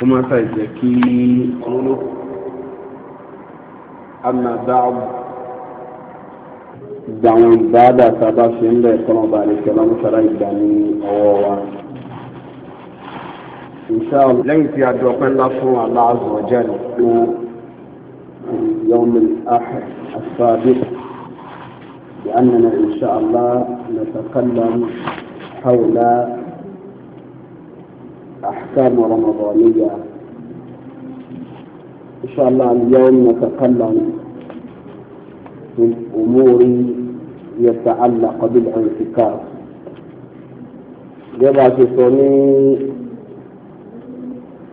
كما فزكي قوله أما بعض دعوا بعد سبع سنين لا يكون بالي كلام شرع الدنيا إن شاء الله لن يتعدوا الله عز وجل يوم الأحد السابق لأننا إن شاء الله نتكلم حول الأحكام رمضانية إن شاء الله اليوم نتكلم من أمور يتعلق بالاعتكاف gẹ́gà ṣe sọ ní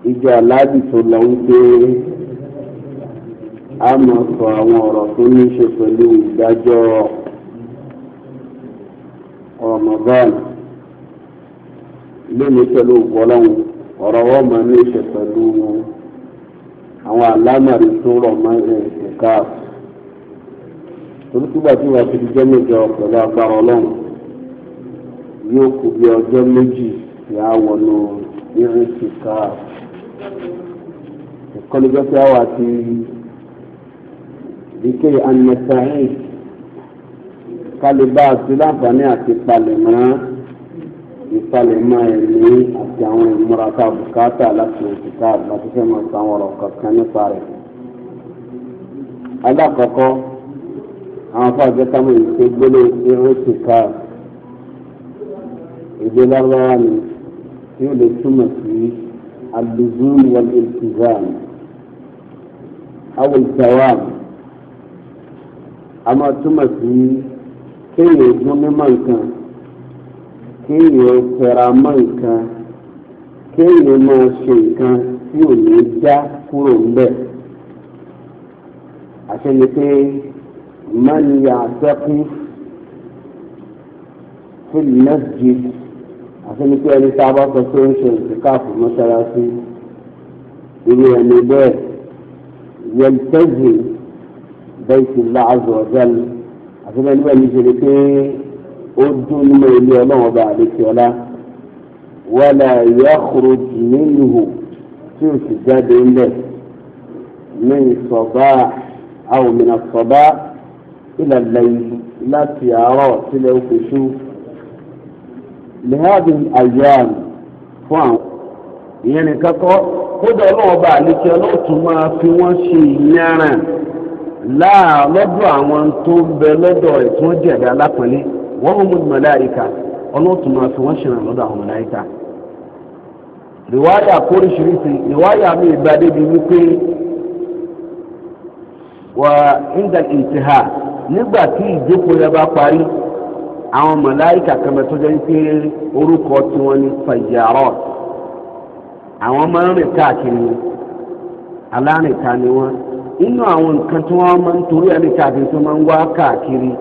ìjọ aláàbì tó lọ wípé a máa sọ àwọn ọ̀rọ̀ tó ní ṣe pẹ̀lú ìdájọ́ Ramadan lónìí pẹ̀lú ògbọ́lọ́hùn ọ̀rọ̀ wọn máa ní ìṣe pẹ̀lú àwọn àlámàrí tó rọ̀ máa ń rìn ká torúkúgbà tí wàá fi di jẹ́ mẹ́jọ pẹ̀lú agbára ọlọ́run yóò kú bí ọjọ́ méjì tí a wọnú irin ti ká ìkọlùjọ́ tí a wà ti dike anasahi kálíbà àti láǹfààní àti palẹ̀mọ́ ìpalẹ̀mọ́ ẹ̀mí àti àwọn ìmúra tá a bùkátà láti òkúta láti fẹ́ máa san ọ̀rọ̀ kankan nípa rẹ̀. alákọ̀ọ́kọ́ àwọn afáàjẹ́ kámọ̀ yìí pé gbélé ṣe ó ti ká èdè lárúbáwá ni tí ó lè túmọ̀ sí alùzùn wal iltizam awul jawab a máa túmọ̀ sí kéèyàn gún mímọ̀ nǹkan kéèyàn tẹ̀ra mọ́ nǹkan kéèyàn máa ṣe nǹkan tí ò ní já kúrò ńbẹ̀ àṣẹ ni pé mánìyà àtẹkùn fílì mẹsìgì àṣẹ ni pé ẹni tá a bá sọ pé ń ṣe ìsìnkáàfù mọ́ṣáláṣí irú ẹni bẹ́ẹ̀ yẹn tẹ́jì bẹ́ẹ̀ ti láàzọ̀ ọ̀jẹ́ni àṣẹ ni ẹni bẹ́ẹ̀ ní ṣe ni pé ó dún nínú ilé ọlọ́run ọba àdékè ọlá wàlà yàkùrù nínú tí o sì jáde ńlẹ̀ ní ìsọ̀bá àwòmìnà sọ̀bá ìlàlẹ̀ láti àárọ̀ sílẹ̀ òkèṣù lihadi ayan fún àwọn ìyẹn nìkan kọ́ kódà ọlọ́wọ́ bá àlékí ọlọ́wọ́ tún máa fi wọ́n ṣe ìyára láà lọ́dọ̀ àwọn tó ń bẹ lọ́dọ̀ rẹ̀ tí wọ́n jẹ̀dá lápẹ́lẹ́ wọ́n mú mọ̀láyìíká ọlọ́wọ́ tún máa fi wọ́n ṣe ìrànlọ́dọ̀ àwọn mọ̀láyìíká. rìwáyà kóríṣiríṣi rìwáyà mi ìgbà débi wípé wà indal ìtìhà nígbà tí ìjókòó yẹn bá parí àwọn màláíkà kẹmẹ tó jẹ́ pé orúkọ tiwọn ní fàyàrọ àwọn máa ń rìn káàkiri alárìnká ni wọn inú àwọn nǹkan tí wọn máa ń torí ẹni káàkiri tó máa ń wá káàkiri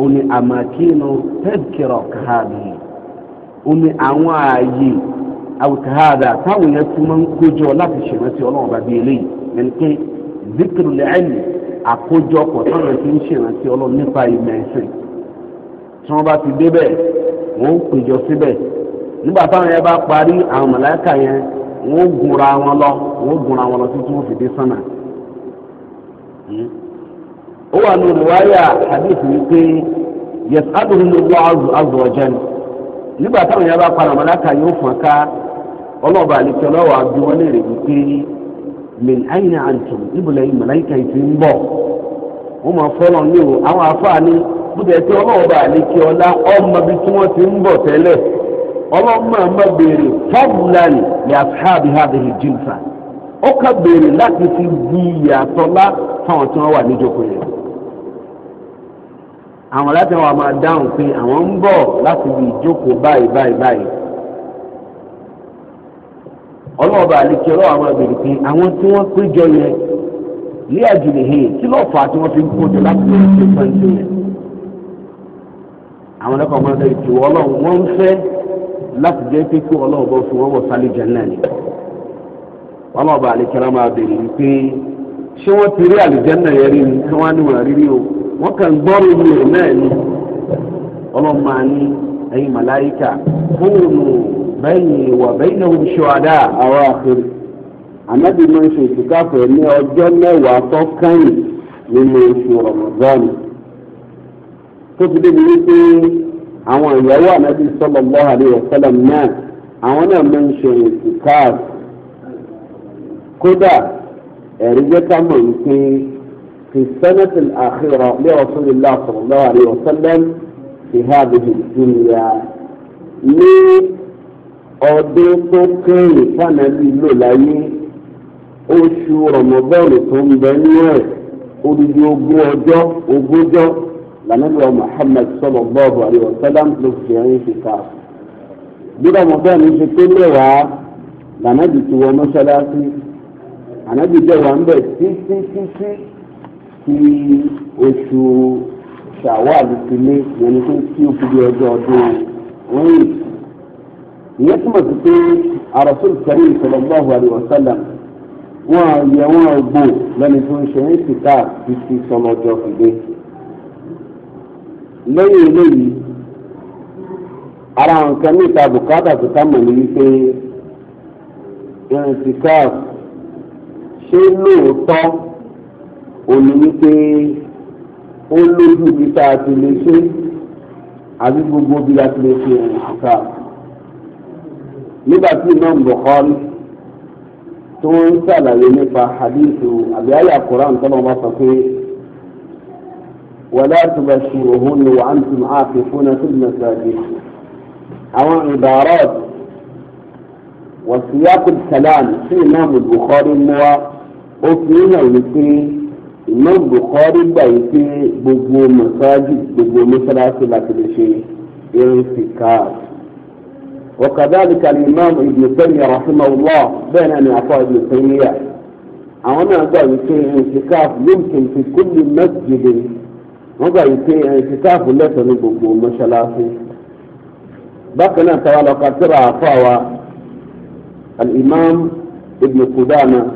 òní àmàkínú tẹ́ẹ̀kìrọ̀ káàbì òní àwọn ààyè. àwùjọ àdá táwọn yẹn tún máa ń kójọ láti ṣèrántí ọlọ́run bàbá eléyìí ẹni pé zikiru lẹ́ẹ̀lì àkójọpọ̀ táwọn ti ń ṣèrántí ọlọ́run nípa ìmọ̀ ẹ̀sìn tí wọ́n bá ti débẹ̀ wọ́n péjọ síbẹ̀ nígbà táwọn yẹn bá parí àwọn mọ̀láìkà yẹn wọ́n gunra wọn lọ wọ́n gunra wọn lọ títí wọ́n fi dé sánà. Hmm? ó wà azọ̀ ọlọ́ọ̀bà àlejò náà bí wọ́n léèrè wípé min aina antum ibùdó yìí màláìka ń bọ̀ wọ́n máa fọ́lọ́ ní o àwọn afáàní bùdó ẹ̀tí ọlọ́ọ̀bà keọla ọmọ bí tí wọ́n ti ń bọ̀ tẹ́lẹ̀ ọlọ́mọ àmọ́ béèrè fọ́bùlánì ní jìnnìfà ó kà béèrè láti fi bu ìyàtọ̀ lá fáwọn tí wọ́n wà níjókòó yẹn àwọn máa dáhùn pé àwọn ń bọ̀ láti ìjókòó báyìí báyìí báyìí ọlọ́ọ̀bà àlekè ọlọ́wà máa bèrè pé àwọn tí wọ́n péjọ yẹn ní àjùlé hìn kí ló fà á tí wọ́n fi ń kóde láti lè ṣe pẹ́ńtì yẹn. àwọn ẹ̀kọ́ máa ń sẹ́yìn tí wọ́n lọ́wọ́ wọ́n ń fẹ́ láti jẹ́ pé kí ọlọ́ọ̀bà fi wọ́n wọ̀ sálẹ̀ jẹ́ náà ni. ọlọ́ọ̀bà àlekè máa bèrè pé ṣé wọ́n ti rí àlùjẹ́nà náà ni بيني وبينهم شهداء أواخر ànábì máa ń ṣe ìtìkáfọ̀ ní ọjọ́ mẹ́wàá tó kẹ́yìn nínú oṣù Ramadan tó fi débi wípé àwọn ìyàwó ànábì sallallahu alaihi wasallam náà àwọn náà máa ń ṣe ìtìkáfọ̀ kódà ẹ̀rí jẹ́ ká mọ̀ wípé في السنة الأخيرة لرسول الله صلى الله عليه وسلم في هذه الدنيا ní ọdún tó kéré fànàbí lò láyé oṣù rọmọbọ́ọ̀lù tó ń bẹ nínú ẹ̀ odidi ogún ọjọ́ ogójọ́ lànàbíwá Muhammad sallallahu alaihi wasallam ló fi ẹ̀rín fi ká. bí rọmọbọ́ọ̀lù ṣe tó lẹ́wàá lànàbí ti wọ mọ́ṣáláṣí ànàbí jẹ́wàá ń bẹ̀ títí títí tí oṣù ṣàwọ́ àdìsílẹ̀ yẹn ni kí ó fi di ọjọ́ ọdún wọ́n ìyẹn túmọ̀ sí pé àròsùn karim sallallahu alaihi wasallam wọn yẹ wọn gbò lẹ́ni tó ń ṣe ní sìkà títí sọlọ́jọ́ fìdé lẹ́yìn eléyìí ara nǹkan níta bùkátà tó ká mọ̀ ní wípé ìrìn sìkà ṣé lóòótọ́ òní wípé ó lójú ibi tá a àbí gbogbo bí a ti lè ṣe ìrìn sìkà nígbà tí imam bukhari tó ń ṣàlàyé nípa hadithu àbí àyà quran tó lọ́wọ́ bá sọ pé wàlá tubashiruhunna wa antum aakifuna fil masajid àwọn ibarat wa siyaqul kalam tí imam bukhari mú wa ó fi ń hàn wípé imam bukhari gbà wípé gbogbo masajid gbogbo mọ́sálásí láti lè ṣe irin sí káàdì. وكذلك الإمام ابن تيمية رحمه الله بين أن أعطاه ابن تيمية أنا أقول شيء اعتكاف يمكن في كل مسجد أقول شيء اعتكاف ليس نبوه مشلاتي بقنا ترى لقد ترى الإمام ابن قدامة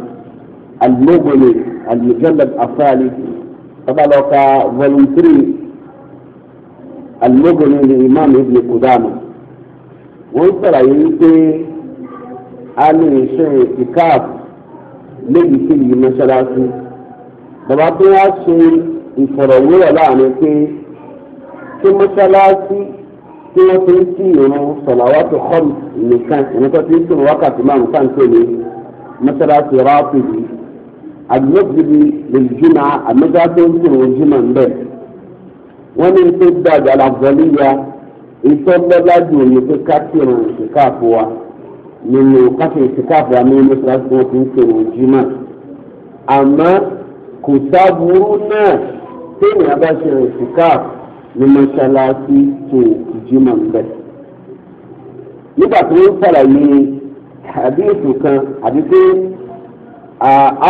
المغني المجلد الثالث طبعا لو فولنتري المغني للإمام ابن قدامة wọ́n sàlàyé wípé a lè ṣe ìkáàf léyìí sí yìí mọ́ṣáláṣí bàbá tó wá ṣe ìfọ̀rọ̀wérọ̀ láàrin pé ṣé mọ́ṣáláṣí tí wọ́n ti ń kí ìrun sọ̀làwátò hàn nìkan ìrun tó ti ń kí ìrun wákàtí márùn kan tó lé mọ́ṣáláṣí rápìdì àgbẹ̀bìrì lèjìmọ̀ àmọ́jáde ń kí ń bẹ̀ wọ́n ní gbàgbà ìtọ́ lọ́lájú òye pé kákìrò ìsìkáàfù wa nínú kákìrò ìsìkáàfù wa nínú mọ́sálásí wọn fi ń kírun jimá àmọ́ kò sáburú náà téèyàn bá ṣe ìsìkáàfù ní mọ́sálásí tó jimá ń bẹ̀. nígbà tó ń sàlàyé àdéhùn kan àti pé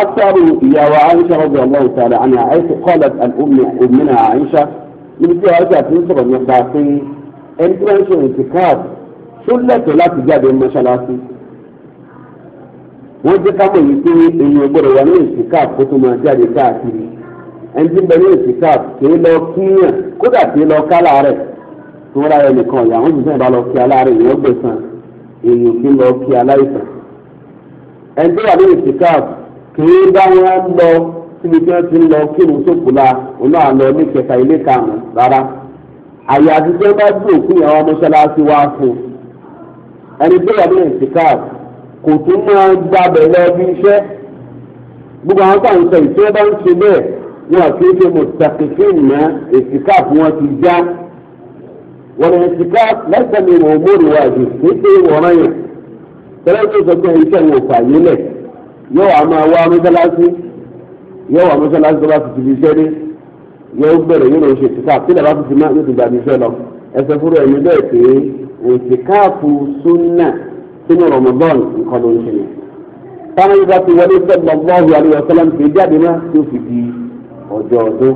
أثر يا عائشة رضي الله تعالى عنها قالت الأم أمنا عائشة من في عائشة تنصر المقاطين ẹni tí wọ́n ń ṣe ìtìkáàbù tó lẹ́tọ̀ọ́ láti jáde mọ́ṣáláṣí wọ́n jẹ́ ká mọ̀ yìí pé èèyàn gbọ́dọ̀ wà ní ìtìkáàbù kó tó máa jáde káàkiri ẹni tí ń bẹ ní ìtìkáàbù kìí lọ kíyàn kódà kìí lọ ká láàárẹ̀ tó ń ra ẹnìkan ọ̀yà wọ́n jùlọ bá lọ kí aláàárẹ̀ èèyàn gbẹ̀sán èèyàn kìí lọ kí aláìsàn ẹni wà ní ìtìkáàbù kìí bá wọn lọ síbi tí wọ́n ti lọ kírun sókùlà òun náà lọ ní kẹta ilé karùn rárá àyè àtijọ́ bá gbé òkú yẹn àwọn mọ́ṣáláṣí wá fún ẹni tó yà ní ìsìkáà kò tún máa gbàbẹ̀ lọ bí iṣẹ́ gbogbo àwọn táwọn sọ ìṣe bá ń ṣe bẹ́ẹ̀ wọn kì í ṣe mọ̀tàkìfín mọ́ ìsìkáà fún wọn ti já wọn ìsìkáà lẹ́sẹ̀ mi wọ̀ mórí wa jù kì í ṣe ìwọ̀ràn yẹn tẹ́lẹ̀ tó sọ pé iṣẹ́ wọn fà yílẹ̀ yóò wá máa wá mọ́ṣáláṣí yóò wá mọ́ṣáláṣí tó bá yóò bẹ̀rẹ̀ yóò lọ ṣe ìtìká tí lè bá ti fi máa yóò ti gbàgbé iṣẹ́ lọ ẹsẹ̀ fúru ẹ̀mí bẹ́ẹ̀ pé ìtìkáàfù súnà sínú Ramadan nǹkan ló ń ṣe ni. táwọn yóò bá ti wọlé sẹ́gbọ̀n bọ́ọ̀lù àríwá sọ́lá ti jáde náà tó fi di ọjọ́ ọdún.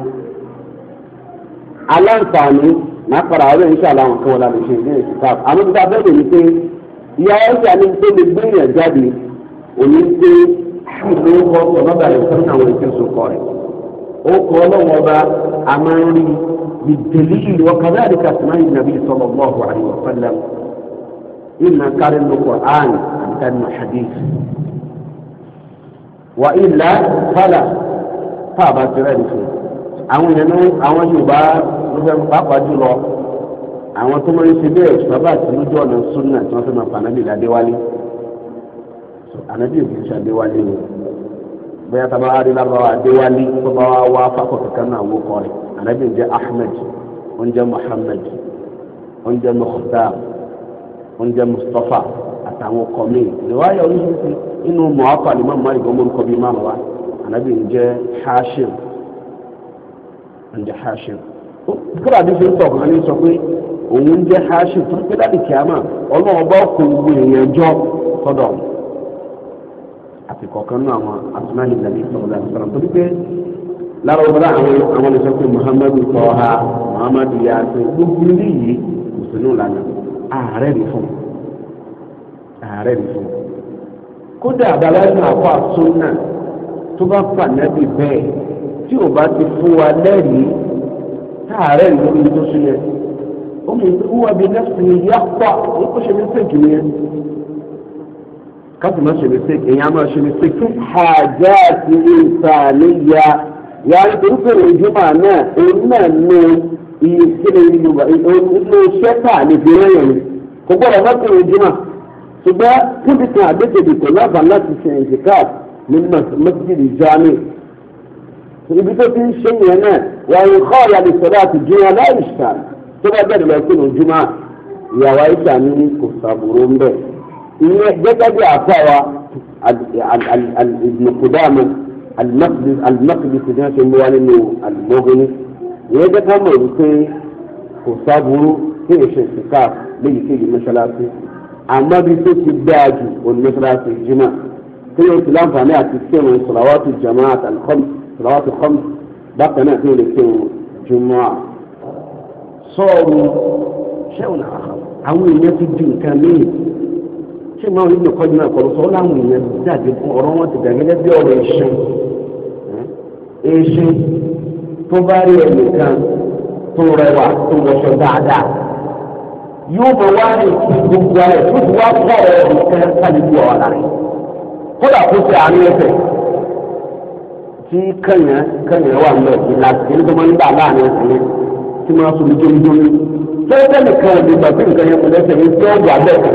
aláǹfààní máa padà ọdún iṣẹ́ aláwọn wọlé ní ìtìkáàfù àmọ́ ti lè gbé ìrìn àjáde òní orúkọ ọlọ́wọ́ ọba àmọ́rí bìtẹ̀líìlì ọ̀kadà àdìkà sùnmọ́ ìnàbí sallallahu alaihi wasallam ìnà kárí ní Qur'an àdìkà ní hadith wà ìlà fàlà fàbà tẹ̀rẹ̀ nìkan àwọn yẹn ní àwọn Yorùbá ló fẹ́ pàápàá jùlọ àwọn tó máa ń ṣe bẹ́ẹ̀ sábà tí lójú ọ̀nà sunna tí wọ́n fẹ́ máa fà bóyá tá a bá wá rí wa adéwálé tó bá wá wá fákọ̀ kankan náà ahmed ó muhammed mustapha àtàwọn ọkọ míì inú mọ̀ọ́kọ̀ ni mọ̀mọ́ ìgbọ́n mọ́ nǹkan bíi máàmù wa ànábì nje hashim ń hashim kúrò àdìsí kan ní sọ pé òun hashim àsìkò kan náà àwọn asúnáàlì nàbí sọ̀rọ̀ sọ̀rọ̀ torí pé lára ọ̀bọ̀dá àwọn àwọn lè sọ pé muhammadu tọ́ha muhammadu yaasi gbogbo ilé yìí mùsùlùmí lànà ààrẹ mi fún ààrẹ mi fún kódà abalẹ́nu àpá sunna tó bá fà nábì bẹ́ẹ̀ tí ò bá ti fún wa lẹ́rìí táàrẹ́ lórí tó sílẹ̀ ó mú wá bí nẹ́sìn yá pa ó kó ṣe mí sèkì nìyẹn kásì má ṣe mistake èèyàn máa ṣe mistake fún àjà àti ìsàlẹ̀yà yà á nítorí pé ìjùmọ̀ náà òun náà ní ìṣẹ̀lẹ̀ nínú ilé iṣẹ́ náà lè fi rẹ́yìn rẹ̀ kò gbọ́dọ̀ má pè ìjùmọ̀ ṣùgbọ́n níbi kan àgbéjèdè kò lábàá láti ṣe ìjìká ní mọ́sídìí jáde ibi tó ti ń ṣe yẹn náà wà á kọ́ ọ̀yà lè sọ̀rọ̀ àti jùmọ̀ láì tó bá bẹ̀rẹ̀ lọ sí ìjùmọ̀ ìyàwó ìyẹn gẹ́gẹ́ bí àfọwà Ibn Qudama al-Maqdisi náà ṣe ń wá nínú al-Mughni ìyẹn jẹ́ ká mọ̀ wípé kò sábúrú kí èso ìsìnká léyìí kéyìí mọ́ṣáláṣí àmọ́ bí tó ti dáa jù òun mọ́ṣáláṣí jimá kí ló ti láǹfààní àti kírun sọ̀làwátì jamaat al-khams sọ̀làwátì bákan náà kí ló lè kírun jumá sọ́ọ̀rù ṣẹ́wọ̀n àwọn èèyàn ti di nǹkan mìíràn ṣé máa ń kọjú náà kọlu sọ láwọn èèyàn jáde fún ọ̀rọ̀ wọn ti dàgbé lẹ́bí ọ̀rọ̀ ìṣin ìṣin tó bá rí ẹnìkan tó rẹwà tó wọṣọ dáadáa yóò bọ̀ wá ní gbogbo ẹ̀ tó ti wá pọ̀ ẹ̀ nìkan kálíbù ọ̀la rẹ̀ kódà kó ṣe àárín ẹsẹ̀ tí kẹ̀yìn kẹ̀yìn wà ń lọ ìlà ìlú tó máa ń gbà láàrin ẹsẹ̀ yẹn tí máa sọ lójoojúmọ́ tẹ́lẹ̀ nìkan ìgbà pé nǹkan yẹn kò lẹ́sẹ̀ yẹn tí ó wà lẹ́sẹ̀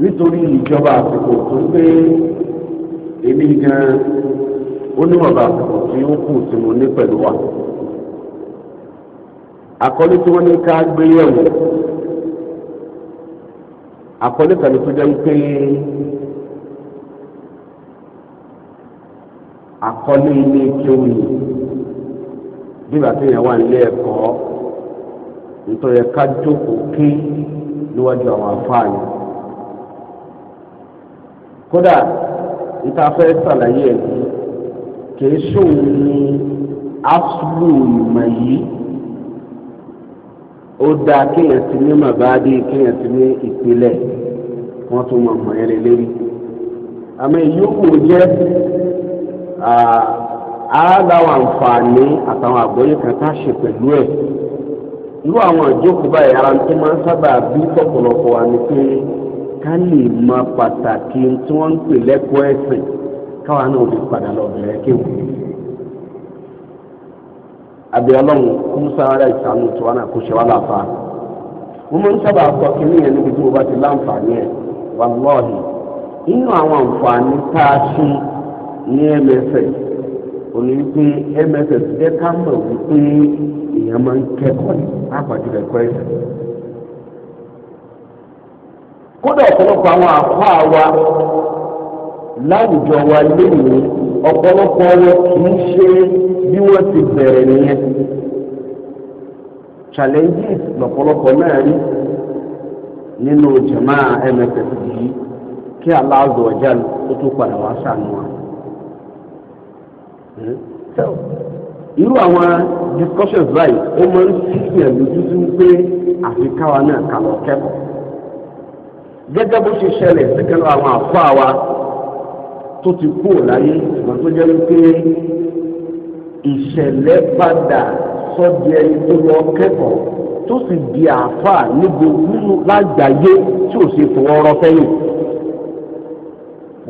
nítorí ìjọba àsìkò tó gbé èmi gan oníwọ̀nba àsìkò tí ó kù tí mo ní pẹ̀lú wa. àkọlé tí wọ́n ní ká gbé yẹ̀wò àkọlé kan tó jẹ́ pé àkọlé ilé kéwù ni bíbà tó yẹn wà nílé ẹ̀kọ́ nítorí ká jókòó ké níwájú àwọn afáàyàn kódà ìtafẹ́ sàlàyé ẹ̀ kìí ṣòun ní aslu ìmọ̀ yìí ó dáa kéèyàn ti ní màbáàdì kéèyàn ti ní ìpìlẹ̀ wọ́n tún mọ̀ mọ̀ ẹ̀rẹ̀ lérí àmọ́ èyí kò jẹ́ aláwọ̀ àǹfààní àtàwọn àgbọ́yé kan tá a ṣe pẹ̀lú ẹ̀ irú àwọn ìjókòó báyìí ara tó máa ń sábà bí tọ̀pọ̀lọpọ̀ wa ni pé ká lè mọ pàtàkì tí wọ́n ń pè lẹ́kọ̀ọ́ ẹ̀sìn káwa náà fi padà lọ bẹ̀rẹ̀ kéwù. àbí ọlọ́run kún sáárà ìsànù tí wọn náà kó ṣe wá láfa. máa ń sábà sọ kínní yẹn níbi tí mo bá ti láǹfààní ẹ̀ wàlọ́ọ̀hì nínú àwọn àǹfààní tá a ṣe ní mss kódà ọ̀pọ̀lọpọ̀ àwọn àfa wa láwùjọ wa léyìn ọ̀pọ̀lọpọ̀ wọn kì í ṣe bí wọ́n ti bẹ̀rẹ̀ challenges lọ́pọ̀lọpọ̀ náà rí nínú jama mff yìí kí aláàzọ ọjà ó tó padà wá sànù wa. Hmm? irú àwọn discussions báyìí ó máa ń fi ìyàn lójú sí àfikáwa náà gẹ́gẹ́ bó ṣe ṣẹlẹ̀ síkẹ́lú àwọn àfáà wa tó ti kú láyé ṣùgbọ́n tó jẹ́ wípé ìṣẹ̀lẹ̀ padà sọ́dí ẹni tó lọ kẹ́kọ̀ọ́ tó sì di àfáà ní gbogbo lágbàáyé tí ò ṣe fọwọ́ rọ́ sẹ́yìn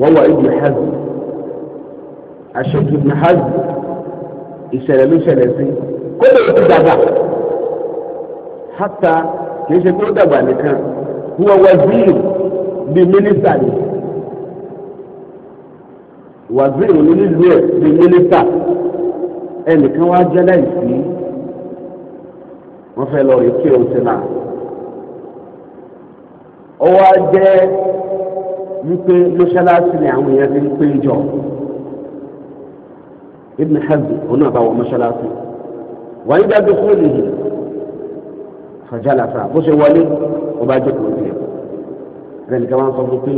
wọ́n wà ibi hazm aṣojú ibi hazm ìṣẹ̀lẹ̀ ló ṣẹlẹ̀ sí kó lè ti dàgbà hátà kì í ṣe kó dàgbà nìkan huwa waziri bíi mínísítà ni waziri ní nílùú ẹ̀ bíi mínísítà ẹnìkan wá jẹ́ láìsí wọ́n fẹ́ lọ rí kí o ti náà ó wá jẹ́ wípé mọ́ṣáláṣí ni àwọn èèyàn ti ibn hazm òun náà bá wọ mọ́ṣáláṣí wàá ń jáde fún ìlú fàjálàfà bó ṣe wọlé ó bá jókòó rẹ̀ nìkan máa ń sọ fún pé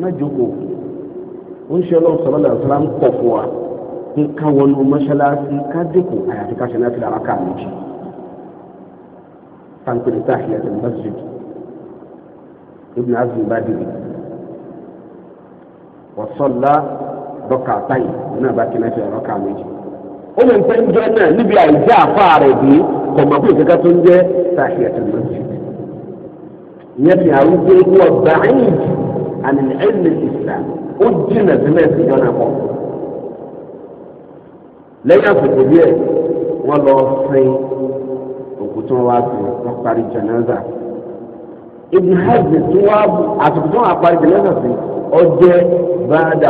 mẹ́jọkò ń ṣe ọlọ́run sọ̀rọ̀ lẹ́yìn sọ́lá ń pọ̀ fún wa pé ká wọnú mọ́ṣáláṣí ká dẹ́kun àyàfi ká ṣe náà fi làwọn káà méjì pankiri tahiyat al-masjid ibn azmi badiri wasalla rọkàtàyì náà bá kí náà fi rọkà méjì ó lè ń pẹ́ ń jẹ́ náà níbi àìjẹ́ àfáà rẹ̀ bí kọ̀mọ̀kú ìkẹ́kẹ́ tó ń jẹ́ tahiyat al-masjid ìyẹn fi hàn wípé wọ́n gbà ẹ̀yìn àmì ẹ̀mí ìsìlá ó jìnnà sílẹ̀ sí ìjọba kan. lẹ́yìn àsìkò díẹ̀ wọ́n lọ sin òkú tí wọ́n wá sí wọ́n parí jẹ̀nẹ́sà. ibi hajj tí wọ́n àsìkò tí wọ́n parí jẹ̀nẹ́sà sí ọ jẹ́ báadà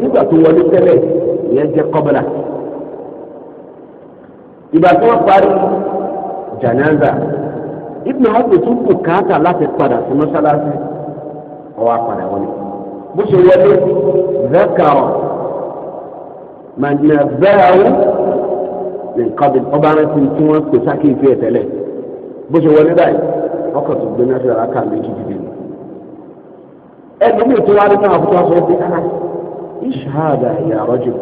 nígbà tó wọlé tẹ́lẹ̀ ìyẹn jẹ́ kọ́bọ̀lá. ìgbà tí wọ́n parí jànáza Ibn Abbas tún kù káàtà láti padà sí mọ́sálásí ọwọ́ apàdà wọlé bó ṣe wọlé zakaro màdìmẹ́bẹ́rù nìkan bí ọba rántí tí wọ́n pè sákèéfì ẹ̀ tẹ́lẹ̀ bó ṣe wọlé báyìí ọkọ̀ tó gbé náà ṣe méjì dìde nù ẹlòmíì tó wá náà fún wa sọ pé ìṣáàdà ìyàrá jù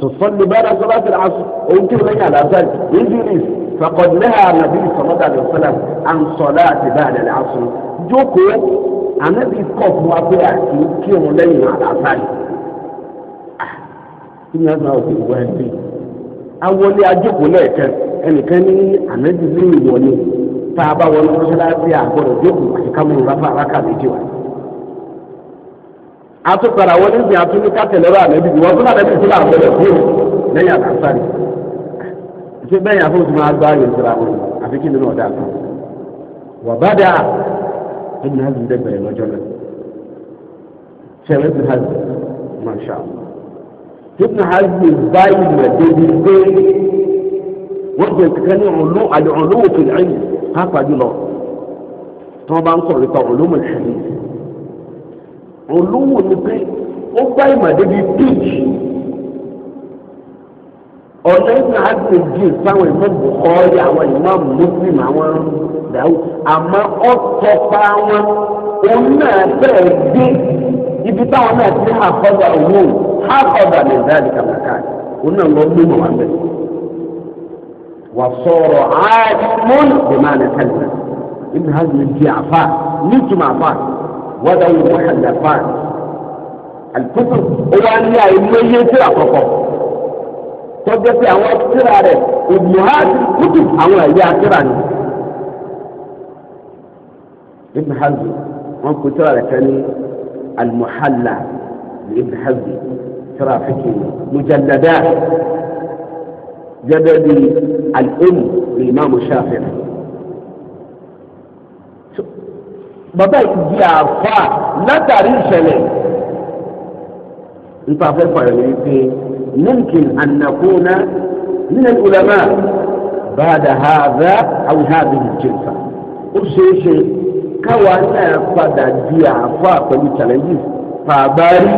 تصلي بعد صلاة العصر ويمكن لك على ذلك يجلس فقد نهى النبي صلى الله عليه وسلم عن صلاة بعد العصر جوكو أنا النبي ما وضع يمكن لي على ذلك إن هذا هو الوالدي أولي أجوكو لك أن كان أنا زي ولي فأبا ولي مشلاتي أقول جوكو كم رفع ركع بجواني àtúpàdà wọn ní ìsìn àtúndí kátẹlẹrọ àlẹbí wọn tún àlẹbí tún àbẹlẹ fún un lẹ́yìn àtàkùsárì ṣé bẹ́ẹ̀ yàtọ̀ tó máa gbá yẹn síra wọn àfi kí nínú ọ̀dà kan wà bá dà ẹni hàzì dẹgbẹrẹ lọ́jọ́ náà ṣẹlẹ̀ ti hàzì masha ibn hàzì báyìí nà débi pé wọ́n jẹ́ kíkẹ́ ní ọ̀lú àlẹ́ ọ̀lú òfin ẹ̀yìn pàápàá jùlọ tí wọ́n bá ń kọ̀ nípa ọ̀lú mọ̀lẹ́sìn olówó ni pé ó gbá ìmọ̀dé bíi píìkì ọ̀sẹ̀ ìgbà àgbèjì sáwọn ìmọ̀ bùkọ́rí àwọn ìmọ̀ muslim àwọn dàwù àmọ́ ọ̀tọ̀pá wọn òun náà bẹ̀rẹ̀ dé ibi táwọn náà ti hà kọ́dà owó ha kọ́dà lè dá ìdíkà òun náà lọ gbé wọn bẹ̀. wà sọ̀rọ̀ ààyè mọ́nì bìmọ̀ àlẹ́ kẹ́lẹ́ ibi hàn di àfa nítumọ̀ àfa. wọ́dọ̀ wù mọ́sálẹ́fàn àlùkùtù ó wá ní àìmọ̀ iye tí a kọ̀kọ̀ tọ́jú pé àwọn tíra rẹ̀ ìmùhàdì kùtù àwọn ẹ̀yẹ àtìrà ni. ibn hazmi wọn kò tíra rẹ̀ kan ní alimuhalla ní ibn hazmi tíra fìkì mujallada gẹ́gẹ́ bí al'um ní imaamu shafi'i. bàbá yìí di àfa látàrí ìṣẹ̀lẹ̀ ìfàfẹ́ fàrẹ̀ ní pé mumkin an nakuna min al ulama ba'da hadha aw hadhihi al-jilsa ó ṣeé ṣe káwa náà padà di àfa pẹ̀lú challenges tàbárí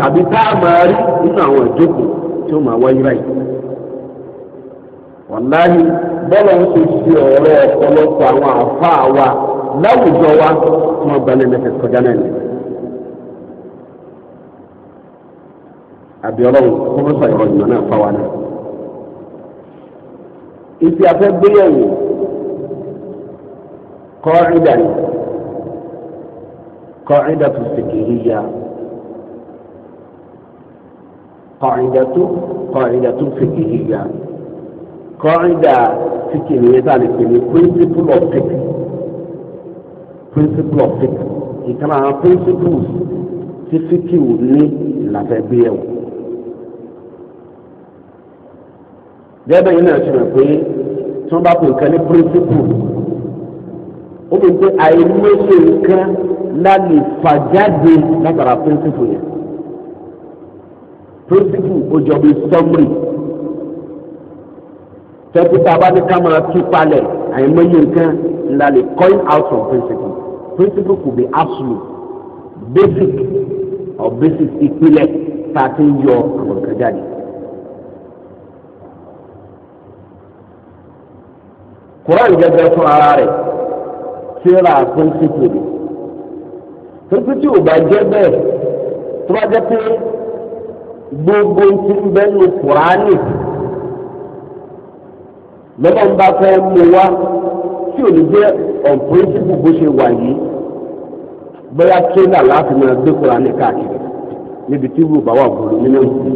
tàbí táàmárí nínú àwọn ìjókòó tí ó máa wáyé báyìí. wàláhì bọ́lá ń ṣe ṣe ọ̀rọ̀ ọ̀pọ̀lọpọ̀ àwọn àfa wa láwùjọ wa tí wọ́n gba nẹ́nẹ́fẹ̀ kọjá náà ni. àbíọ́lọ́ kọ́mọ́sà ìrọ̀ ìmọ̀ náà fáwa náà. ìfi afẹ́ gbéyàwó kọ́ ìdá ni kọ́ ìdá tó sèkìrì yá. قاعدة قاعدة فقهية قاعدة فقهية ذلك من principle of fiqh principle of faith ìkànnà àwọn principles tí fíkìwù ní làfẹ́ gbé ẹ̀wò. gẹ́gẹ́ yìí náà ṣẹlẹ̀ pé tí wọ́n bá pè nǹkan ní principle ó fi pé àìníṣe nǹkan láti fàjáde látara principle yẹn principle ó jọ bí summary tẹ́tí bá ní ká máa tú palẹ̀ àìmọye nǹkan la lè coin out some principle principle could be absolute basic or basic ìpìlẹ̀ tá your ti ń yọ àwọn nǹkan jáde. Quran gẹ́gẹ́ fún ara rẹ̀ síra principle ni torí tí ò bá jẹ́ bẹ́ẹ̀ tó bá jẹ́ pé gbogbo ti ń bẹ́ẹ̀ ní Quran nìkan lọ́wọ́ ń bá fẹ́ mú wa tí ò ní jẹ́ ọ̀pọ̀lọpọ̀ bó ṣe wà yìí bóyá tírélà láti máa gbé Kùránì káàkiri níbi tí ibùba wà gbòòrò nínú ìlú.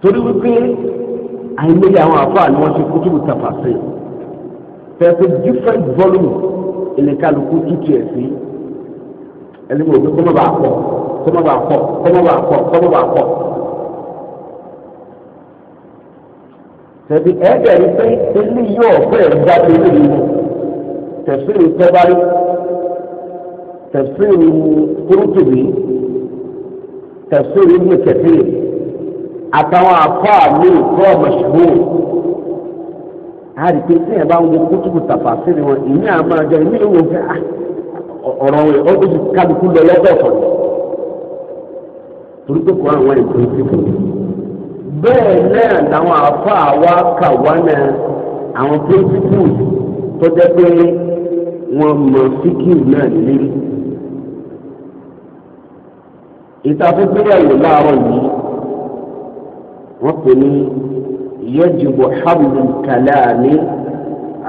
torí wípé àìmọye àwọn àfáà ni wọ́n ṣe kútùbù tàfàṣe fẹ́ẹ́ different volume ìlẹ̀kàlùkù tútù ẹ̀ sí ẹni mọ̀ pé kó má bàa pọ̀ kó má bàa pọ̀ kó má bàa pọ̀ kó má bàa pọ̀. tẹ̀sí ẹ̀ẹ́dẹ̀ rí pé ilé yóò fẹ́ jáde lórí tẹ̀sí rí tẹ́bárí tẹ̀sí rí kúrútùbí tẹ̀sí rí ní kẹ̀sí àtàwọn afọ àmì ìfọ́ mọ̀ṣúgbọ́n àdìpé tí ẹ bá ń wo kútùkù tàfà sí ni wọn ìní àmọ́ ọjọ́ ìní ìwò fẹ́ ah, ọ̀rọ̀ ọ̀hún ọ̀hún kálukú lọ lọ́dọ̀ ọ̀tọ̀ torípé kọ́ àwọn ìpín sípò bẹ́ẹ̀ náà làwọn àfa àwa kà wá náà àwọn principles tó jẹ́ pé wọ́n mọ síkìú náà lérí ìtafẹ́fẹ́yàwó láàárọ̀ yìí wọ́n pè ní yajibu hamdu kalami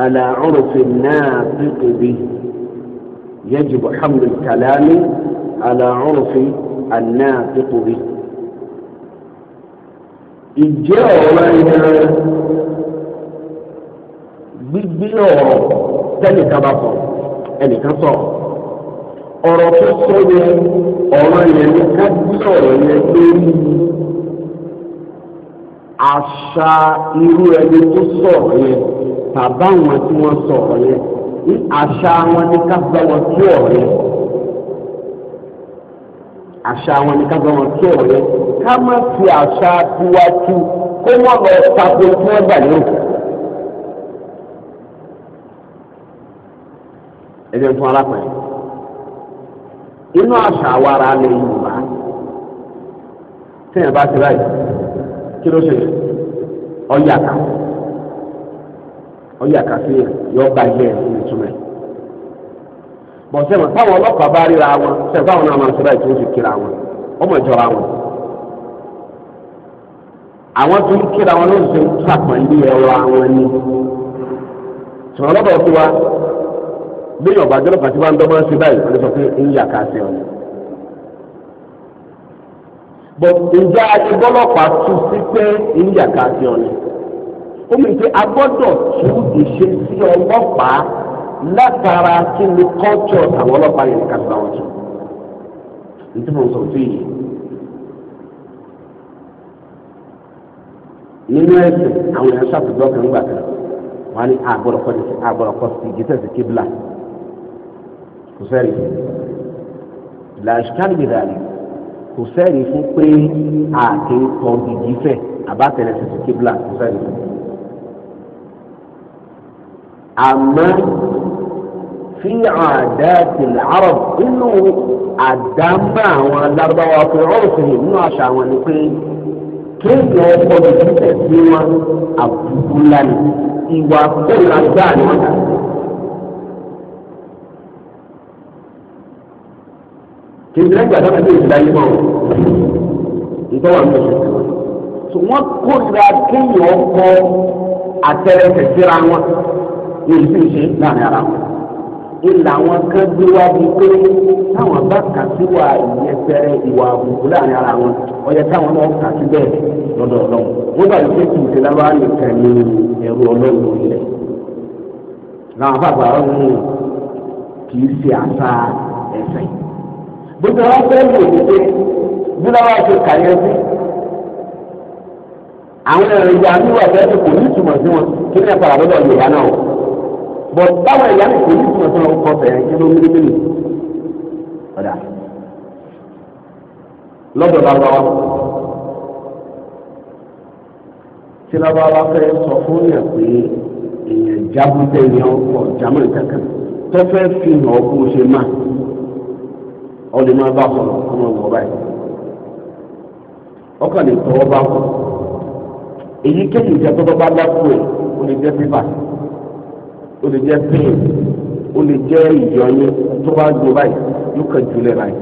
ala urfi naatiqi bihi yajibu hamdu kalami ala الناطق به ìjẹ́ ọ̀rọ̀ ẹ̀yẹ gbígbé ọ̀rọ̀ tẹ́nìkan bá sọ ẹnìkan sọ ọ̀rọ̀ tó sọ yẹ ọ̀rọ̀ yẹn ní ká gbé ọ̀rọ̀ lórí àṣà irú ẹni tó tí wọ́n àṣà àwọn nìkan gbọ́n wọn tí ọ̀rọ̀ ká má fi àṣà tiwájú kó wọ́n lọ tako tí wọ́n gbà lérò. ẹ̀jẹ̀ fún alápẹ̀rẹ̀ inú àṣà àwara alẹ́ Yorùbá tẹ̀yìn bá ti báyìí kí ló ṣe ọ̀yàkà ọ̀yàkà sí yọ̀ọ́ bá yẹ ẹ̀ fún ìtumẹ̀. bọ̀sẹ̀ mọ̀ táwọn ọlọ́pàá bá ríra wọn sẹ́yìn táwọn náà máa ń sọ́dọ̀ ìtúwọ́sì kíra wọn ọmọ ìjọra wọn. àwọn tó ń kíra wọn lóṣù tó ń sàpọ̀lì ẹ̀rọ àwọn ni. sọ̀rọ̀ lọ́dọ̀ sí wa bí yorùbá jọlọ́pàá ti máa ń dọ́gbọ́n sí báyìí wọ́n lè sọ pé ń yà ká sí ọ̀nà. bọ̀ ǹjẹ́ agbọ́lọ́pàá tún sí pé ń yà ká sí ọ̀nà. ó mì látara kí ni culture àwọn ọlọ́pàá yẹn ká sọ àwọn tó nítorí mo sọ fún yìí nínú ẹsẹ̀ àwọn èèyàn ṣàtúntò ọkàn nígbà kan wọn ní àgbọ̀dọ̀ kọ́ ní àgbọ̀dọ̀ kọ́ sí ìgbésẹ̀ sí kébìlà kò sẹ́rì làṣkàn gbèdàlì kò sẹ́rì fún pé àkínkọ́ gidi fẹ́ àbátẹ̀lẹ̀ sí kébìlà kò sẹ́rì àmọ́. fi a làárọ̀ nínú àdámà àwọn alárúbáwá pé ọ̀rọ̀ sèyí nínú àṣà wọn ni pé kéèyàn ọkọ ìlà wọn kan gbé wá bí pé táwọn bá kà sí wà ìyẹn ìwà àbùkù láàrin ara wọn ọ̀yẹ táwọn náà kà sí bá yìí pé ṣe lábára làwọn bàbá ṣe àṣà gbogbo wọn fẹ́ lò ní pé búláwà ṣe kàyẹ́ sí àwọn ẹ̀yà níwà fẹ́ẹ́ kò ní ìtumọ̀ sí wọn kí ní ẹ̀fọ́ àbọ̀dọ̀ Yorùbá náà bọ̀ táwọn ẹ̀yà ní kò náà ó kọ fẹ̀yìn kí ló ń gbé lò ọ̀dà lọ́dọ̀ lábáwá tí lábáwá fẹ́ sọ fún yàn pé èèyàn jábútẹ́ ni ọkọ̀ jámọ̀ kankan tó fẹ́ fi hàn ọ́ bó ṣe máa ọdún máa bá sọ̀rọ̀ ọmọ ìwọ báyìí ọkàn lè tọwọ́ bá kọ́ èyí kéyìí jẹ́ tó bá dákú ẹ̀ ó lè jẹ́ pépà ó lè jẹ́ pẹ́ẹ́n ó lè jẹ́ ìjọ yín tó bá gbó báyìí yóò kàn jùlẹ̀ báyìí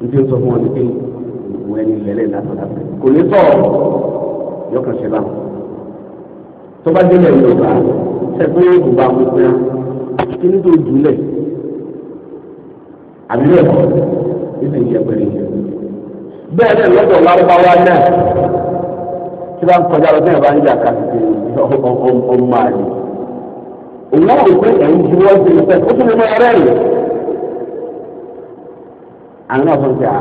níbi ó sọ fún wọn ní pé ìwọ ẹni lẹ́lẹ̀ látọ̀dá kò ní sọ̀rọ̀ yóò kàn ṣe báwọn tó bá délẹ̀ yorùbá ṣẹ́gun yóò dùn bá wọn pé kí ní tó jùlẹ̀ àbí bẹ́ẹ̀ kọ́ nítorí ìyẹn pẹ̀lú ìyẹn bẹ́ẹ̀ náà lọ́dọ̀ lárúbáwá náà tí wọ́n kọjá lọ sí ìbánijá kan ti ọmọ àlè òun náà wò pé ẹ̀yin ju wọ́n ti fẹ́ ó tún lè máa rẹ́rìn. àwọn náà fọ́n ti à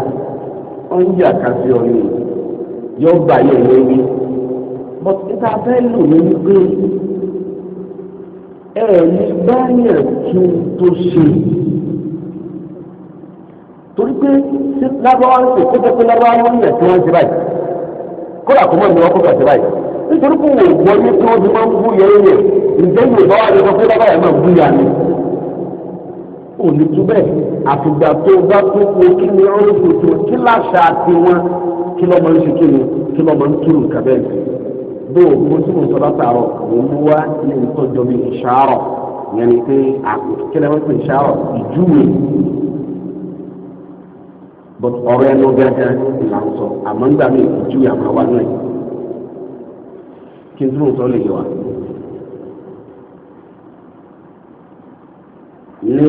wọ́n ń jà kásí ọ̀nì yóò bá yẹ lórí but níta fẹ́ lò ní wípé ẹ̀ẹ́dì báyẹ̀ tún tó ṣe torí pé lábáwá ń pè kó jẹ́ pé lábáwá ń yẹ̀ tí wọ́n ti báyìí kó làkúmọ̀ ni wọ́n kó kà sí báyìí torípò wò wọ́n ní tí wọ́n fi máa ń bú yẹn yẹn ǹjẹ́ yóò bá wà ní ọkọ̀ fúnra báyìí máa bú yàrá ò ní túbẹ̀ àfìgbà tó bá tó kó kí ni ó ń fò tó kí láṣà àti wọn kí lọ́ máa ń ṣe kí ni kí lọ́ máa ń túrù nǹkan bẹ́ẹ̀ bó o mo tí mo sọ látàárọ̀ òun mú wá ní nǹkan jọ bí ìṣàárọ̀ yẹn ni pé àkílẹ̀ wọn pè ìṣàárọ̀ ìjúwe ọ̀rọ̀ ẹnu gángan ìlànà sọ kí n dúró tọ́ wa. ní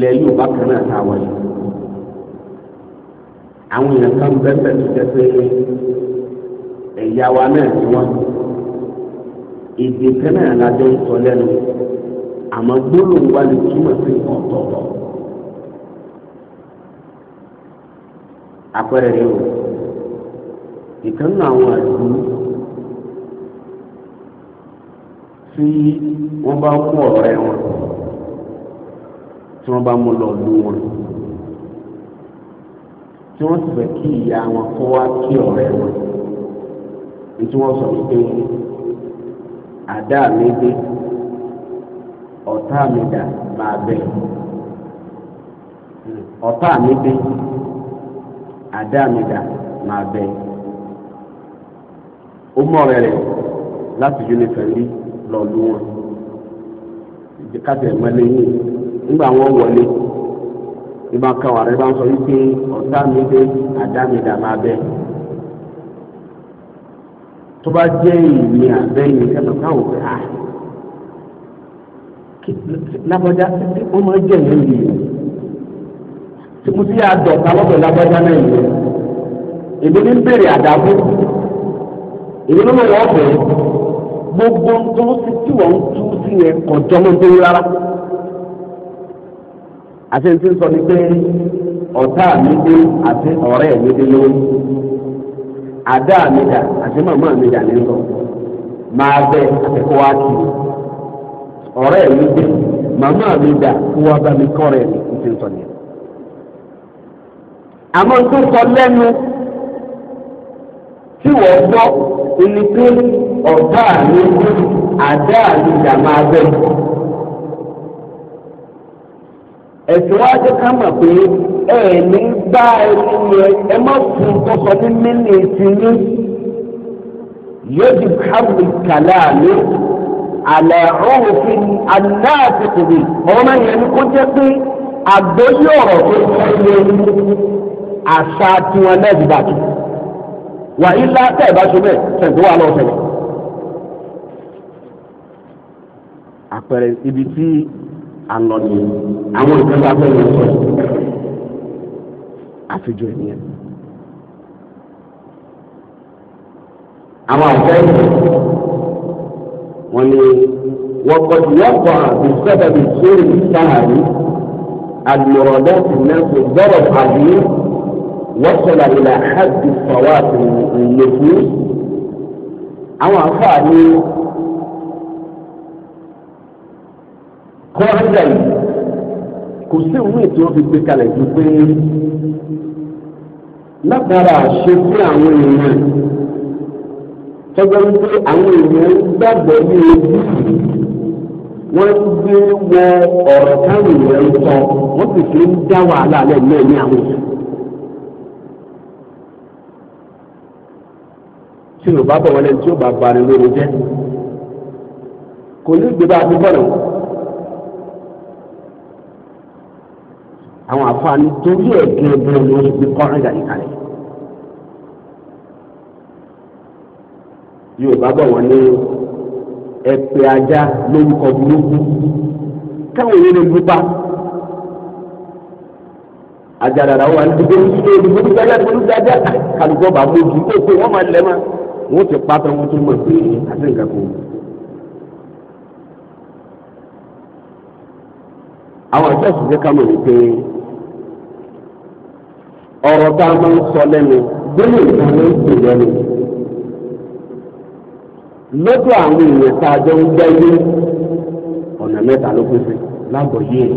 náà tá a àwọn èèyàn kan bẹ́ẹ̀ tó jẹ́ pé ẹ̀yà wa náà ti wá èdè kan náà lájọ ń sọ lẹ́nu àmọ́ gbólóhùn wa lè túmọ̀ sí ọ̀tọ̀ọ̀tọ̀. àpẹẹrẹ rẹ o ìkànnì àwọn tí wọ́n bá kú ọ̀rẹ́ wọn tí wọ́n bá mú lọ lú wọn tí wọ́n sì fẹ́ kí ìyá wọn kó wá kí ọ̀rẹ́ wọn ní tí wọ́n sọ wípé àdá mi dé ọ̀tá mi dà máa bẹ̀ ọ̀tá mi dé àdá mi dà máa bẹ̀ ó mọ̀ rẹ̀ rẹ̀ láti yúnífẹ̀ rí. lọ́dún wọn ìdíkàtẹ̀ mọ́lẹ́ yìí nígbà wọn wọlé ìbá káwá rẹ bá ń sọ wípé ọ̀tá mi dé àdá mi dà máa bẹ́ẹ̀ tó bá jẹ́ ìmì àbẹ́yìn kẹta táwọn fẹ́ à ah, lábọ́já wọ́n máa jẹ́ ìyẹn yìí tí mo lọ́dọ̀ lábọ́já náà yìí èmi gbogbo tó ti tí wọ́n ń tú sí yẹn kò jọmọ́ tó rárá. àti ti sọ ni pé ọ̀tá mi dé àti ọ̀rẹ́ mi dé lórí àdá mi dà àti màmá mi dà ní sọ máa bẹ àtẹkọ wá kí ọ̀rẹ́ mi dé màmá mi dà kó wá bá mi kọ́ rẹ̀ mi ti sọ ni. àmọ́ tó sọ lẹ́nu tí wọ́n gbọ́ ẹni pé ọ̀gá mi àdá mi ìjà máa bẹ̀. ẹ̀sìn wa jẹ́ ká mọ̀ pé ẹ̀ ní gbá ẹni yẹn ẹ má fún tó sọ ní mílíọ̀tì yín yóò hàbí kàláàlú àlẹ́ òfin aláàtìkù bi ọmọ yẹn ni kó jẹ́ pé àgbóyè ọ̀rọ̀ tó ń sọ yẹn àṣà tiwọn náà dìbàtì wà tẹ̀ bá ṣe bẹ́ẹ̀ tẹ̀síwá lọ́sẹ̀lẹ̀. àpẹẹrẹ ibi tí a lọ ní àwọn nǹkan bá fẹ́ lọ sọ àfijọ́ ènìyàn. àwọn àfẹ́ wọn ni wọ́n kọ́ wọ́n kọ́ àbísọ́dọ̀ bíi sórí sáàrí المرادات الناس الضرب عليه وصل إلى حد الصواب النفوس أو أفعل kọ́ńdà yìí kò sí òun ètò wọn fi gbé kalẹ̀ ju pé látara àṣẹ sí àwọn èèyàn tọ́jọ́ wípé àwọn èèyàn gbàgbọ́ ní ojú wọ́n gbé wọ ọ̀rọ̀ káwọn èèyàn ń sọ wọ́n sì fi ń dá wàhálà alẹ́ náà ní àwọn èèyàn. tí yorùbá bọ̀ wọlé tí yóò bá ba ni lóru jẹ́ kò ní gbé bá a fi bọ̀ náà. àwọn àfààní torí ẹ̀ gẹ́gẹ́ ni wọ́n ti fi kọ́ ẹ̀dà ìkàlẹ̀. Yorùbá bọ̀ wọ́n ní ẹ̀pẹ̀ ajá lórúkọ burúkú káwọn èèyàn lè gbúpa àjàdàrà wà ní gbogbo ìdílé ìdìbò ní gbàgbà ìdìbò ní gbàgbà kàlùkọ bá mú ju kó pé wọn máa lẹ ma wọn ti pàtó wọn tó mọ pé àti nǹkan kò. àwọn ìjọsìn jẹ́ ká mọ̀ wípé ọ̀rọ̀ tá a máa ń sọ lẹ́nu gbólóhùn tá a máa ń sọ lẹ́nu. lọ́dọ̀ àwọn èèyàn tá a jọ ń gbẹ́yé ọ̀nà mẹ́ta ló pín sí lábọ̀ yìí.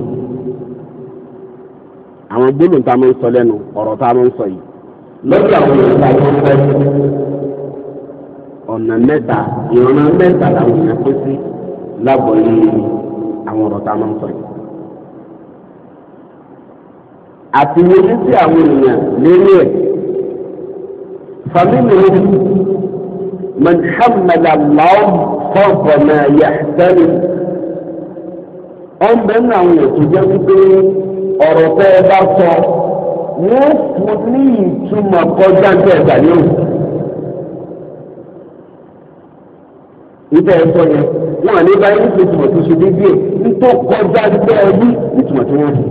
àwọn gbólóhùn tá a máa ń sọ lẹ́nu ọ̀rọ̀ tá a máa ń sọ yìí. lọ́dọ̀ àwọn èèyàn tá a jọ ń gbẹ́yé ọ̀nà mẹ́ta ìrànlọ́mẹ́ta làwọn èèyàn pín sí àwọn ọ̀rọ̀ tá a máa ń sọ yìí. àti wọlé sí àwọn èèyàn lérí ẹ̀. fàmílì rẹ̀ man hamala lọ́wọ́ fọ́ọ̀bọ̀ náà yà sẹ́yìn. wọ́n bẹ́ẹ̀ ní àwọn ètò jẹ́ wípé ọ̀rọ̀ tẹ́ ẹ bá sọ wọ́n fún ní ìtumọ̀ kọjá tẹ́ ẹ gbà yóò. ìtẹ̀ ẹ̀kọ́ yẹn wọ́n àní ní ìtumọ̀ tó ṣe déédéé ní tó kọjá tẹ́ ẹ ìtumọ̀ tó wọ́n fún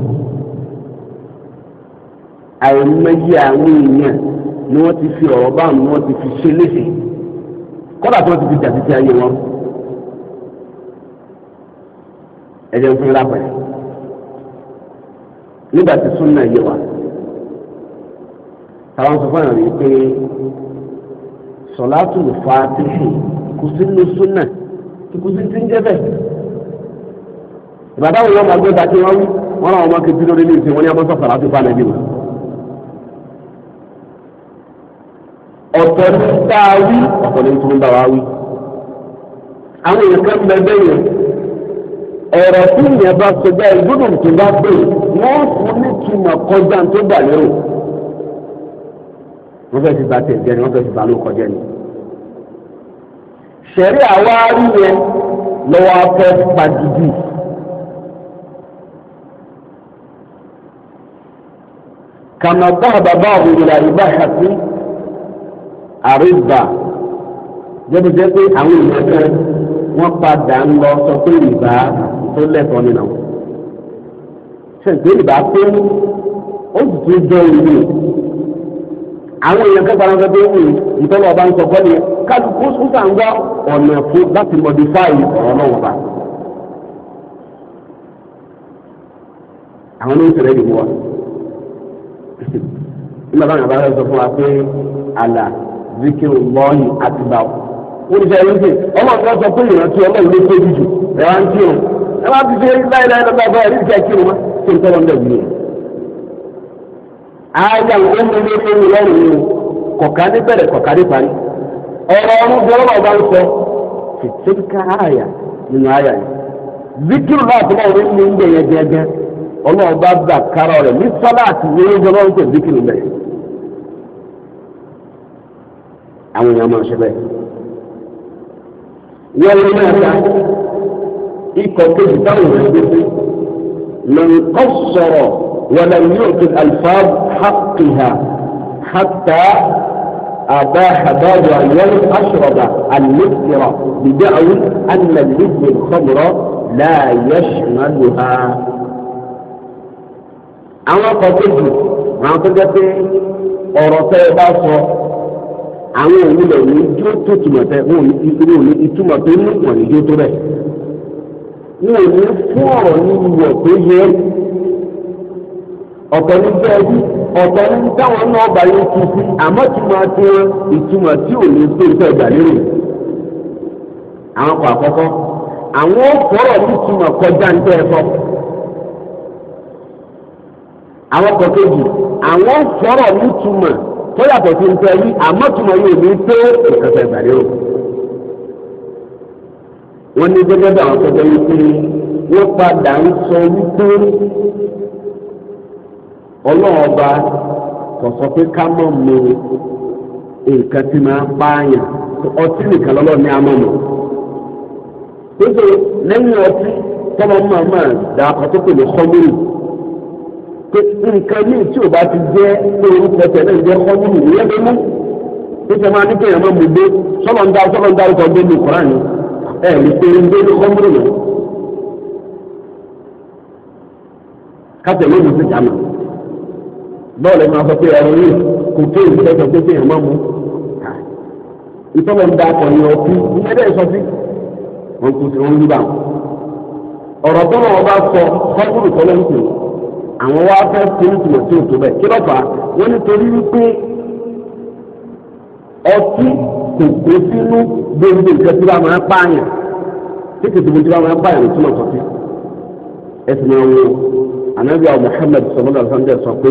àìmọye àwọn èèyàn ni wọ́n ti fi ọ̀rọ̀ báwọn ni wọ́n ti fi ṣe léṣe kọ́dà tí wọ́n ti fi jà títí ayé wọn. ẹ jẹun fún yàrá pẹ̀lú nígbà tí súnà yé wa táwọn sọ fún àwọn pé sọlátù fàtíhì kò sí nínú súnà kò sí ti ń jẹ bẹ́ẹ̀ ìbàdàn wọn máa gbé bàtí wọn wọn àwọn ọmọ kejì lórí ní ìsìn wọn ni wọn sọ sọlátù fàtíhì wọn. ọ̀tọ̀ ní a wí ọ̀tọ̀ ní tó ń bá wa wí. àwọn èèyàn kan bẹ bẹ́yẹn ọ̀rọ̀ tí ìyẹn bá sọ bẹ́ẹ̀ gbọ́dọ̀ tó bá pè wọ́n fún ní túmọ̀ kọjá tó gbà o wọ́n fẹ́ ti ba tẹ̀ jẹ́ ni wọ́n fẹ́ ti ba ló kọjá ni. sẹ̀rí àwa rí yẹn lọ́wọ́ afẹ́ padìdì. kàmá bá bàbá òun ìlà ìbáṣà sí àrígbà jẹ́bíjẹ́ pé àwọn èèyàn kan wọ́n padà ń lọ sọ pé ìbá tó lẹ́tọ̀ọ́ nínú. ṣèǹtẹ́ ìbá pé ó sì tún jọ ìlú. àwọn èèyàn kan padà ń sọ pé òun hmm, ìtọ́lọ̀ ọba ń sọ pé ní kálukú sùkà ń wá ọ̀nà fún láti modify ọ̀rọ̀ náà wọ̀ba. àwọn ló ń tẹ̀lé ìdìbò wa. nígbà táwọn àbára sọ fún wa pé àlà. zikiru lọ́ọ̀yì àti báwò. ó ní sẹ́yìn ọ ọmọ kan sọ pé ìrántí ọlọ́run ló tóbi jù ẹ ti ṣe láìláì lọ́gbà bá ẹ̀rí ìjà kírun mọ́ tó ń tọ́wọ́ ń dẹ̀ wúlò. àwọn ọmọ ilé tó ń lọ́rùn ni kọ̀ọ̀kan ní bẹ̀rẹ̀ kọ̀ọ̀kan ní parí. ọ̀rọ̀ ọba ń sọ àyà nínú àyà yìí. zikiru náà ń gbẹ̀yẹ أو يوم شبه يوم ماذا إيكو كذبان من قصر ولم يعطي الألفاظ حقها حتى أباح بعض اليوم أشرب المذكرة بدعوى أن الإثم الخمر لا يشملها أنا قصدي أنا قصدي أورطي باصر àwọn òun lẹ̀ wọ́n jó tó tùmọ̀ tẹ wọn ò ní ìtumọ̀ tó ní wọ̀n ní tó bẹ̀. wọn ò ní fún ọ̀rọ̀ ní ìwọ̀ tó yẹ ọ̀tọ̀ ní bẹ́ẹ̀ bí ọ̀tọ̀ ní táwọn náà bá sí àmọ́ kọ àkọ́kọ́ àwọn ní ìtumọ̀ kọjá ń tẹ́ ẹ fọ́ àwọn kọ tó yàtọ̀ sí ń tẹ́lí àmọ́ tùmọ̀ yóò ní tó ìkẹsẹ̀ ìgbàlérò. wọ́n ní gẹ́gẹ́ bí àwọn tọ́jọ́ yìí pé wọ́n padà ń sọ wípé ọlọ́run ọba kò sọ pé ká mọ̀ mọ nǹkan tí máa pààyàn ọtí nìkan lọ́lọ́ ní amọ̀mọ̀. pé lẹ́yìn ọtí tọ́mọ máa máa dà ọtí pẹ̀lú kọ́mírì pé nǹkan míì tí ò bá ti jẹ́ pé orúkọ tẹ̀lé ìjẹ́ kọ́múnù ìyẹn tó mú nígbà máa ní kéèyàn máa mú dé sọ́lọ́ ń dá sọ́lọ́ ń dárúkọ dé ní koran ni ẹ̀ lè pe ń dé ní kọ́múnù ni kátẹ̀lé ìlú ti dànù bọ́ọ̀lù máa sọ pé ọ̀rọ̀ yìí kò tó ìlú tẹ́tọ̀ pé kéèyàn máa mú ìtọ́lọ́ ń dá akọ̀ ní ọtí ìyẹn bẹ́ẹ̀ sọ sí òun kò sí òun yí ọ̀rọ̀ tó náà wọ́n sọ kọ́múnù kọ́lọ́ ń pè é àwọn wá fẹ́ tóó tó tó tó bẹ́ẹ̀ kí ló fà á wọ́n nítorí wípé ọtí kò kó sínú gbogbo nǹkan tí wọ́n máa ń pààyàn tí kò tóbi tí wọ́n máa ń pààyàn tó náà sọ́tí. ẹsìn náà wo anabi àwọn Muhammad sọlọ́dọ̀ alhamdulilayi sọ pé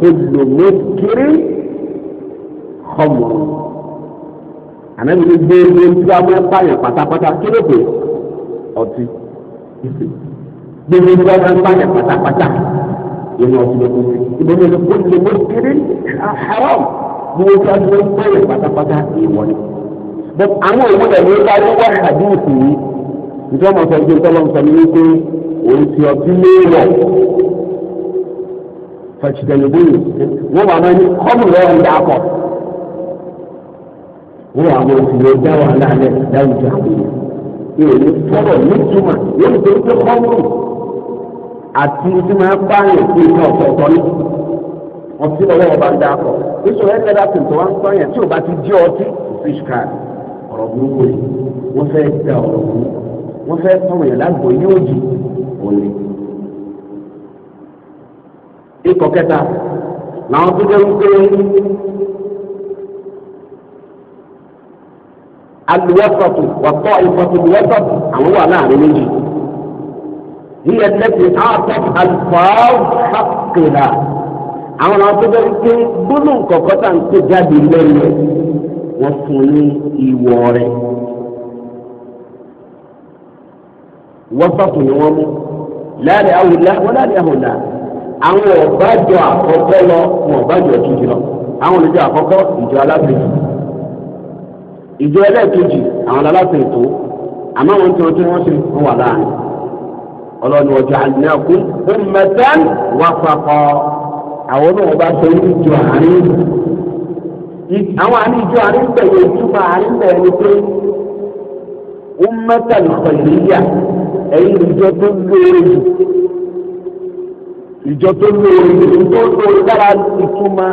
kó lomé kiri xọmọrọ anabi ní gbogbo tí wọ́n máa ń pààyàn pátápátá kí ló pè ọtí gbogbo tí wọ́n máa ń pààyàn pátápátá nínú ọ̀sẹ̀ ìdílé ní kó lè mú kiri haram ní o ká ló ń bẹ̀rẹ̀ pátápátá ìwọ ni. but àwọn ìwé rẹ̀ ní ká ló wá hadith yìí nítorí ọmọ sọ pé tọ́lọ́ sọ ní pé òun ti ọtí léèwọ̀ fàṣìtẹ̀lẹ̀bùnì wọ́n wà máa ní kọ́mù lọ́wọ́ ń dàpọ̀ wọ́n wà máa fi lè dá wàhálà rẹ̀ láwùjọ àbúrò. ìròyìn fọ́rọ̀ ní túmọ̀ yóò tó ń tó kọ́mù àti tí máa bá yẹn sí ìkan ọ̀tọ̀ọ̀tọ̀ ní ọtí ọwọ́ ọba ń dáàkọ̀ nítorí ẹgbẹ́ dàpọ̀ tó wá ń sọ yẹn tí ò bá ti jẹ́ ọtí fish card ọ̀rọ̀ burúkú ni wọ́n fẹ́ da ọ̀rọ̀ burúkú wọ́n fẹ́ sọ̀rọ̀ yẹn lágbo yóò jù òní. ikọ̀ kẹta làwọn tó dé wípé aluwọ́sọ̀tù wàtọ́ ìfọ̀tù wọ́sọ̀tù àwọn wà láàrin méjì. هي التي أعطت ألفاظ حقها àwọn àwọn tó bẹ́ẹ̀ pé gbólóhùn kọ̀ọ̀kan tá à ń tó jáde lẹ́nu ẹ̀ wọ́n fún ní ìwọ̀ rẹ̀ wọ́sọ̀kù ni wọ́n mú láàrin àwòlá wọ́n láàrin àwòlá àwọn ọ̀bájọ àkọ́kọ́ lọ wọn ọ̀bájọ kejì lọ àwọn olùjọ àkọ́kọ́ ìjọ alábẹ̀jì ìjọ ẹlẹ́ẹ̀kejì àwọn alábẹ̀jì tó àmọ́ wọn tó tí wọ́n ṣe wọn wà láàrin ọlọ́ni ọjọ́ àdínákú ummatan wasaqa àwọn náà bá sọ ní ìjọ àárín àwọn àní ìjọ àárín bẹ̀rẹ̀ ìtumọ̀ àárín bẹ̀rẹ̀ ni pé ummatan khayriyya ẹ̀yin ìjọ tó lóore jù ìjọ tó lóore jù tó lóore dára ìtumọ̀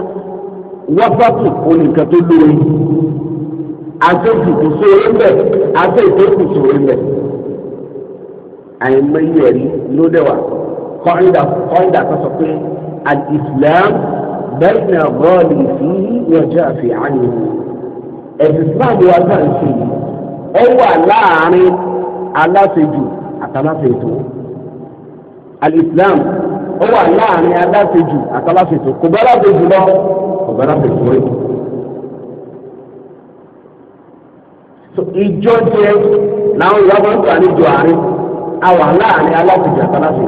wọ́pọ̀tù oníkan tó lóore àti òkùnkùn sóore ń bẹ̀ àti ètò òkùnkùn sóore ń àìmọye ẹ̀rí ló dẹ̀wà kọ́ńdà kọ́ńdà kan sọ pé al-islam bẹ́ẹ̀nà bọ́ọ̀lù sí ìyànjẹ́ àfihàn yìí ẹ̀sìn islam wa náà ń ṣe yìí ó wà láàárín aláṣejù àtàláṣetò al-islam ó wà láàárín aláṣejù àtàláṣetò kò bá aláṣejù lọ kò bá aláṣetò rẹ. ìjọ jẹ làwọn ìyá wọn kà níjọ àárín àwà láàrin alákùnjà kálásì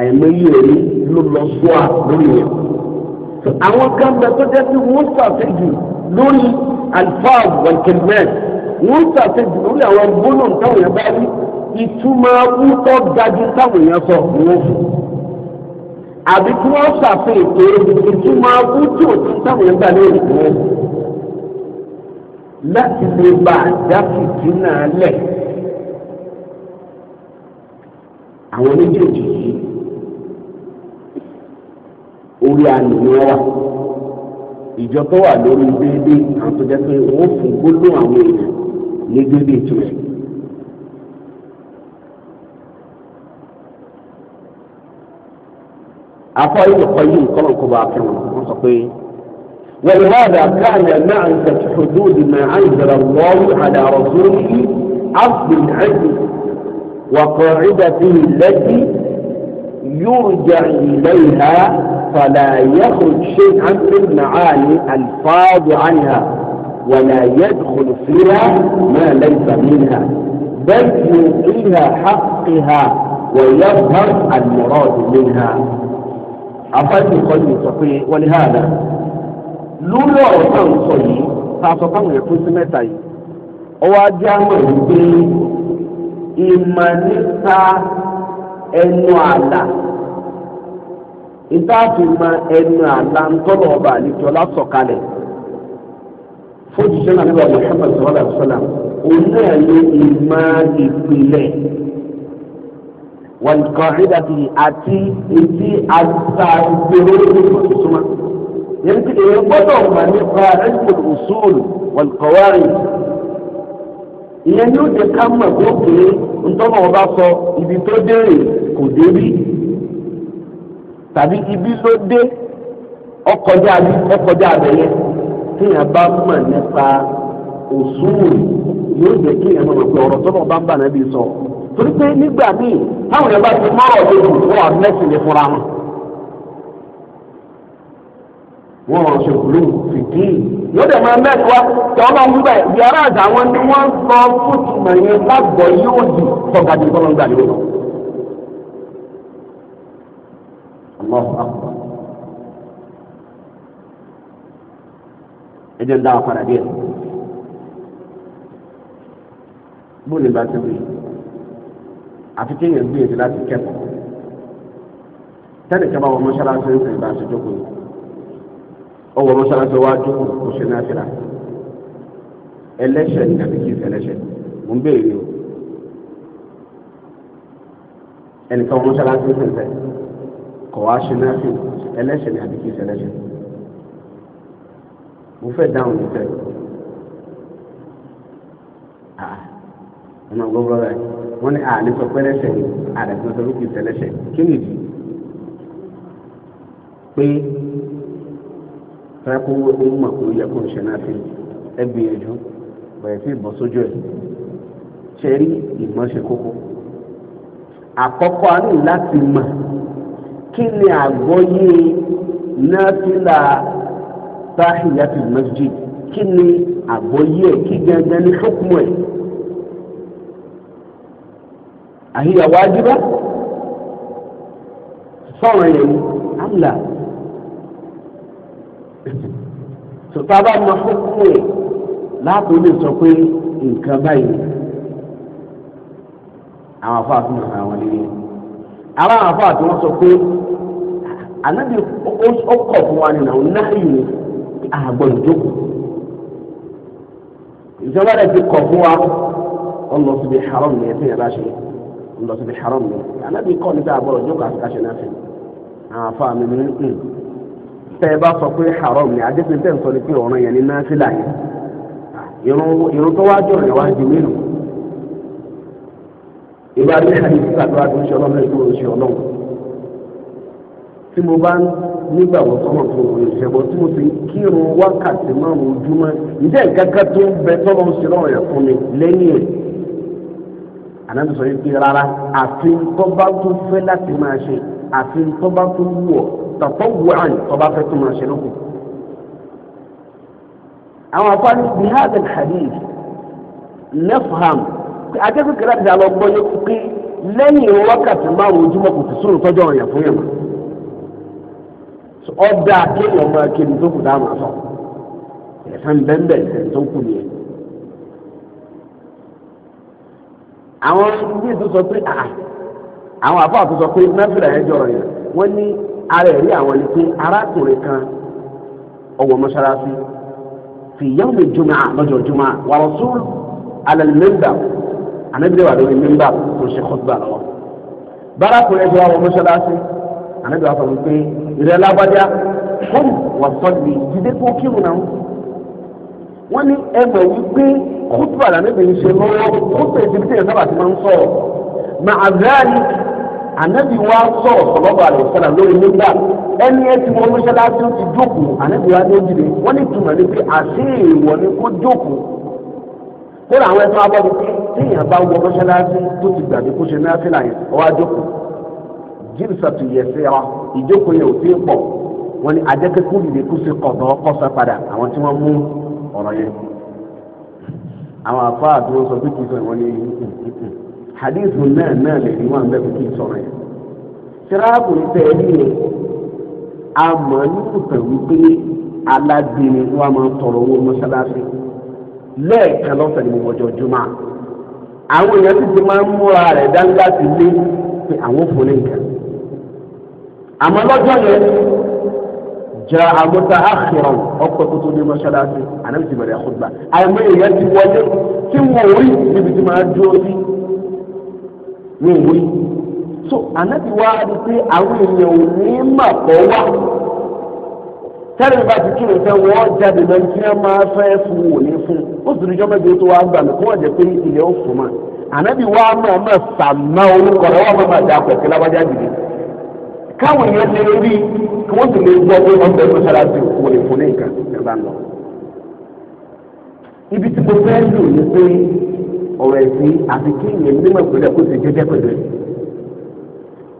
àìmọye òní ló lọ sọ à lórí yẹn àwọn kan bẹ tó jẹ pé wọn ṣàfihàn lórí alfaaz walkelimẹt wọn ṣàfihàn lórí àwọn gbólóhùn táwọn yẹn bá rí ìtumọ̀ wútọ́ dájú táwọn yẹn sọ wọn fún àbí kí wọn ṣàfihàn tó ìtumọ̀ wútọ́ táwọn yẹn bá rí wọn fún. láti lè bá àdáfìtì náà lẹ̀ àwọn méjèèjì yìí orí àná ni wọ́n wà lórí déédéé àwọn tó jẹ́ pé wọ́n fún gbólóhùn àwọn èèyàn ní déédéé tó yẹ. afọ ìlú kọ yìí nǹkan kó bá wọ́n sọ pé. ولهذا كان معرفة حدود ما أنزل الله على رسوله عبد العدل وقاعدته التي يرجع إليها فلا يخرج شيئا عن المعاني الفاض عنها ولا يدخل فيها ما ليس منها بل يوقيها حقها ويظهر المراد منها أفضل قلبي صفي ولهذا lórí ọ̀rọ̀ tá ń sọ yìí tá a sọ fáwọn èèyàn fún sí mẹ́ta yìí ọwọ́ ajé àmọ̀ wípé ìmọ̀ níta ẹnu àlà ìdáàbìmọ̀ ẹnu àlà ń tọ́lọ̀ ọba àlejò lásọ̀kalẹ̀ fún òṣìṣẹ́ náà nígbà Muhammad sallallahu alaihi wasallam òun náà ní ìmọ̀ ìpìlẹ̀ wal qa'idati àti etí agbára ìgbèrò ìgbèrò ìgbèrò ìgbèrò yẹn ti èyí gbọ́dọ̀ mà nípa ẹ̀sìn usul wal qawaid ìyẹn ni ó jẹ ká mọ̀ tó pé ntọ́nà ọba sọ ibi tó dérè kò débí tàbí ibi ló dé ọkọjá bí ọkọjá abẹ́yẹ téèyàn bá mọ̀ nípa usul yóò jẹ kéèyàn mọ̀ pé ọ̀rọ̀ tọ́nà ọba ń bà náà bí sọ torí pé nígbà míì táwọn yẹn bá ti mọ́ ọ̀rọ̀ tó kù wọ́n á ní fúnra wọn. wọn ò ṣe kúrò fìdí yóò dẹ̀ máa mẹ́tọ́ tí wọ́n bá ń gbà yàrá àtàwọn ni wọ́n sọ fútùmọ̀ yẹn lágbọ̀ yóò di tọ́gàdì tọ́lọ́ gbà lóyún. ẹ jẹ́ ń dá wa padà díẹ̀ bóun ni bá ti rí àfi kéèyàn gbìyànjú láti kẹ́kọ̀ọ́ tẹ́lẹ̀ kẹ́ bá wọn mọ́ṣáláṣí ń sìn bá aṣojú kò ní ọwọ́ mọ́sálásí wa dúró kó ṣe náà fìlà ẹlẹ́ṣẹ̀ ní àbí kí n fẹ́lẹ́ṣẹ̀ mò ń béèrè o ẹnìkan ọmọ mọ́sálásí fẹ́fẹ́ kọ̀ wá ṣe náà fìlà ẹlẹ́ṣẹ̀ ní àbí kí n fẹ́lẹ́ṣẹ̀ mo fẹ́ dáhùn ní fẹ́ ah, ọmọ gbogbo rẹ wọn ni àlè sọ pé lẹ́ṣẹ̀ ni àlè sọ pé kì í fẹ́lẹ́ṣẹ̀ kí nìdí pé tọ́yà kó wọ́n mú màkó yẹ kó n ṣe náà fi ẹ gbìyànjú bẹ̀rẹ̀ sí ìbọ̀ sójú ẹ̀ ṣe rí ìmọ̀ ṣe kókó àkọ́kọ́ a ní láti mọ̀ kí ni àgbọ́yé náfìlà tahiyatul masjid kí ni àgbọ́yé ẹ̀ kí gangan ní hukmu ni amla. sotaba bá mọ fúnfún ẹ̀ láàbò lè sọ pé nǹkan báyìí àwọn afọ àti àwọn afọ àti wọn sọ pé ànábì ó fún wa nínú àwọn náà ìjọba ti fún haram ni ẹsẹ̀ yẹn ṣe ọlọ haram ni ànábì kọ́ níta àgbọ̀n àti káṣẹ́ náà fi àwọn afọ àmì tẹ́ ẹ bá sọ pé haram ni adé pípẹ́ ń sọ ni pé ọ̀ràn yẹn ní náfìlà yẹn irun tó wájú ọ̀rẹ́ wá di mélòó ìgbà ní àdìsí àdúrà tó ń ṣe ọlọ́run ètò òṣì ọlọ́run tí mo bá nígbà wọ sọ́mọ̀ tó ń ṣe bọ́ tí mo ti kírun wákàtí márùn-ún ojúmọ́ ǹjẹ́ ìkẹ́kẹ́ tó ń bẹ tọ́lọ́ ń ṣe lọ́rùn yẹn fún mi lẹ́yìn ẹ̀ ànábi yìí pé rárá àfi tó bá tó fẹ́ láti máa ṣe àfi tó bá tó wù ọ́ tàfọwùrán ọba fẹ́ tó máa ṣe lóko. àwọn afáàní ní hadal hadith nefham akẹ́kọ̀ọ́ kẹrẹ́ àti àlọ́ gbọ́ yẹ pé lẹ́yìn wákàtí márùn ojúmọ́ kò ti sóòrò tọ́jú ọ̀yàn fún yẹn mọ́. ọ̀dà akéèyàn ọmọ akéèyàn tó kù dáhùn àfọ̀ ẹ̀sán bẹ́ẹ̀ bẹ́ẹ̀ tó kù nìyẹn. àwọn ilé tó sọ pé àwọn àfọ̀ àtúnṣọ pé náfìlà yẹn jọrọ yẹn wọ́n ní ara ẹ̀rí àwọn ni pé arákùnrin kan ọwọ́ mọ́ṣáláṣí fi yawmi jumu'a lọ́jọ́ jumu'a wa rasul ala al-minbar ànábìrẹ́ wà lórí minbar kò ṣe khutba lọ́wọ́ bárakùnrin ẹ̀jọ̀ ọwọ́ mọ́ṣáláṣí ànábìrẹ́ sọ wípé ìrẹ́ lágbájá kọ́m wà sọ́ọ̀dì jíde kó kírun náà wọ́n ní ẹ wípé khutba ànábìrẹ́ ṣe lọ́wọ́ khutba ànábì wa sọ̀rọ̀ sọ̀lọ́bà rẹ̀ sọ̀rọ̀ lórí nígbà ẹni ẹ ti wọ mọ́ṣáláṣí ó ti jókòó ànábì wa ló dìde wọ́n ní túmọ̀ ní pé àṣé èèwọ̀ ni kó jókòó kóra àwọn ẹ̀sán abọ́dún téèyàn bá wọ mọ́ṣáláṣí tó ti gbàgbé kó ṣe ní àfihàn yẹn ọwọ́ àjókòó jírísà tó yẹ sí ọ ìjókòó yẹn o tí ń pọ̀ wọ́n ní ajẹ́kẹ́kọ̀ọ́ dìde kó ṣe kọ̀dọ̀ kọ́sà padà àwọn tí wọ́n mú ọ̀rọ̀ yẹn àwọn àfáà tó sọ pé kì í sọ ìwọ́n ní hadithu náà náà lè ní wọn bẹ kó kí n sọ̀rọ̀ yẹn tíráàbù tẹ ẹ níye a mọ̀ nínú pẹ̀lú pé aládìrin wa máa tọrọ owó mọ́ṣáláṣí lẹ́ẹ̀kan lọ́sẹ̀ ní ọjọ́ jùmọ̀ àwọn èèyàn ti ti máa ń múra rẹ̀ dáńgá sí lé pé àwọn fún ní nǹkan àmọ́ lọ́jọ́ yẹn jẹ́ àgùntà àkìrọ̀ ọ̀pọ̀ tó tó dé àná ti bẹ̀rẹ̀ àkùtà àìmọ̀ èèyàn ti wọlé tí wọ́n rí níbi tí máa dúró sí ní ìwé so ànábì wa di pé àwọn èèyàn ò ní mà kọ́ wá tẹ́lẹ̀ bá ti kírun fẹ́ wọ́n jáde lọ kí wọ́n máa fẹ́ fún wò ní fún ó sì ní jọ́ mẹ́jọ tó wá gbà mí kó wọ́n jẹ́ pé ilẹ̀ ó fún ma ànábì wa máa máa sàmà orúkọ rẹ̀ wọ́n máa máa dà pọ̀ kí lábájá dìde káwọn èèyàn lè rí kí wọ́n sì lè gbọ́ pé wọ́n bẹ̀rù sára ju wò ní fún ní nǹkan ẹ̀ bá ń lọ. ibi tí mo fẹ́ lò ní pé ọ̀rọ̀ ẹ̀sìn àti kí ìyẹn mímọ̀ pẹ̀lú ẹ̀kọ́ sì jẹ́jẹ́ pẹ̀lú ẹ̀.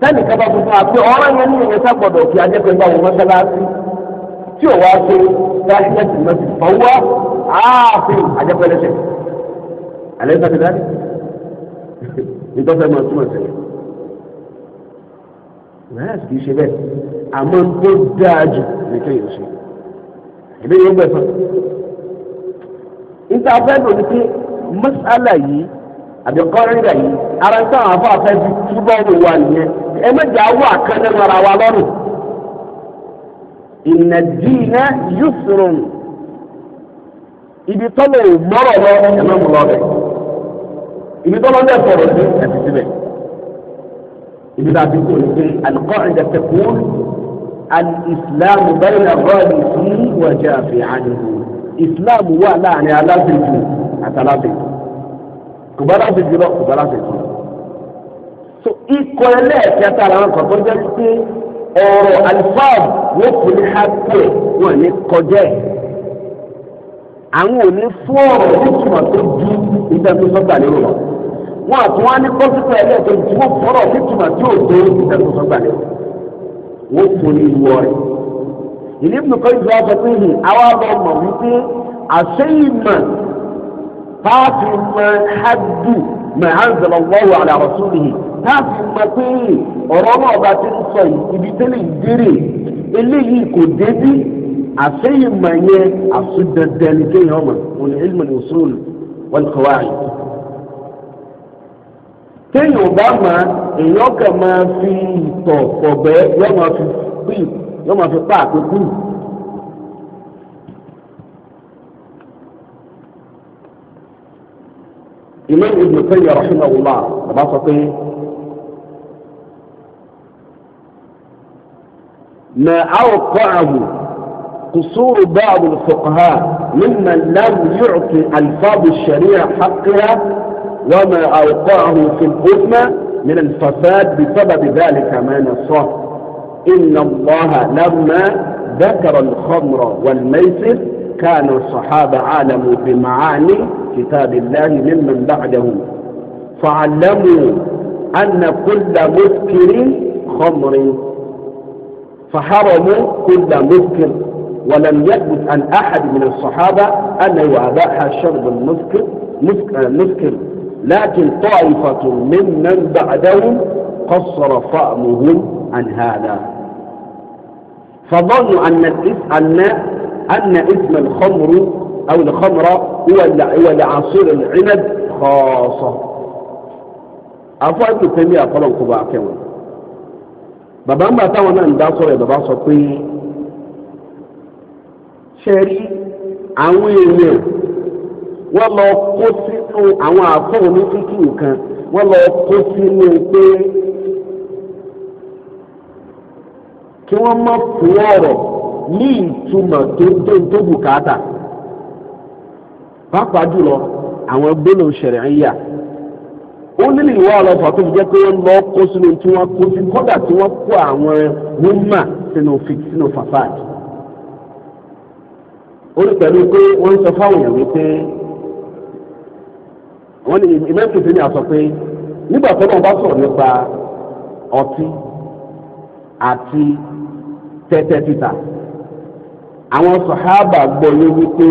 sẹ́ni ká bá fún fún wa pé ọ̀rọ̀ yẹn ní ìyẹn sá gbọ́dọ̀ kí ajẹ́pẹ́ bá wọn mọ́ṣáláṣí tí ò wá ṣe dáhìẹ́sì mọ́sí fọwọ́ ààfin ajẹ́pẹ́ lẹ́sẹ̀. àlẹ́ ń sàkíndá ní ìtọ́fẹ́ mọ̀ túmọ̀ sí náà kì í ṣe bẹ́ẹ̀ àmọ́ tó dáa jù ní kéèyàn ṣe ìdí yóò gbẹ̀fọ́ níta fẹ́ lò ní pé mọ́sálà yìí àbí kọ́rẹ́dà yìí ara táwọn afọ afẹ́ fi túbọ̀ wò wá nìyẹn ẹ méjì awọ àkàndé mara wa lọ́rùn. ìnà dìínà yusrun ibi tọ́lọ̀ ò mọ́rọ̀ lọ ẹ má mú lọ bẹ̀. ibi tọ́lọ̀ náà sọ̀rọ̀ sí ẹ ti síbẹ̀. ibi tá a sọ̀rọ̀ sí alikọ́rẹ́dà tẹ̀kún alìsílámù bẹ́ẹ̀ ni àbúrò àdìsí wàjà àfihàn ìsìlámù wà láàrin aláṣẹ àtàlábẹ̀jù kò bá lábẹ̀jù lọ kò bá lábẹ̀jù lọ. so ikọ̀ ẹlẹ́ẹ̀kẹta làwọn kan tó jẹ́ pé ọ̀rọ̀ alifam wọ́n kò ní hápẹ́ wọ́n ní kọjá ẹ̀ àwọn ò ní fún ọ̀rọ̀ nítumọ̀ tó ju ìgbà tó sọ́gbà lérò lọ wọn àti wọn á ní kọ́sípà ẹlẹ́ẹ̀kẹ́ ju wọn fọ́rọ̀ nítumọ̀ tí ò tó ìgbà tó sọ́gbà lérò wọ́n kò ní ìwọ rẹ̀ ìlú ìbùkún ìjọba sọ pé àwọn àbọ̀ mọ̀ wípé àṣẹ ìmọ̀ táàtì mọ hadu mahanzala allahu ala rasulihi táàtì mọ pé ọ̀rọ̀ náà bá ti ń sọ ibi tẹ́lẹ̀ ìdérè eléyìí kò débi àṣeyìn mọ̀ yẹn àṣùdẹ̀dẹ̀ ní kéèyàn mọ̀ òní ilmu ní usul wal qawaid téèyàn ò bá mọ èèyàn kàn máa fi ìtọ̀ fọ̀bẹ́ yọ máa fi pa àpékù. إمام ابن taymiyyah رحمه الله sọ ما أوقعه قصور بعض الفقهاء ممن لم يعطي ألفاظ الشريعة حقها وما أوقعه في الحكمة من الفساد بسبب ذلك ما نصه إن الله لما ذكر الخمر والميسر كان الصحابة عالموا بمعاني كتاب الله ممن بعده فعلموا أن كل مسكر خمر فحرموا كل مسكر ولم يثبت عن أحد من الصحابة أنه أباح شرب المسكر آه، مسكر لكن طائفة ممن بعدهم قصر فأمهم عن هذا فظنوا أن أن أن اسم الخمر أو الخمرة هو لعصير العنب خاصة afọ ati pẹlú akọlọ nkọba akẹwọn baba ń bá táwọn náà ń dá sọ̀rọ̀ ẹ sọ pé ṣẹrí àwọn èèyàn wọn lọ kó sínú àwọn àfọ onífíkì nǹkan wọn lọ kó sínú pàápàá jùlọ àwọn gbólóhùn ṣẹ̀rí'íyà ó nílò ìwà ọlọ́pàá tó fi jẹ́ pé wọ́n lọ kó sínú tí wọ́n kó sí kọ́dà tí wọ́n kó àwọn wúmà sínú sínú fàfáàdì ó ní pẹ̀lú pé wọ́n sọ fáwọn èèyàn wípé wọ́n ní ìmẹ́tòsí ni a pé nígbà tó wọ́n bá sọ̀rọ̀ nípa ọtí àti tẹ́tẹ́ títà àwọn sàhábà gbọ́ yé wípé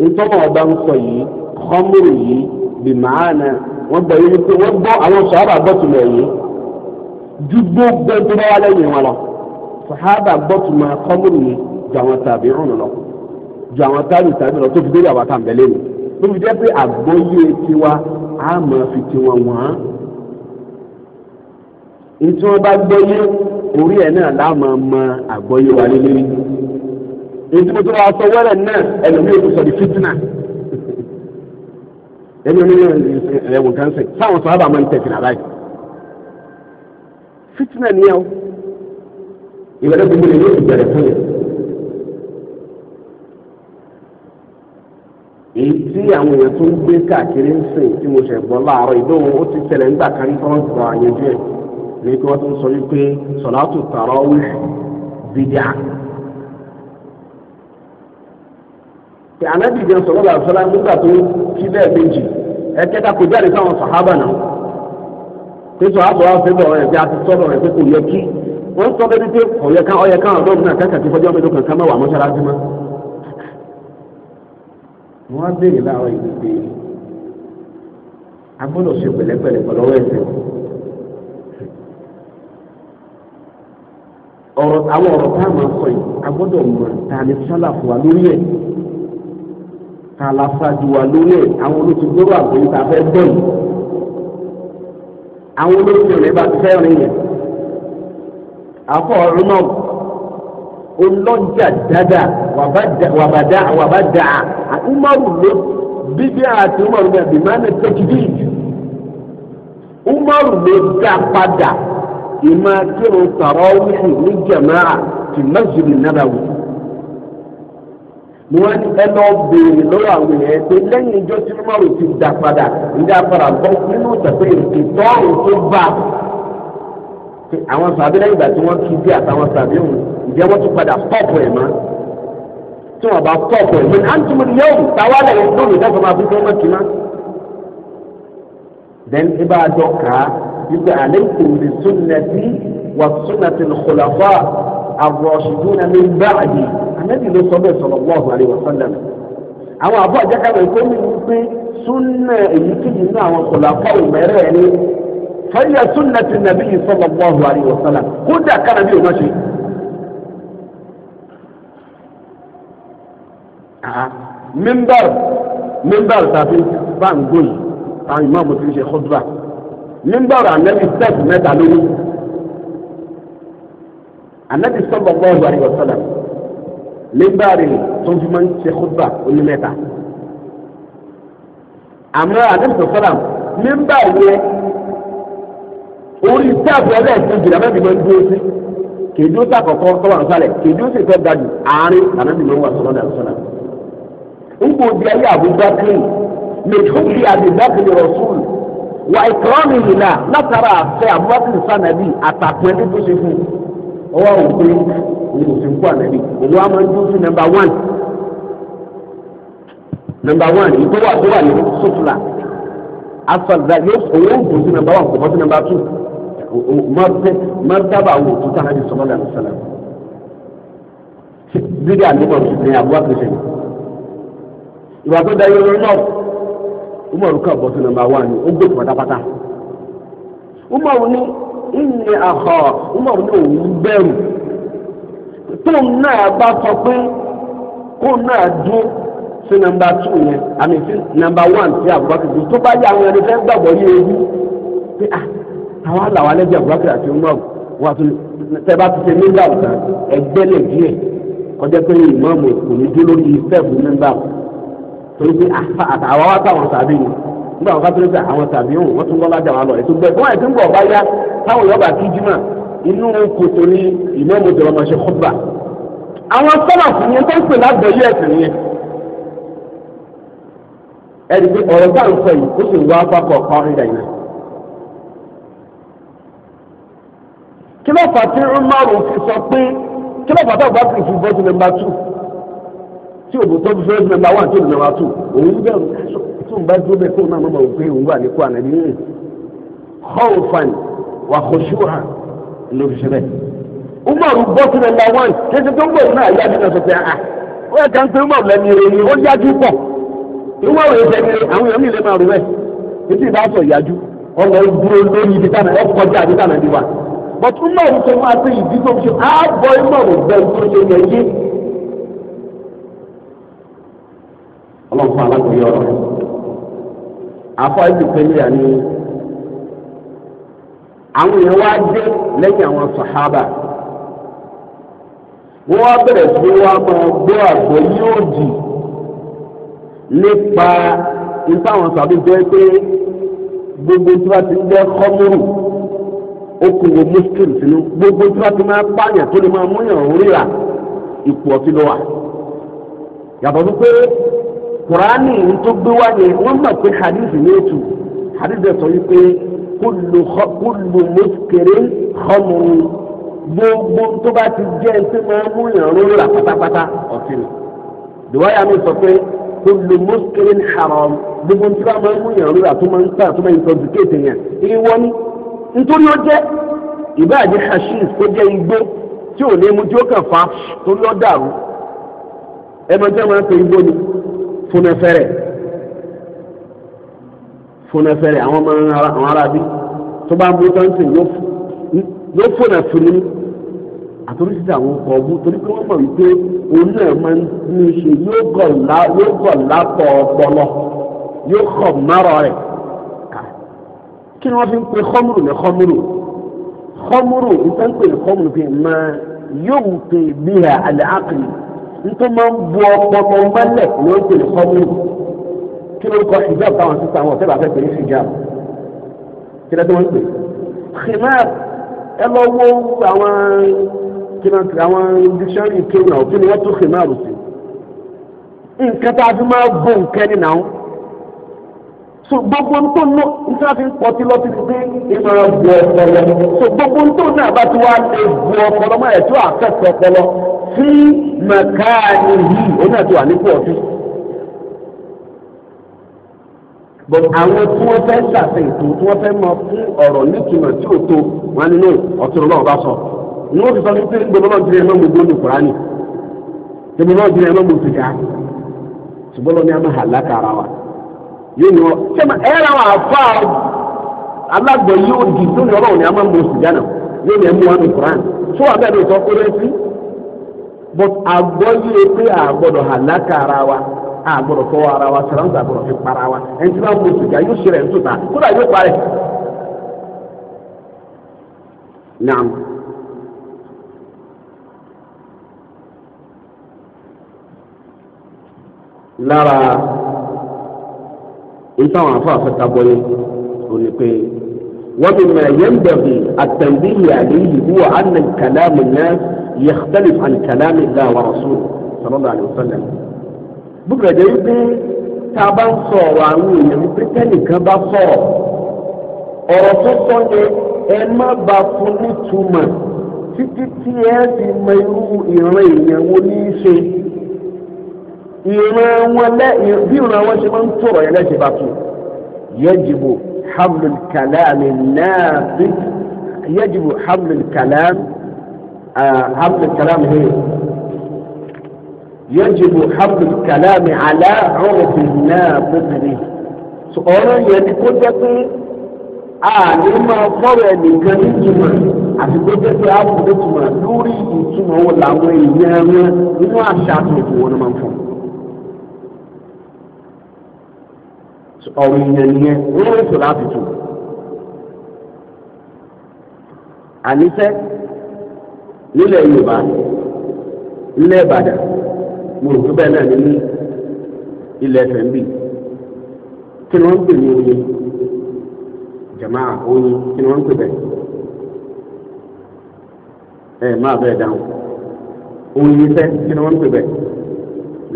ntọ́kọ̀ ọba ń sọ yìí khamru yìí bì màánà wọ́n gbọ́ yìí pé wọ́n gbọ́ àwọn sọ̀hábà gbọ́tùmọ̀ yìí ju gbogbo tó bá wà lẹ́yìn wọn lọ sọ̀hábà gbọ́tùmọ̀ khamru yìí ju àwọn tàbí rún lọ ju àwọn tàbí tàbí lọ tó fi délé àwọn àtàǹbẹ̀ lẹ́nu tó fi jẹ́ pé àgbọ́yé tiwa á máa fi tiwọn wọ́n ntí wọ́n bá gbọ́yé orí ẹ̀ náà lá èyí tí mo tún wá sọ wẹ́rẹ̀ náà ẹlòmíì òkú sọ di fitina ẹni oníyẹn ẹ̀wọ̀n kan sẹ̀ sáwọn sábà máa ń tẹ̀ fìlà báyìí fitina ni ẹ o ìbẹ̀rẹ̀ gbogbo ni yóò bẹ̀rẹ̀ fún yẹn. èyí tí àwọn èèyàn tó ń gbé káàkiri ń sìn tí mo ṣẹ̀ gbọ́ láàárọ̀ ìdóhùn ó ti tẹ̀lé ńgbà kan ní kọ́ńtù bá àyànjú ẹ̀ ní kí wọ́n tún sọ wípé sọ̀látù tààrọ̀ wíṣ bídíà pé anábì gan sọ̀rọ̀ bàbá sọ́lá nígbà tó kí lẹ́ẹ̀mejì ẹ̀kẹ́ta kò jáde sáwọn sàhábà náà pé sọ àbọ̀ wá fẹ́ bọ̀ ọ̀rẹ́ bí a ti sọ̀rọ̀ rẹ̀ pé kò yẹ kí wọ́n sọ bẹ́ẹ̀ pé ọ̀yẹ kan ọ̀yẹ kan ọ̀dọ́ mi náà kẹ́kẹ́ ti fọ́jọ́ mélòó kan mẹ́wàá mọ́ṣáláṣí mọ́. wọ́n á béèrè láàárọ̀ yìí pé a gbọ́dọ̀ ṣe pẹ̀lẹ́pẹ̀lẹ́ ẹ̀sẹ̀. sọ kan aláṣáájú wa lórí ẹ̀ àwọn olóṣèlú àgbẹ̀yìn tá a fẹ́ bẹ̀rù àwọn olóṣèlú rẹ̀ bá ti fẹ́ rìn yẹn àfọ̀ ọ̀run náà olọ́jà dáadáa wàbàdà wàbàdà àkúmọ̀rù ló bíbí àti umaru náà bí máa ń tẹ́kìdì umaru ló dá padà ìmọ̀ kírun tàrọ́ wíṣì ní jàmáà ti Masjid Nabawi ni wọ́n ti ẹ lọ béèrè lórí àwọn èèyàn pé lẹ́yìn ìjọ tí mọ́rù ti dà padà ìdá padà bọ́ nínú ìtàpé ìtọ́rùn tó bá àwọn sàbí lẹ́yìn ìgbà tí wọ́n kí bí àtàwọn sàbí òun ìjẹ́ wọ́n tún padà pọ̀pọ̀ ẹ̀ mọ́ tí wọ́n bá pọ̀pọ̀ ẹ̀ mọ́ ní àǹtúmọ̀ ni yóò táwa lẹ́yìn lórí ìdájọ́ máa fi Then ọmọ kì má. then ibà dọ̀ ká ibà àlékún ní sunnati wà sunnati al-khulafa ar-rashiduna min ba'di ànábì ló sọ bẹ́ẹ̀ sallallahu alaihi wasallam àwọn àbọ̀ àjẹkálẹ̀ kó mi wí pé súnà èyí kejì ní àwọn khulafa'u mẹ́rẹ̀ẹ̀rin fẹ́yà súnà ti nàbí sallallahu alaihi wasallam kódà kánàbí ò má ṣe. Ah, mímbàr mímbàr tàbí báńgóyì àwọn ìmáàmù ti ń ṣe khutba mímbàr ànábì tẹ́ẹ̀tì mẹ́ta lónìí anabi sallallahu alaihi wasallam nígbàrí tó ń fi máa ń ṣe khutba oní mẹ́ta àmọ́ anabi sallam nígbàrí yẹ orí táàbù ẹlẹ́ẹ̀kejì jìnnà mẹ́bí máa ń dúró sí kèdí ó sàkọ̀kọ́ tọ́wọ́ àǹsálẹ̀ kèdí ó sì fẹ́ ga jù àárín anabi máa ń wà sọ́lọ́dà sọ́lá ń kò di ayé àbúgbákiri mẹ̀tọ́kì àbígbákiri rọ̀ṣúl wà ìkọ́rọ́mì nìlá látara àfẹ́ àbúgbákiri sànàbí àtàkùn ẹni tó ṣe fún un ọwọ́ àwọn òkú òun kò sí ń kó ànábì òun á máa ń dúró sí nọ́mbà wán nọ́mbà wán ìgbó wà tó wà ní sọ́tùlà asọ̀dà yóò òun ó dúró sí nọ́mbà wán kò bọ́ sí nọ́mbà tù mọ́tàbà àwọn òkú tàn ábì sọ́mọ́lá ní sọ́lá bídí àdúgbò ní àbúrò àkùnṣe ìwà tó da yóò lọ́ọ̀ umaru kan bọ́ sí nọ́mbà wán ni ó gbé pátápátá umaru ní ìní àhọ ńgbà ní òun bẹ̀rù tóun náà bá sọ pé kóun náà dún sí nọ́mbà tù yẹn àmì sí nọ́mbà wán sí Abubakar tó tó bá yẹ àwọn ẹni fẹ́ gbàgbọ́ yé ewu pé à ah, àwọn àlàwà lẹ́jẹ̀ Abubakar àti Umar wà tó tẹ bá ti ṣe nígbà òkà ẹgbẹ́ lè díẹ̀ kọjá pé ìmọ̀ọ́mù kò ní dúró lórí fẹ́ẹ̀bù nọ́mbà torí pé ah, àwa wá sàbẹ̀ yìí nígbà wọn kátólíkì àwọn tàbí òun wọn tún lọ́lá jà wá lọ ètò gbẹ fún àìsàn bọ̀ báyá táwọn yọba kí jimá inú kòtò ní ìmọ̀ọ́mù jọba máa ṣe kọ́ba àwọn sọ́nà fún yẹn tó ń pè lágbẹ̀ẹ́ ẹ̀sìn yẹn ẹni pé ọ̀rọ̀ bá ń sọ yìí ó sì ń wá pápọ̀ kọ́ńdà yìí. kí ló fà tí Umaru fi sọ pé kí ló fà tí ọba kìí fi bọ́ sí nọ́mbà two tí òbí tó fi fẹ́ sí tó ń bá dúró bẹ́ẹ̀ kó náà mọ̀ mọ̀ pé òun wà ní kó ànábi ń khawfan wa khushu'a ló fi ṣe bẹ́ẹ̀. Umar bọ́ sí nọ́mbà wán kéṣe tó ń bọ̀ òun náà yájú náà sọ̀tẹ̀ àá ah, ó yẹ kàn pé Umar lẹ́nu eré ó yájú pọ̀ Umar yóò fẹ́ ní àwọn èèyàn nílé máa rò bẹ́ẹ̀ etí ìbá sọ yájú ọ̀nà dúró lórí ibi tánà ẹ̀ kọjá àbí tánà bí wa but Umar sọ máa pé ìdí tó fi ṣe àbọ̀ Umar bẹ́ẹ̀ ọlọ́run fún alákòóyè ọ̀rọ̀ afọ ìdìpẹ́lẹ́yà ni àwọn èèyàn wá dé lẹ́yìn àwọn sàhábà wọ́n wá bẹ̀rẹ̀ sí wá máa gbọ́ àgbọ̀ yóò dì nípa nípa àwọn sàbí jẹ́ pé gbogbo tí wọ́n ti ń jẹ́ kọ́múrù okòwò muslim sínú gbogbo tí wọ́n ti máa pààyàn tó lè máa múyàn ríra ipò ọtí lọ́wọ́ yàtọ̀ sí pé kùránì ń tó gbé wáyé wọ́n mọ̀ pé hadith ní ètò hadith sọ wípé kúlù mọ́sìkèrè xọ́mù gbogbo tó bá ti jẹ́ ẹni tó máa ń mú ìrànlọ́ rà pátápátá ọ̀sìn ni. dùwáyà mi sọ pé kúlù mọ́sìkèrè haram gbogbo tó bá máa ń mú ìrànlọ́ rà tó máa ń tà tó máa ń tọ́jú kéèké yẹn ìwọ ni nítorí ó jẹ́ ìbáàjẹ́ hashish kó jẹ́ igbó tí ò ní mu tí ó kàn fa torí ó dàrú ẹ fúnafẹ́rẹ̀ fúnafẹ́rẹ̀ àwọn ọmọ àwọn arábí tó bá ń bú tọ́ǹtì yóò fúnà fúnni àtúntò sí àwọn ọkọ̀ ọ̀bú torí pé wọ́n mọ̀ wípé òun náà máa ń ní í ṣe yóò gọ̀ lápọ̀ ọpọlọ yóò kọ̀ márọ̀ rẹ̀ kí ni wọ́n fi ń pe xọ́mùrù ní xọ́mùrù xọ́mùrù ìtàn pé xọ́mùrù fi máa yóò pè bí àlẹ́ àkìlì nítorí máa ń bu ọpọlọ mọ́lẹ̀ ló ń tẹ̀lé kọ́mìnì kí ló ń kọ hijab táwọn sísá wọn fẹ́ bá fẹ́ pè ní hijab kí ló tó wọ́n pè khimar ẹ lọ wo àwọn kí ló ń tẹ àwọn dictionary kéwù náà kí ni wọ́n tún khimar sí nǹkan tá a fi máa bọ̀ nǹkan ni náà so gbogbo ntó nù ntí wọn fi pọtí lọ títí pé ìmọ̀ràn bu ọpọlọ so gbogbo ntó náà bá ti wá lè bu ọpọlọ mọ́ ẹ̀ tó àfẹ́sẹ̀ ọpọlọ fi makaani yìí ó náà ti wà nípò but àwọn tí wọ́n fẹ́ ṣàfihàn tí wọ́n fẹ́ mọ fún ọrọ tí tó wọn nínú sọ ní sọ pé gbogbo náà jìnnà gbogbo ní gbogbo náà jìnnà gbogbo ṣùgbọ́n wa yóò ní wọn ṣé ma ẹ̀rọ àwọn àfa alágbẹ̀ yóò di lónìí ọlọ́run ni àmọ́ gbogbo sìgá náà yóò ní ẹ̀mú wa ní tó wà bẹ́ẹ̀ but àgbọ́yé pé àgbọ́dọ̀ àlákà ara wa àgbọ́dọ̀ fọwọ́ ara wa sàránsà àgbọ́dọ̀ fi para wa ẹni tí wọ́n mú sìgá yóò ṣe rẹ̀ ń tòta kódà yóò parẹ́. lára ìtàwọn afáàfẹ́ òní pé يختلف عن كلام الله ورسوله صلى الله عليه وسلم bókè jẹ́ wípé tá a bá ń sọ̀rọ̀ àwọn èèyàn wípé tẹ́nìkan bá sọ̀rọ̀ ọ̀rọ̀ tó sọ yẹn ẹ má ba fún nítumọ̀ títí tí ẹ fi mọ irú ìran èèyàn wo ní í ṣe ìran wọn lẹ bí ìran wọn ṣe máa ń tọrọ yẹn lẹ́sẹ̀ bá tún yajibu hamlul kalam náà yẹjibu hamlul kalam náà. حمل الكلام هي يجب حمل الكلام على عرف الناقض sọ̀rọ̀ yẹn ni kó jẹ́ pé àní máa fọ́rọ̀ ẹnìkan ní ìtumọ̀ àti kó jẹ́ pé àbùkù ìtumọ̀ lórí ìtumọ̀ wo làwọn èèyàn wọn nínú àṣà àti ètò wọn máa ń fọ́. ọ̀rọ̀ ìyẹn nìyẹn wọ́n ń sọ láti tù. àníṣẹ́ nílẹ̀ yorùbá nílẹ̀ ìbàdàn mo rò bẹ́ẹ̀ náà ní ilẹ̀ ẹ̀fẹ̀ ń bì kí ni wọ́n ń pè ní oyin jama oyin kí ni wọ́n ń pè bẹ́ẹ̀ ẹ máa bẹ́ẹ̀ dáhùn oyin fẹ́ kí ni wọ́n ń pè bẹ́ẹ̀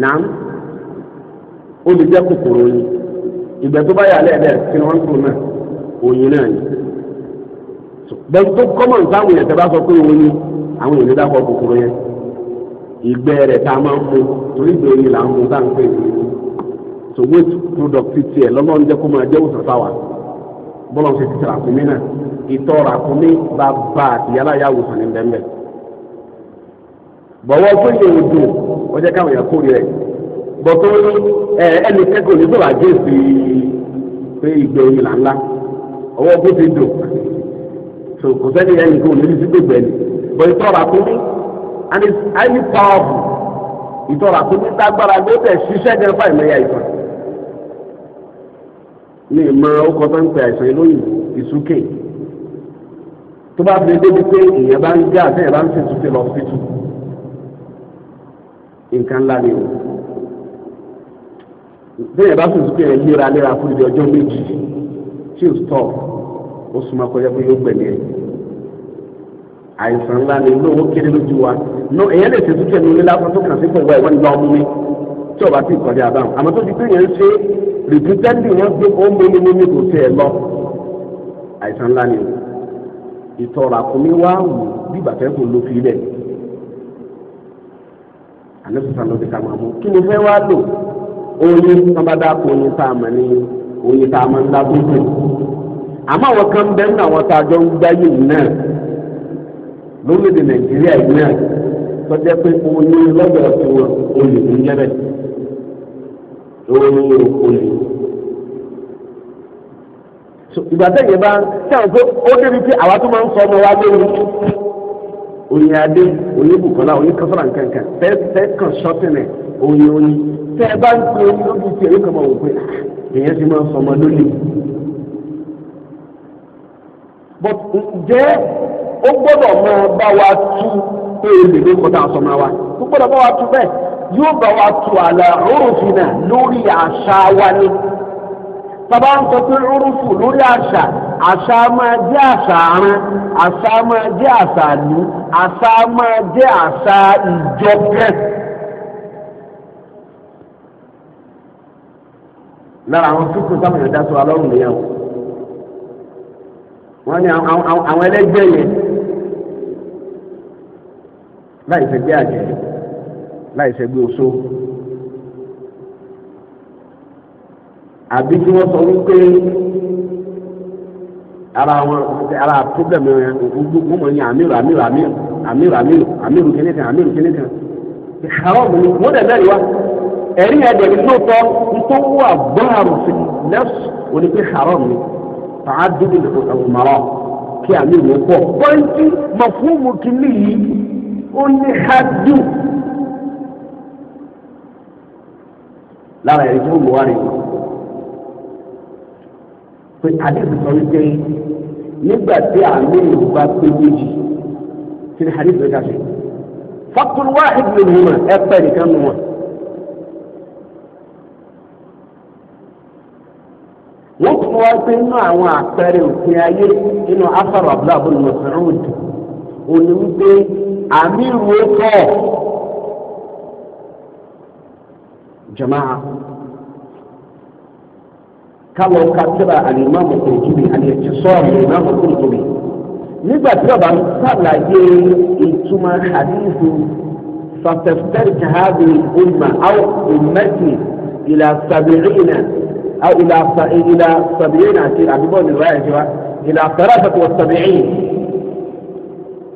nàám ó lè jẹ́ kòkòrò oyin ìgbẹ́ tó bá yà lẹ́ẹ̀dẹ́ẹ̀ kí ni wọ́n ń pè náà oyin náà ni bẹ́ẹ̀ tó kọ́mọ̀ nǹkan àwọn èèyàn tẹ́ bá sọ pé oyin àwọn èèyàn dákọ̀ kòkòrò yẹn ìgbẹ́ rẹ̀ tá a máa ń mu torí ìgbẹ́ yìí là ń mu tá à ń pè é so waste product ti tiẹ̀ lọ́lọ́run jẹ́ kó máa jẹ́ òsàn sáwà bọ́lá ń ṣe ti ràkúnmí náà ìtọ̀ ràkúnmí bá bá àtìyálà yà wòsàn ní bẹ́ẹ̀ bọ̀wọ́ tó yẹ ojú ọjọ́ káwọn èèyàn kórè rẹ̀ bọ̀tọ́ ẹnì kẹ́kọ̀ọ́ ní sọ̀rọ̀ àjẹ́ sí pé ìgbẹ́ yìí là ńlá ọwọ́ bó ti dùn so kò sẹ́ni ẹnì kan ní but ìtọ́ ràkúnmí and it's highly powerful all ìtọ́ ràkúnmí lágbára ló tẹ̀ ṣiṣẹ́ gẹ́gẹ́ fún àìmọye àìsàn ní ìmọ̀ ọkọ̀ tó ń pè àìsàn ìlóyìn ìsúkè tó bá fi débi pé èèyàn bá ń gé àtẹ̀yìn bá ń ṣètò sí lọ sí tù nǹkan ńlá ni o bẹ́ẹ̀ bá fi ìsúkè yẹn léraléra fún ìdí ọjọ́ méjì tí ò stop ó súnmọ́ kọjá pé yóò gbẹ̀lẹ́ yẹn àìsàn ńlá ni lówó kéré lójú wa nù èyàn lè ṣètò kẹ́ni onílé afọ tó kàn sí pọ̀ wẹ̀ wọ́n ní lọ́ọ́ mú mi tí ọba ti kọjá abáwọn àmọ́ tó ti pé yẹn ń ṣe rìpítẹ́ndì wọn gbé ó mímí mímí kò tiẹ̀ lọ àìsàn ńlá ni ìtọ̀rọ̀ àkómi wá wù bí bàtẹ́ kò ló fi lẹ̀ àlẹ́sọ̀tàn ló ti kà máa mú kí ni fẹ́ wá lò oyin tó bá dá kó oyin tá a mọ̀ ní oyin tá a mọ̀ ńlá gbogbo àmọ́ àwọn kan bẹ́ẹ̀ ní àwọn tá a ń gbáyé yìí náà lórílẹ̀‐èdè nàìjíríà yìí náà tọ́jẹ́ pé oyún lọ́dọ̀ tí wọn olè ń jẹ́ bẹ́ẹ̀ oyún olè. ìgbà tẹ̀yìn bá sẹ́wọ̀n pé ó débi pé àwa tó máa ń sọ ọmọ wa lórí oyin adé oyin bukola oyin kasara nkankan tẹ tẹ kan sọtẹnẹ oyin oyin tẹ bá ń pè oyin lóbi tí èyí kan máa wò ah, ti máa sọmọ lónìí. but ǹjẹ́ ó gbọ́dọ̀ máa bá wa tú pé èlé ló kọjá aṣọ máa wa ó gbọ́dọ̀ bá wa tú bẹ́ẹ̀ yóò bá wa tú àlà òrùfin náà lórí àṣà wa ni tọ́ba ń sọ pé òrùfù lórí àṣà àṣà máa jẹ́ àṣà arán àṣà máa jẹ́ àṣà ìlú àṣà máa jẹ́ àṣà ìjọkẹ́. lára àwọn fífi sábà yẹn dá sọ alọ́run nìyẹn wọ́n ní àwọn ẹlẹ́gbẹ́ yẹn láì ṣẹgbẹ́ àjẹ́ láì ṣẹgbẹ́ oṣó àbí kí wọ́n sọ wípé ara wọn ara pírọ́blẹ̀mù yẹn gbogbo wọn ní àmìrò àmìrò àmìrò àmìrò àmìrò àmìrò kíní kan àmìrò kíní kan haram ni wọ́n dẹ̀ mẹ́rin wá ẹ̀rí ẹ̀dẹ̀ ní lóòótọ́ nítorí wọ́n àgbọ́n àrùn sí lẹ́sùn òní pé haram ni. تعدد الأمراء kí àmì wò pọ̀. pọ́ńtì mọ̀fúnmù kìíní yìí ó ní hadu. lára ẹ̀rí tí ó lò wá rè é pé àdéhùn sọ wípé nígbà tí àmì ìlú bá pé méjì kí ni hadith rẹ̀ ká ṣe. fakul wahid minhuma ẹ pẹ́ nìkan nù wọn. wọ́n tún wá pé nínú àwọn àpẹẹrẹ òfin ayé nínú afárò abúlábù Mas'ud òní wípé àmírù ó kọ́ jama'a káwọn kátìrà àlìmáàmù kùrùtùbì àlìyàtì sọ́ọ̀rù àlìmáàmù kùrùtùbì nígbà tí ọba ń sàlàyé ìtumọ̀ hadithu fàtẹ̀fẹ́rì kàhábì ọmọ àwọn ọmọ ìlà sàbẹ̀rẹ̀ náà. أو إلى إلى سبعين عشرة بقول الرواية جوا إلى ثلاثة وسبعين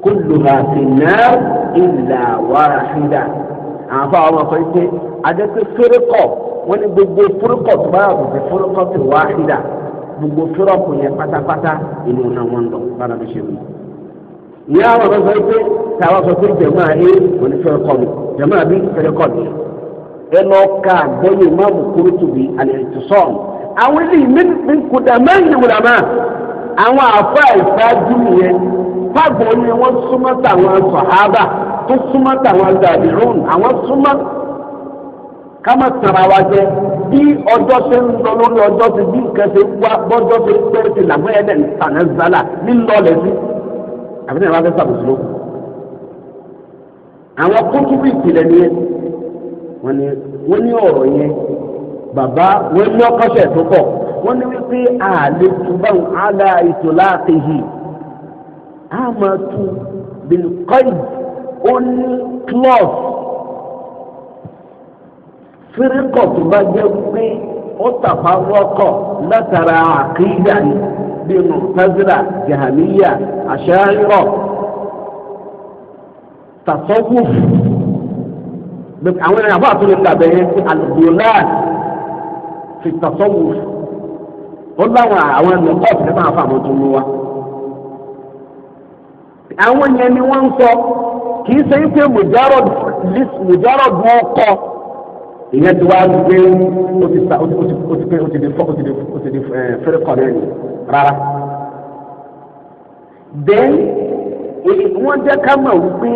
كلها في النار إلا واحدة عفا الله قلت عدد الفرقة ونبقى فرقة باب بفرقة واحدة بقى فرقة يفتا فتا إنونا واندو بنا بشيوي يا الله قلت تواصل في الجماعي ونفرقة جماعي فرقة ẹlọ́ka àgbọ́yé ìmáàmù Qurtubi al-i'tisam àwọn ilé ìmẹ́tìtì kódà mẹ́rin ìwúrama àwọn àfa ìfáájú nìyẹn fáàgbọ́ ni wọ́n súnmọ́ tàwọn sàhábà tó súnmọ́ tàwọn dàbírún àwọn súnmọ́ kámá tara wa jẹ bí ọjọ́ ṣe ń lọ lórí ọjọ́ ti bí nǹkan ṣe wá bọ́jọ́ ṣe ń pẹ́ ti làwọn ẹ̀dẹ̀ ń tànà zálà lílọ lẹ́sí àbí ní ìwà fẹ́ sàbòsí lókun àwọn kókó bí ìpìlẹ̀ nìyẹn. wọ́n ní wọ́n ní ọ̀rọ̀ yẹn bàbá wọ́n ní ọkọ̀ṣẹ̀ tó pọ̀ wọ́n ní wípé àlè tubáwọn àlà ètò láàkéhì á máa tu bilkọ́ì ó ní klọ́ọ̀f fírikọ̀ tó bá jẹ́ pé ó tàpá látara àwọn ẹ̀rọ àbọ̀ àtúnyẹ̀ kàbẹ̀ yẹn ti àlùbọ̀láà fi tàṣọ́wò ó láwọn àwọn ẹ̀rọ kọ́ọ̀tù tẹ́ máa fà mọ́ tó ń wá. àwọn yẹn ni wọ́n ń sọ kì í ṣe é pé mùjárọ̀ dùn ọkọ̀ ìyẹn ti wá gbé ó ti sa ó ti pé ó ti di fọ́ ó ti di ó ti di fẹ́rẹ́ kọ́ lẹ́yìn rárá. then wọ́n jẹ́ ká mọ̀ wípé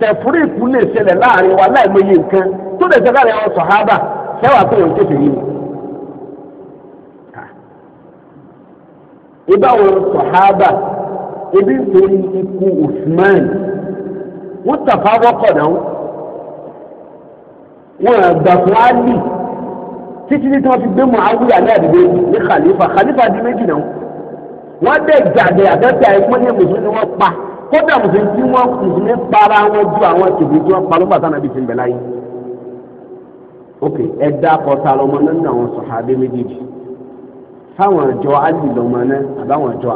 tẹ̀fúrìkù lè ṣẹlẹ̀ láàrin wa láìmọye nǹkan tó lè ṣẹlẹ̀ láàrin àwọn sọ̀hábà sẹ́wà tó yàn kékeré ni. ìbáwo sọ̀hábà ebi nítorí ikú Usman wọ́n tàfà wọ́kọ̀ náà wọ́n àgbà fún Ali títí tí wọ́n fi gbé Muawiya ní àdìgbò ní khalifa khalifa di méjì náà wọ́n dẹ̀ gàdẹ̀ àbẹ́tẹ̀ àìkú ní mùsùlùmí wọ́n pa kódà mùsùlùmí tí wọ́n mùsùlùmí para wọn ju àwọn kìbí tí wọ́n parọ́ bàtà nàbí ti ń bẹ̀ láyé. ok ẹ dá kọta lọmọ náà nínú àwọn sọ̀hábẹ́ méjèèjì fáwọn àjọ alì lọmọ náà àbáwọn àjọ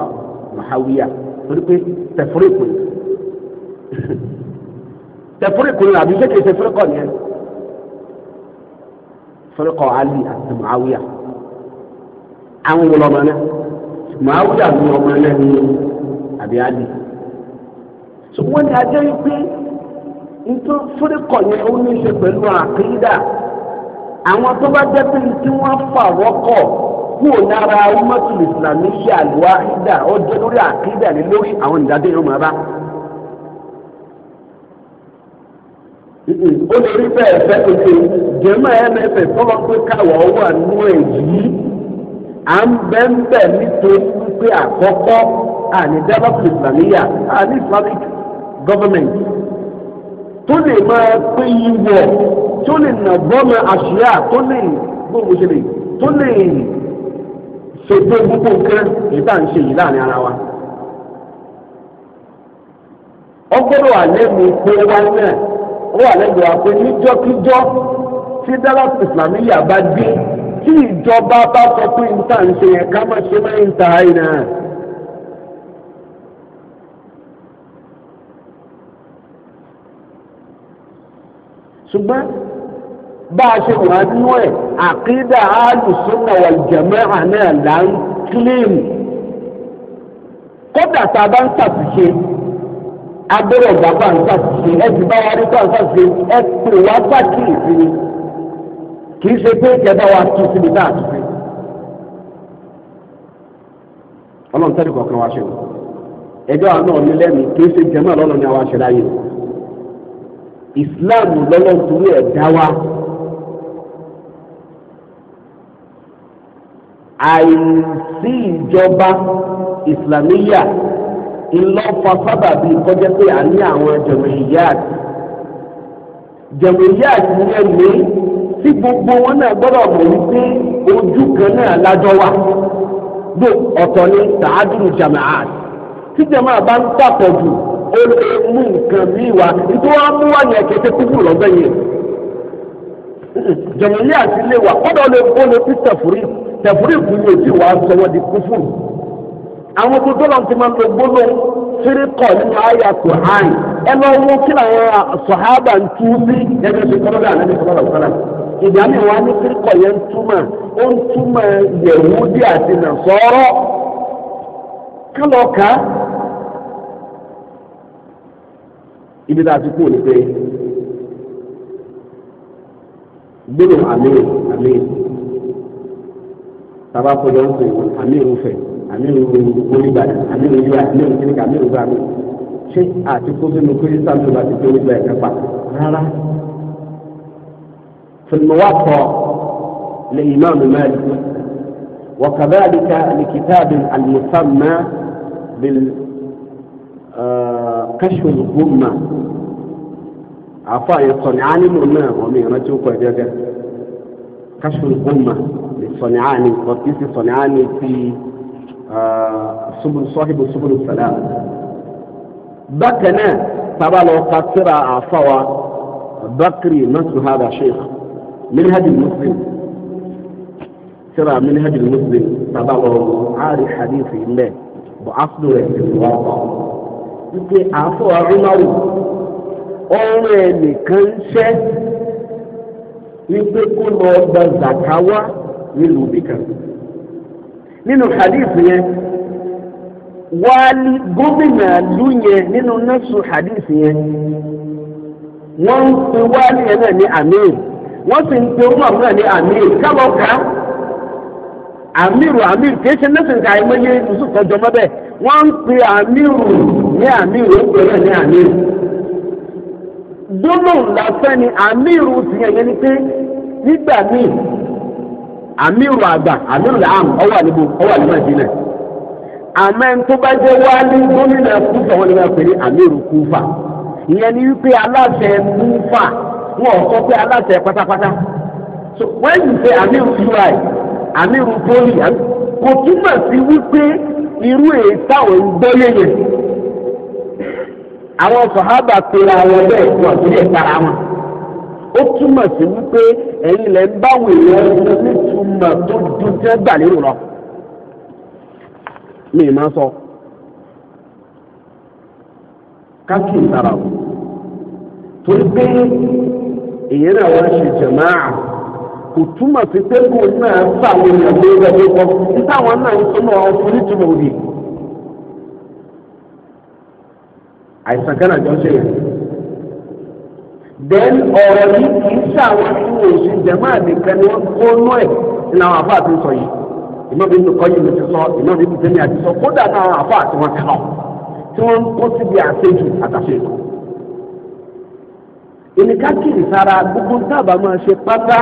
mahawiya torí pé tẹ̀fúrẹ́ kùn tẹ̀fúrẹ́ kùn àbí ṣé kìí ṣe nìyẹn fúrẹ́ kọ̀ alì àti mahawiya àwọn lọmọ náà mahawiya lọmọ náà ni àbí alì so wọ́n ní ajẹ́ yìí pé nítorí fúrikọ̀ yẹn ó ní í ṣe pẹ̀lú àkídà àwọn tó bá jẹ́ pé tí wọ́n fà wọ́kọ̀ kúrò lára umatul islamiyya alwahida ó jẹ́ lórí àkídà ní lórí àwọn ìdájọ́ yìí ó máa bá. ó lè rí bẹ́ẹ̀ fẹ́ pé jẹ́mọ̀ mf tọ́lọ́ pé káwọ̀ wà nú ẹ̀ à ń bẹ́ẹ̀ bẹ́ẹ̀ nítorí pé àkọ́kọ́ àní dábàbò ìsìlámíyà àní islamic government tó lè máa pé ìwọ̀ tó lè nà bọ́mọ àṣìyá tó lè gbogbo ṣe lè tó lè ṣètò gbogbo nǹkan ìta ń ṣe yìí láàrin ara wa. ọgbọ́dọ̀ wà lẹ́nu pé wá náà ó wà lẹ́nu wa pé níjọ́kíjọ́ tí dálà ìsìlámíyà bá dé tí ìjọba bá sọ pé nta ń ṣe yẹn ká má ṣe máa ń ta àìnà. ṣùgbọ́n bá a ṣe wà nínú ẹ̀ àkídà alùsùnà wal jama'a náà là ń kílíìmù kódà tá a bá ń ṣàtúnṣe abẹ́rẹ́ ìgbàgbọ́ à ń ṣàtúnṣe ẹ ti bá wa rí bá ń ṣàtúnṣe ẹ pè wá sákìlì sí i kì í ṣe pé ìjẹba wa tún síbi náà tún sí i ọlọ́run tẹ́lẹ̀ kọ̀ọ̀kan wa ṣe o ẹjọ́ àánú ọ̀nilẹ́nu kì í ṣe jẹ́mọ́ ọlọ́run ni àwa ṣe láyé o islam lọ́lọ́ torí ẹ̀ dá wa. àìsí ìjọba ìsìlámíyà ìlọ́fà sábà bí kọjá pé a ní àwọn jẹ̀mẹ̀yàt jẹ̀mẹ̀yàt ní ẹ̀mí tí gbogbo wọn náà gbọ́dọ̀ mọ̀ wípé ojú kan náà lájọ́ wà gbò ọ̀tọ̀ ní tàádùn jẹ̀mẹ̀yàt tí jẹ̀mẹ̀ bá ń pàpọ̀ jù ó lè mú nǹkan míì wá nítorí wọn mú wá yẹn kété kúkú lọ́gbẹ́ yẹn àti ilé wa ó lè ó lè tẹ̀fúrí tẹ̀fúrí kù yóò ti wá sọ́wọ́ di kúfù àwọn tó tó ti máa ń lo gbólóhùn firikọ nínú àyà kùhán ẹ lọ wọ kí làwọn ń tú sí tó kọ́ lọ́dọ̀ ibi tá a ti kú ni pé gbólóhùn àmín àmín tàbá fọjọ́ ń pè àmín ìrúfẹ́ àmín ìrúgbàdà àmín ìrúgbà àmín ìrúgbà àmín ìrúgbà àmín ṣé àti kó sínú kírísítà mi bá ti tó nígbà ẹ̀ka pa rárá. في الموطأ لإمام مالك وكذلك لكتاب المسمى بال kashfu al-ghumma àfa ìsọ̀nì ánìmù náà ọmọ ìrántí ó kọ ẹ̀ gẹ́gẹ́ kashfu al-ghumma ìsọ̀nì ánì kọ̀tí sí ìsọ̀nì ánì ti sọ́hìbù subul salam. bákan náà sábà lọ ka síra àfa wa bakri nasu hada sheikh minhaj muslim síra minhaj muslim sábà lọ àárí hadith ilẹ̀ bọ̀ afdúrẹ̀ ìwà ọ̀pọ̀. wípé à ń fọ arúmárù ọrùn ẹ ń ṣẹ́ wípé kó lọ gba zàkáwá nílùú bìkan nínú hadith yẹn wáálí gómìnà lú yẹn nínú nọ́ọ̀sù hadith yẹn wọ́n ń pe yẹn náà ní amir wọ́n sì ń pe náà ní amir kábọ̀ ṣe nọ́ọ̀sù nǹkan wọ́n pe àmírù ní àmírù ó ń ní àmírù. gbólóhùn lásán ni ti yẹn yẹn pé nígbà míì àmírù àgbà àmírù làám ọwọ́ àlebo ọwọ́ àlebo àdínà. àmọ́ ẹni tó bá jẹ́ wálé gómìnà kúfà wọn ni wọ́n pè ní àmírù kúfà. ìyẹn ni wípé aláṣẹ kúfà wọn ò sọ pé aláṣẹ pátápátá. so irú èyí táwọn ń gbọ́ yẹ̀yẹ̀ àwọn sọ̀hábà pera wọn bẹ́ẹ̀ tó àtúnyẹ̀ para wọn ó túmọ̀ sí wípé ẹ̀yin lẹ́ ń báwọn èèyàn ẹ̀sìn nítumọ̀ tó dùn gbà lọ. mi máa sọ káàkiri ìtara torí pé náà wọ́n ṣe kò túmọ̀ sí pé kò náà sáwọn èèyàn lórí ẹgbẹ́ kan nígbà wọn náà ń túmọ̀ ọkùnrin nítumọ̀ òdì. àìsàn kan àjọ ṣe yẹn. then ọ̀rọ̀ yìí kì í ṣàwọn tí wọ́n ṣe jẹ̀mọ́ àdìkan ni wọ́n kó nú ẹ̀ ní àwọn àbá àti sọ yìí ìmọ̀bí nínú kọ́yìn mi ti sọ ìmọ̀bí nínú tẹ́lẹ̀ àti sọ kódà náà àbá àti wọn kàn tí wọ́n ń kó síbi àṣejù àtàṣe ìkọ́ ìníkàkiri sára gbogbo tábà máa ṣe pátá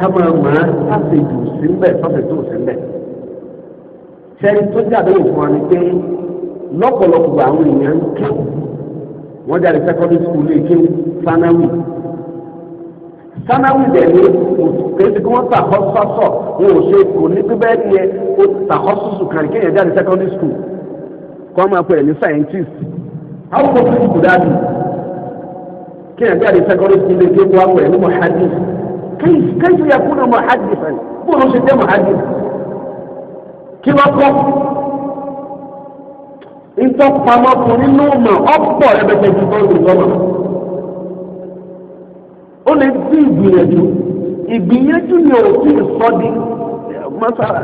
kama mọ àṣejù síbẹ̀ sọ́sẹ̀ tó síbẹ̀. sẹ́ni tó jáde òfin wa ni pé lọ́pọ̀lọpọ̀ àwọn èèyàn ń ké wọ́n jáde secondary school lè ké sanawi. sanawi dẹ̀ ni kéde kí wọ́n tàkọ́sọ́sọ́ wọn ò ṣe kò ní pípẹ́ yẹ kó tàkọ́sọ́sọ kàrí kéèyàn jáde secondary school kọ́ máa pè é ní scientist. àwọn kò fi kúdà dùn kéèyàn jáde secondary school lè ké kó wá pè é ní كيف كيف يكون محدثا بوه شتى محدث كما قف انت قام من النوم أبطى لبتك تقول الزمن ó lè dín ìgbìyànjú ìgbìyànjú ni ò tí ì sọ di mọ́sára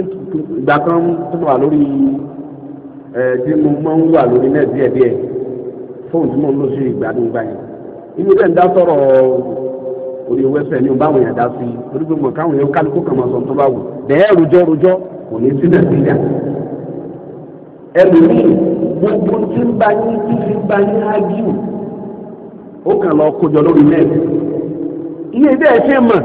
ìgbà kan tó wà lórí ẹ tí mo máa ń wà lórí náà díẹ̀ díẹ̀ fóònù tí mo ń lò sí ìgbà nígbà yẹn inú rẹ̀ ń dá sọ̀rọ̀ orí wẹ́sẹ̀ ni o bá wọ̀nyàn dá sí i orí gbogbo káwọn yẹn kálukú kan máa sọ tó bá wù bẹ́ẹ̀ rojọ́ rojọ́ kò ní sí nàìjíríà ẹlòmíì gbogbo tí ń bá yín tí ń bá yín ágíù ó kàn lọ kójọ lórí mẹ́ẹ̀ẹ́ ilé ilé ẹ̀ ṣe mọ̀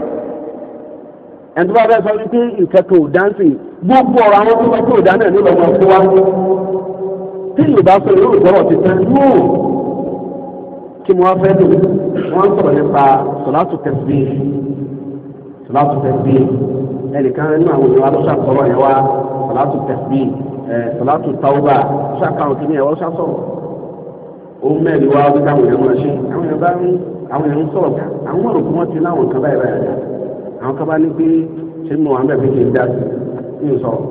ẹni tó bá fẹ́ sọ wípé ìkẹ́kọ̀ọ́ dáńsì gbogbo ọ̀rọ̀ àwọn tó bá kó dáná ní lọ́mọ fún wa tí yorùbá sọ yóò gbọ́rọ̀ ti tán yóò kí mo wá fẹ́ lò wọ́n sọ̀rọ̀ nípa sọ̀látù tẹ̀sí sọ̀látù tẹ̀sí ẹnìkan nínú àwọn ìwà ló ṣàkọrọ̀ yẹn wá sọ̀látù tẹ̀sí sọ̀látù tàwùbà ṣàkàwọn kìnìún yẹn wọ́n ṣàkọrọ̀ ó mẹ́rin wá wípé àwọn èèyàn máa ṣe àwọn èèyàn bá rí àwọn èèyàn sọ̀rọ̀ gà àwọn ọ̀rọ̀ kí wọ́n ti láwọn kan báyìí báyìí àwọn kan bá ní pé ṣé mo àwọn ẹ̀mí kì í dá sí ní sọ̀rọ̀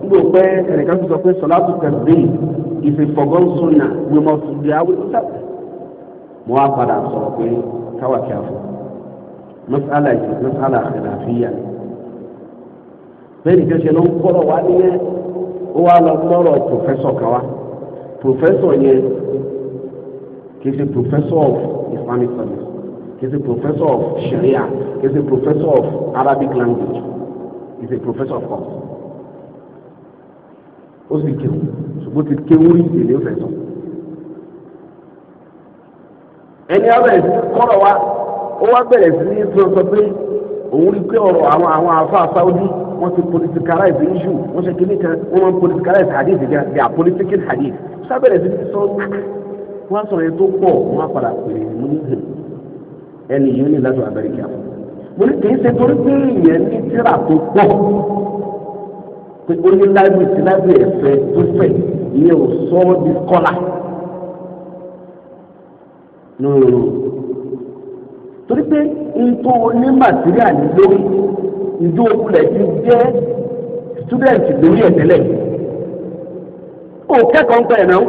nígbà pé ẹnìkan ti sọ pé sọ̀látù tẹ̀sí is a forgone sunnah we must be aware mo wá padà sọ̀rọ̀ pé káwà kí a fún masala yìí masala àfẹ́láfíà bẹ́ẹ̀ ni kẹ́sẹ̀ ló ń kọ́rọ̀ wá níyẹn ó wá lọ mọ́rọ̀ pòfẹ́sọ̀ kan wá pòfẹ́sọ̀ yẹn kì í ṣe pòfẹ́sọ̀ of Islamic studies kì í ṣe pòfẹ́sọ̀ of Sharia kì pòfẹ́sọ̀ of Arabic language kì pòfẹ́sọ̀ of course ó sì kéwù ṣùgbọ́n ti kéwù rí èlé fẹ́ ẹni abẹ́rẹ́ sí kọ́rọ̀ wa ó wá bẹ̀rẹ̀ sí ní sọ̀sọ̀ pé òun rí pé ọ̀rọ̀ àwọn àwọn àfáà Saudi wọ́n ti politicalize issue wọ́n ṣe kíní kan wọ́n máa ń politicalize hadith gan they are political hadith sábẹ̀rẹ̀ sí sọ wọ́n sọ̀rọ̀ yẹn tó pọ̀ wọ́n á padà pèrè mú ní hàn ẹni yìí ó ní láti Amẹ́ríkà mo ní kìí ṣe torí pé ìyẹn ní tíra tó pọ̀ pé ó ní láìpẹ́ sí láìpẹ́ ẹ̀fẹ́ tó fẹ̀ ìyẹn ò sọ ọ́ di kọ́là lóòrò torí pé ntò ní màtíríà lórí ìjọ òkúlẹ̀ ti jẹ́ student lórí ẹ̀ tẹ́lẹ̀ ó kẹ́kọ̀ọ́ ń pẹ́ ẹ̀ náà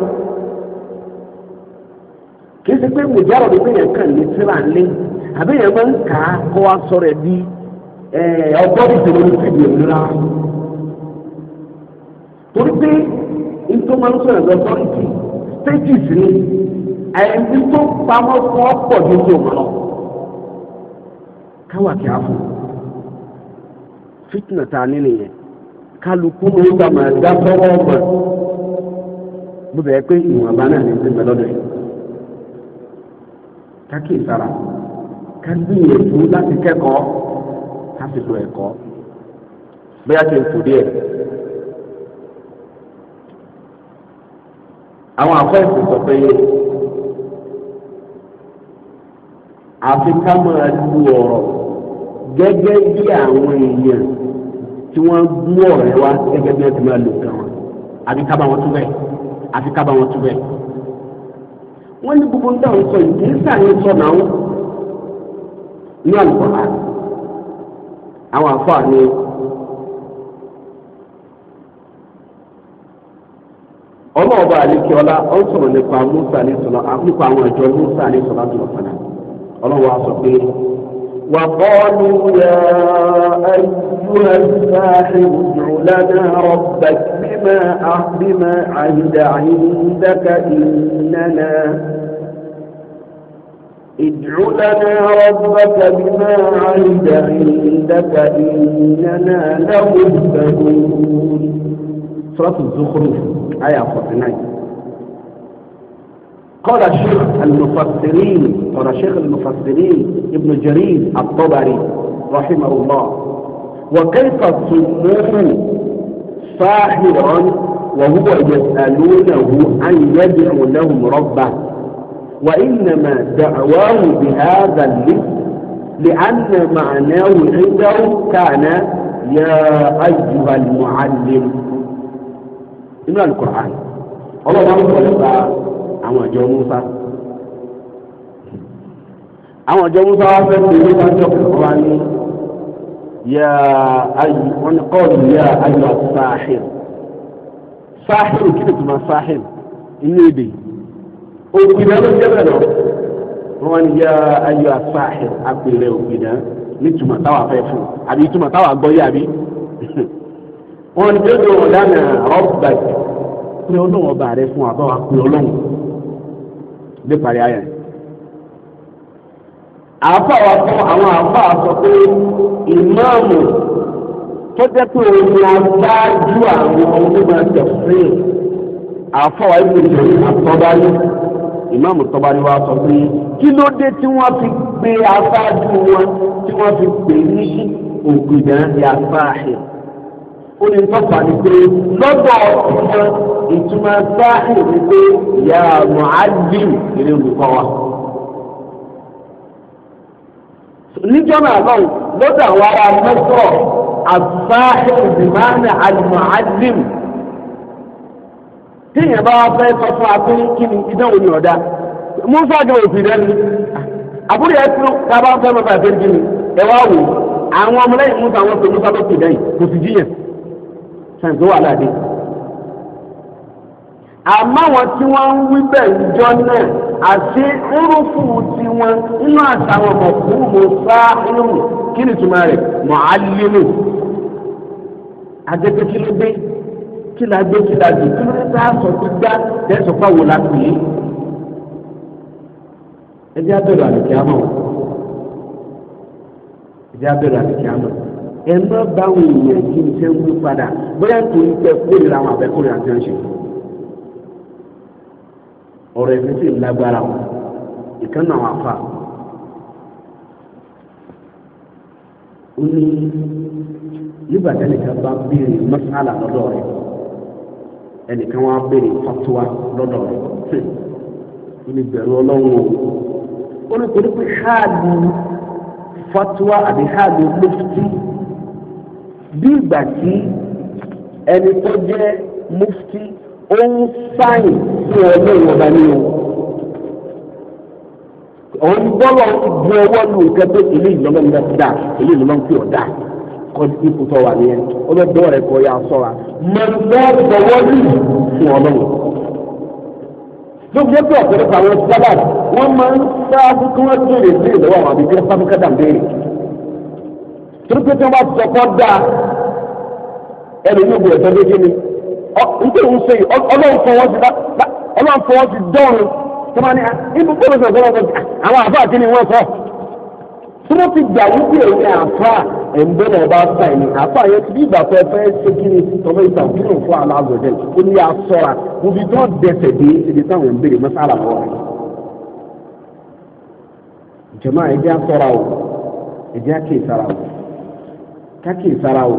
kì í ṣe pé mùjárò ló gbìyànjú kàn ní tíra ńlé àbí yẹn máa ń kà á kó wa sọ̀rọ̀ ẹ̀ bí ọgbọ́n ìṣòro ní fìdí òmìnir torí pé ntò máa ń sọ̀rọ̀ lọ sọ́ọ̀tì stages ni. àyẹ̀ntì tó pamọ́ fún ọ̀pọ̀ ju ti òun lọ káwà á fún fitna ta ni nìyẹn kálukú ló gbà máa dá sọ́wọ́ ọ̀gbà bó bẹ̀rẹ̀ pé ìwọ̀nba náà ní ti bẹ̀ lọ́dọ̀ yìí ka sára ká gbìyànjú láti kẹ́kọ̀ọ́ ká lo ẹ̀kọ́ bóyá àfi ká máa lu ọ̀rọ̀ gẹ́gẹ́ bí àwọn èèyàn tí wọ́n mú ọ̀rọ̀ yẹn wá gẹ́gẹ́ bí wọ́n ti máa lò kàn wọ́n àfi ká bá wọn tún bẹ́ẹ̀ àfi ká bá wọn tún bẹ́ẹ̀. wọ́n ní gbogbo ń dáhùn sọ yìí kì í sàyẹn sọ náà ní àlùkò àná àwọn àfọ àná ọlọ́ọ̀bà àlekíọ́lá ó ń sọ̀rọ̀ nípa Musa ní sọ̀rọ̀ nípa àwọn ìjọ Musa ní sọ̀rọ̀ àdúrà fúnra. وقالوا يا أيها الساحر ادع لنا ربك بما بما عهد عندك إننا ادع لنا ربك بما عهد عندك إننا لمهتدون سورة الزخرف آية 49 قال شيخ المفسرين قال شيخ المفسرين ابن جرير الطبري رحمه الله وكيف سموه ساحرا وهو يسألونه أن يدعو لهم ربه وإنما دعواه بهذا الاسم لأن معناه عنده كان يا أيها المعلم من القرآن الله أكبر àwọn ìjọ Musa àwọn ìjọ Musa wá fẹ́ pé Musa jọ kọ̀ọ̀kan wá ní yà ayù wọn ni kọ́ọ̀lù yà ayù àsáhìl sáhìl kí ni tuma sáhìl inú èdè òkùnà ló jẹ́ bẹ́ẹ̀ lọ wọ́n wá ní yà ayù àsáhìl àpèrè òkùnà ní tuma táwa fẹ́ fún àbí tuma táwa gbọ́ yé àbí wọ́n ní bí ó dùn ọ̀dà náà rọ́bà pé ọlọ́wọ́ bàrẹ̀ fún àbáwá pé ọlọ́wọ́ dé parí ayà yìí. àáfà wa fún àwọn àáfà sọ pé ìmáàmù tó jẹ́ pé omi aṣáájú àwọn onímọ̀ tẹ̀síìn àáfà wa ìgbésẹ̀ àtọ́báyé ìmáàmù tọ́báyé wa sọ pé kí ló dé tí wọ́n fi gbé aṣáájú wọn tí wọ́n fi pè ní ògùdàn yàtọ̀ àṣẹ. ó lè tọ́pa ni pé lọ́dọ̀ ìtàn ìtumọ̀ sáàyè ni pé ìyá muhammed eré olùkọ́ wa. níjọ́ náà lọ́wọ́ lọ́dọ̀ àwọn ará mẹ́sọ̀rọ̀ àbáyé ìdìmánà alimuhammed téèyàn bá wá fẹ́ sọ fún akpé kí ni òní ọ̀dá musa gan òfin lẹ́nu àbúrò yẹn tún ká bá fẹ́ mọ́ bàtẹ́ kí ni wá wò àwọn ọmọlẹ́yìn musa wọn musa lọ́kùnrin yẹn kò sì ṣàǹtó wà láàdé. àmọ́ àwọn tí wọ́n ń wí bẹ́ẹ̀ níjọ́ náà àti irúfù tiwọn inú àtàwọn ọmọkùnrin mo sá irun kí ni ìtumọ̀ rẹ̀ mọ̀álímù. àjẹpẹ́ kí ló dé kí la gbé kí la dùn kí ló dé tá a sọ gbígbá tẹ̀sán fáwọn la pè é. ẹ jẹ́ abẹ́rẹ́ àlùkí àmọ́ ẹ jẹ́ abẹ́rẹ́ àlùkí àmọ́ ẹ má báwọn èèyàn jí iṣẹ́ wí padà bóyá nítorí pé kórìíra àwọn àbẹ́kórìíra ti ń ṣe ọ̀rọ̀ ẹ̀sìn sì lágbára wọn ìkànnì àwọn afa ó ní nígbà tẹnìkan bá béèrè mọ́sálà lọ́dọ̀ rẹ̀ ẹnìkan wá béèrè fatuwa lọ́dọ̀ rẹ̀ ó ní bẹ̀rù ọlọ́run ó ní torí pé háàlì fatuwa àbí háàlì mufti bí ìgbà tí ẹni tó jẹ́ mufti ó ń sáyìn sí ọlọ́run ọba ní o òun bọ́lọ̀ bu ọwọ́ lu nǹkan pé ilé ìlọ́mọ ń bẹ́ẹ̀ dá ilé ìlọ́mọ ń fi ọ̀dà kọ́ sí ipò tó wà nìyẹn ó bẹ́ẹ̀ bọ́ rẹ̀ kọ́ ya sọ́ra mọ̀lẹ́ bọ̀wọ́ lù fún ọlọ́run lóògbé pé ọ̀pọ̀lọpọ̀ àwọn sábà wọ́n máa ń sáájú kí wọ́n béèrè sí ìlọ́wọ́ àwọn àbíkẹ́ sábà kádà torí pé tí wọ́n bá sọ̀kọ́ dáa ẹlòmíì gbọ́dọ̀ tọ́ lójú ni nítorí òun ṣe yìí ọlọ́run fọwọ́ sí ọlọ́run fọwọ́ sí dọ́run ah, tó máa ní ibi gbọ́dọ̀ sọ̀rọ̀ sọ̀rọ̀ sọ̀rọ̀ àwọn àfa àti ni wọ́n sọ. tí wọ́n ti gbà wípé èyí àfa ẹ̀ǹbẹ́ náà bá fà ní àfa yẹn ti bí ìgbà tó ẹ fẹ́ ṣe kí ni tọ́lọ́ ìgbà kí ló ń fọ aláàbọ̀dẹ ó ní asọ́ra òbí tó dẹsẹ̀ dé ibi táwọn ń béèrè mọ́sálà wọn. jẹ̀máà ẹ̀dí asọ́ra o ẹ̀dí akéèsára o káàkiri sára o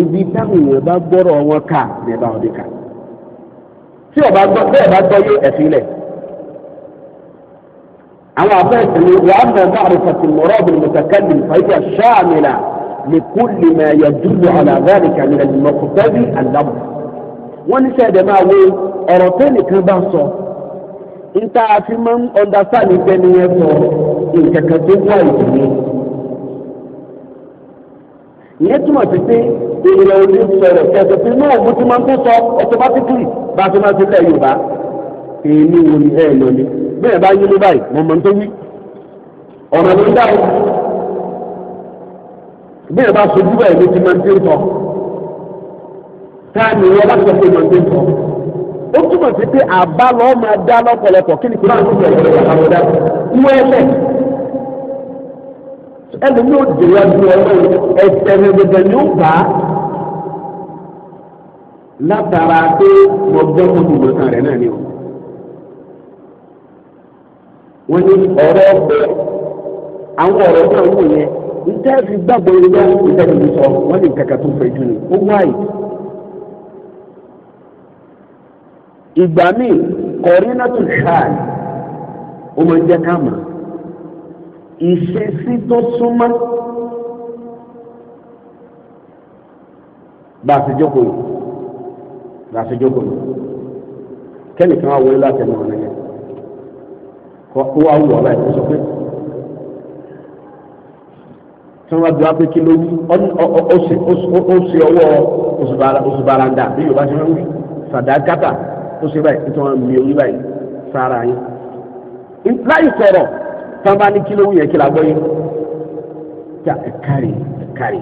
ibi táwọn èèyàn bá gbọ́rọ̀ wọn kà ní ẹ̀bá ọdẹ kà tí ọba gbọ́ bẹ́ẹ̀ bá gbọ́ yé ẹ̀fín lẹ̀ àwọn afẹ́sẹ̀ ni wàá mọ̀ bá àrùfàtì mọ̀rọ̀ ọ̀bùn mùsàkàlì fàyíjà ṣáàmìlà lè kú lè mà yà dúdú àlàbáàrì kàmìlà lùmọ̀kùtẹ́bí àlámù wọ́n ní sẹ́ẹ̀dẹ̀ máa wo ọ̀rọ̀ tẹ́nìkan bá sọ nta àfi máa ń ọ̀ndàsáàlì pẹ́ nìyẹn sọ nǹkan kan tó wà ìdílé ìyẹn túmọ̀ sí pé èèyàn ò ní sọ̀rọ̀ kẹsàn pé náà mo ti máa ń tó sọ automatically bá a ti máa ti lẹ̀ yorùbá èmi wo ni ẹ lọ ni bẹ́ẹ̀ bá yín ní báyìí mo mọ̀ ń tó wí ọ̀nà ló ń dá o bẹ́ẹ̀ bá sojú báyìí ló ti máa ń tó sọ táàmì wọn láti sọ pé mo ń tó sọ ó túmọ̀ sí pé àbá máa dá lọ́pọ̀lọpọ̀ kí ni kí wọ́n á ń sọ̀rọ̀ ìwọ̀n ẹ̀fẹ̀ ẹni ní òjò ya ju ọlọ́run ẹsẹ̀ ní gbẹgbẹ ní ó gbà á látara pé mo gbọ́ mo ti mọ̀ sàn rẹ̀ náà ni o. wọ́n ní ọ̀rọ̀ ọ̀fẹ́ àwọn ọ̀rọ̀ náà wò yẹn níta fi gbàgbọ́ ilé ìtẹ́jú sọ wọ́n ní kàkà tó fẹ́ jù ní ó wáyé. ìgbà míì kọ̀rí náà tún ṣáà ó máa mọ̀ ìṣesí tó súnmọ́ bá a ṣe jókòó yìí bá a ṣe jókòó yìí kẹ́nìkan wá wọlé láti ẹnu ọ̀nà yẹn kó wá wù ọ̀la ẹ̀ sọ pé tí wọ́n bá bí wá pé kí ló wí ó ṣe ọwọ́ oṣù baranda bí Yorùbá ṣe máa ń wí sàdákàtà ó ṣe báyìí tí wọ́n mi orí báyìí sára yín láì sọ̀rọ̀ tán bá ní kí ló ń yẹ kí la gbọ́ yìí ta ẹ̀kárì ẹ̀kárì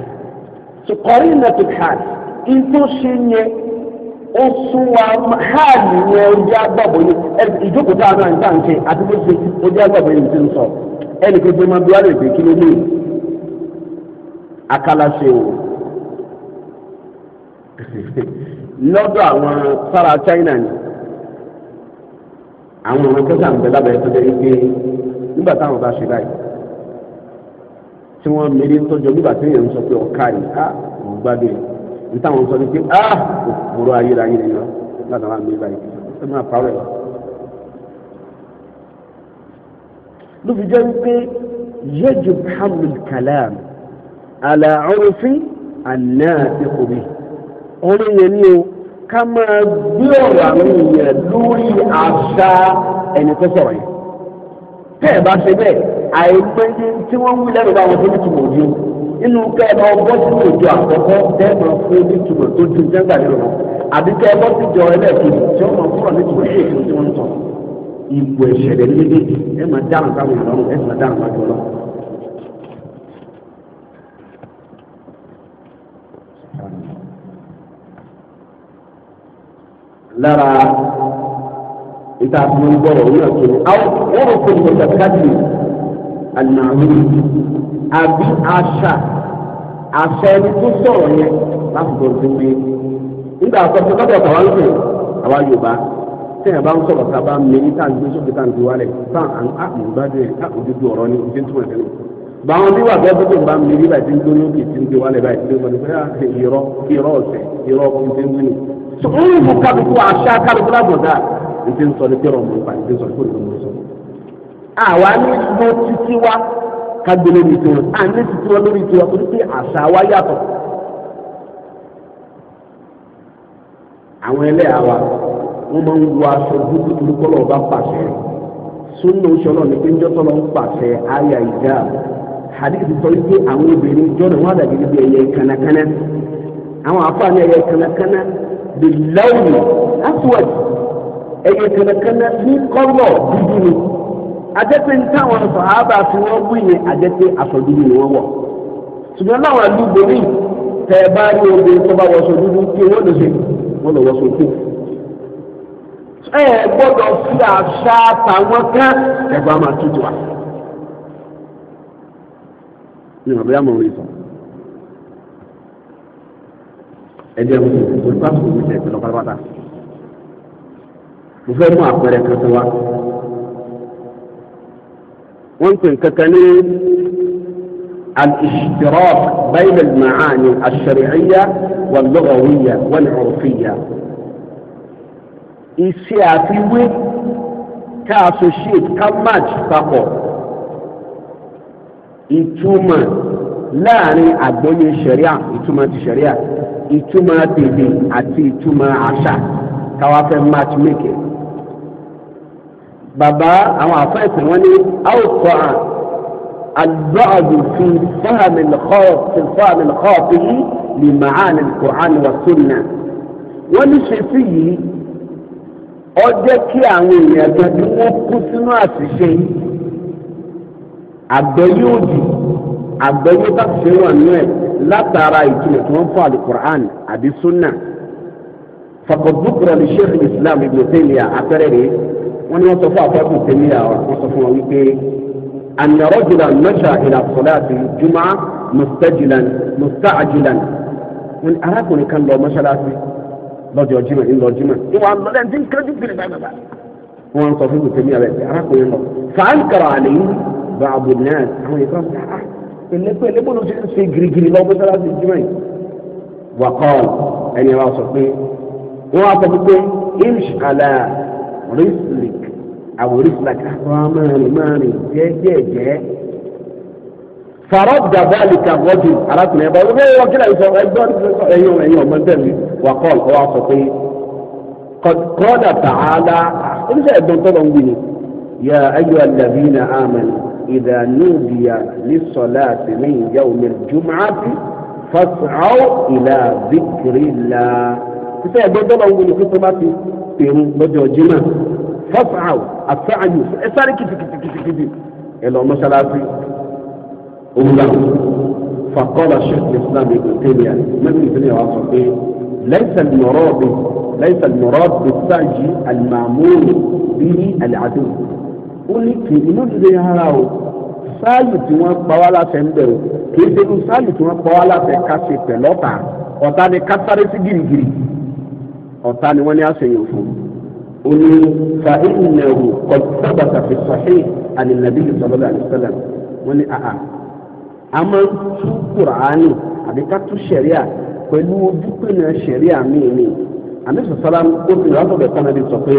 sùkọ́rí nàtò hàn ìtò ṣe yẹ ó sún wa hàn yẹn ó jẹ́ agbábọ̀ yìí ìjókòó tá a náà ń tà ń ṣe àti bó ṣe ó jẹ́ agbábọ̀ yìí ti ń sọ ẹnì kejì máa bí wàá lè gbé kí ló ní akala ṣe o lọ́dọ̀ àwọn sára China ni àwọn ọmọ tó sàǹbẹ̀ lábẹ́ tó dé ike nígbà táwọn bá ṣe báyìí tí wọ́n mèrè tọ́jọ́ nígbà tí èèyàn ń sọ pé ọ̀ka rẹ̀ á ò ah, gbádùn ẹ̀ ní táwọn sọ ni pé á ah, òkúrò ayérayé ni wọ́n láti wá mèrè báyìí ẹ máa parọ́ ẹ̀. ló fi jẹ́ wípé yẹ́jú hamlin kalam àlà ọ̀rọ̀fín àná àti òbí ọ̀rọ̀ yẹn ni o ká máa gbé ọ̀rọ̀ àwọn èèyàn lórí àṣà ẹni tó sọ̀rọ̀ yẹn tẹ́ ẹ̀ bá ṣe bẹ́ẹ̀ àìpẹ́ tí wọ́n wí lẹ́nu báwọn tó ní tùmọ̀ òdi o inú kẹ́ ẹ lọ bọ́ sí òjò àkọ́kọ́ tẹ́ ẹ lọ fún ní tùmọ̀ tó ju jẹ́gbà lérò wọn àbí kẹ́ ẹ bọ́ sí ìjọ ẹlẹ́ẹ̀kejì tí wọ́n máa kúrò ní tùmọ̀ sí èso tí wọ́n ń tọ̀ ìbò ìṣẹ̀lẹ̀ méjèèjì ẹ máa dáhùn sáwọn ìlọrun ẹ máa dáhùn wájú ọlọ́run. lára ìta àfihàn gbọ́rọ̀ òun náà tó àwọn wọ́n fún mi ṣàkàtì ànàmì àbí àṣà àṣà ẹni tó sọ̀rọ̀ yẹn lásìkò tó gbé nígbà àkọsí kọ́tọ̀ tàwa ń pè àwa Yorùbá tẹ̀yìn bá ń sọ̀rọ̀ sábà mẹ́ni táǹtì sókè táǹtì wálẹ̀ táǹtì àmì ìgbádùn ẹ̀ ká òdodo ọ̀rọ̀ ni ìdí tó wà lẹ́nu báwọn tí wà fẹ́ tó tó ń bá mi rí báyìí tí ń gbóná kì í ti ń gbé wálé báyìí tí ń gbóná báyìí irọ́ irọ́ ọ̀sẹ̀ irọ́ ọkùnrin tí ń wí ni. sọ̀rọ̀ mú kálukú àṣà kálukú lábọ̀dá ní ti ń sọ ní kẹrọ mọ̀ nípa ní ti ń sọ ní kó ní sọ. àwa ní mo títí wa kágbélé ní tiwọn à ní títí wa lórí tiwa torí pé àṣà wa yàtọ̀. àwọn ẹlẹ́yà wa wọ́n máa ń wọ aṣọ dúdú hadith sọ wípé àwọn obìnrin jọ́nà wọn àdàbí níbi ẹ̀yẹ kànákànná àwọn afáà ní ẹ̀yẹ kànákànná the lawry afterwards ẹ̀yẹ kànákànná ní kọ́rọ̀ dúdú ni àjẹpẹ́ níta àwọn sọ àbá tí wọ́n wí yẹn àjẹpẹ́ àsọdúdú ni wọ́n wọ̀ ṣùgbọ́n láwọn àdúgbò míì tẹ́ ẹ bá rí obìnrin tó bá wọṣọ dúdú kí wọ́n lè ṣe wọ́n lè wọṣọ kú ẹ gbọ́dọ̀ fi àṣà àtàwọn kan ẹ̀gbọ́n máa tútù wa. من الرياضة والإنصار أيديه مصر مصر مصر مصر مصر مصر مصر مصر ممكن كتنين الاشتراك بين المعاني الشرعية واللغوية والعرفية السياسي كاسو شيء كماج تقول ìtumọ̀ láàrin àgbọ́yé ṣẹ̀ríà ìtumọ̀ ti ṣẹ̀ríà ìtumọ̀ tèdè àti ìtumọ̀ àṣà káwá fẹ́ matchmake. bàbá àwọn àfẹ́sẹ̀ wọn ní àwòkọ́ à àgbọ́ọ̀dù fi fáàmì lọ́ọ̀tì yìí lè máa ní Qur'an wa sunna. wọ́n ní ṣe sí yìí ó kí àwọn èèyàn kan kú sínú àṣìṣe yìí àgbẹ̀ yóò di àgbẹ̀ yóò bá ṣe wà nínú ẹ̀ látara ìtumọ̀ tí wọ́n fọ́ alukur'an àbí sunna fakọ̀dúkùrọ̀ ní sheikh islam ibn taymiya apẹ̀rẹ̀ rẹ̀ wọ́n ní wọ́n sọ fún àfọ́kù taymiya wọ́n sọ fún wọn wípé anarọ́jùlá nọ́ṣà ìlà sọ́láàtì jùmọ̀ mustajilan mustajilan wọ́n ní arákùnrin kan lọ mọ́ṣáláṣí lọ́jọ́ jimá ńlọ jimá ìwà lọ́lẹ́ntì ń kẹ́jú gbèrè bàbà wọ́n sọ fún taymiya bẹ́ẹ̀ arákùnrin lọ fàánkàrà bá abu náà àwọn ìfọwọ́ sọ ah ẹlẹ́pẹ́ ẹlẹ́pẹ́ ló ṣe ń ṣe girigiri lọ́wọ́ bẹ́sẹ̀ láti jùmọ̀ yìí wà kọ́ ẹni wa sọ pé wọ́n wá sọ pé imsh ala rislik àwọn rislak àwọn amárin márin jẹ́jẹ́jẹ́ farad dabali ka wọ́jú arákùnrin ẹ̀bá wọ́n wọ́n kí láyé sọ ẹgbẹ́ ẹ̀yìn ẹ̀yìn ọ̀gbọ́n tẹ̀lé wà kọ́ ọ̀ wá sọ pé kọ́dà tààlà oníṣẹ́ ẹ̀gbọ́n tó lọ ń gbìyànjú yà ayọ̀ alladhina amanu. إذا نودي للصلاة من يوم الجمعة فاسعوا إلى ذكر الله كيف يقول الله من يقول صلاتي في مجو جمع فاسعوا السعي ساري كيف كيف كيف كيف إلا ما صلاتي أولا فقال الشيخ الإسلام ابن تيمية من ابن تيمية وصفه ليس المراد ليس المراد بالسعي المعمول به العدو ó ní kì inú dídé ara o sáàlù tí wọ́n pa wá láfẹ́ ń bẹ̀ o kì í ṣe inú sáàlù tí wọ́n pa wá láfẹ́ ká ṣe pẹ̀lú ọ̀tá ọ̀tá ni ká sáré sí gìrìgìrì ọ̀tá ni wọ́n ní àṣeyàn fún ó ní fa ìnẹ̀wò kọ̀tàbàtà fi sahih ànínàbí sallallahu alaihi wasallam wọ́n ní àhà a máa ń tú kùràánì àbí ká tú ṣẹ̀ríà pẹ̀lú ojú pẹ̀lú ṣẹ̀ríà míì míì àmísù sọlám ó fi ràn sọ̀bẹ̀ kan níbi sọ pé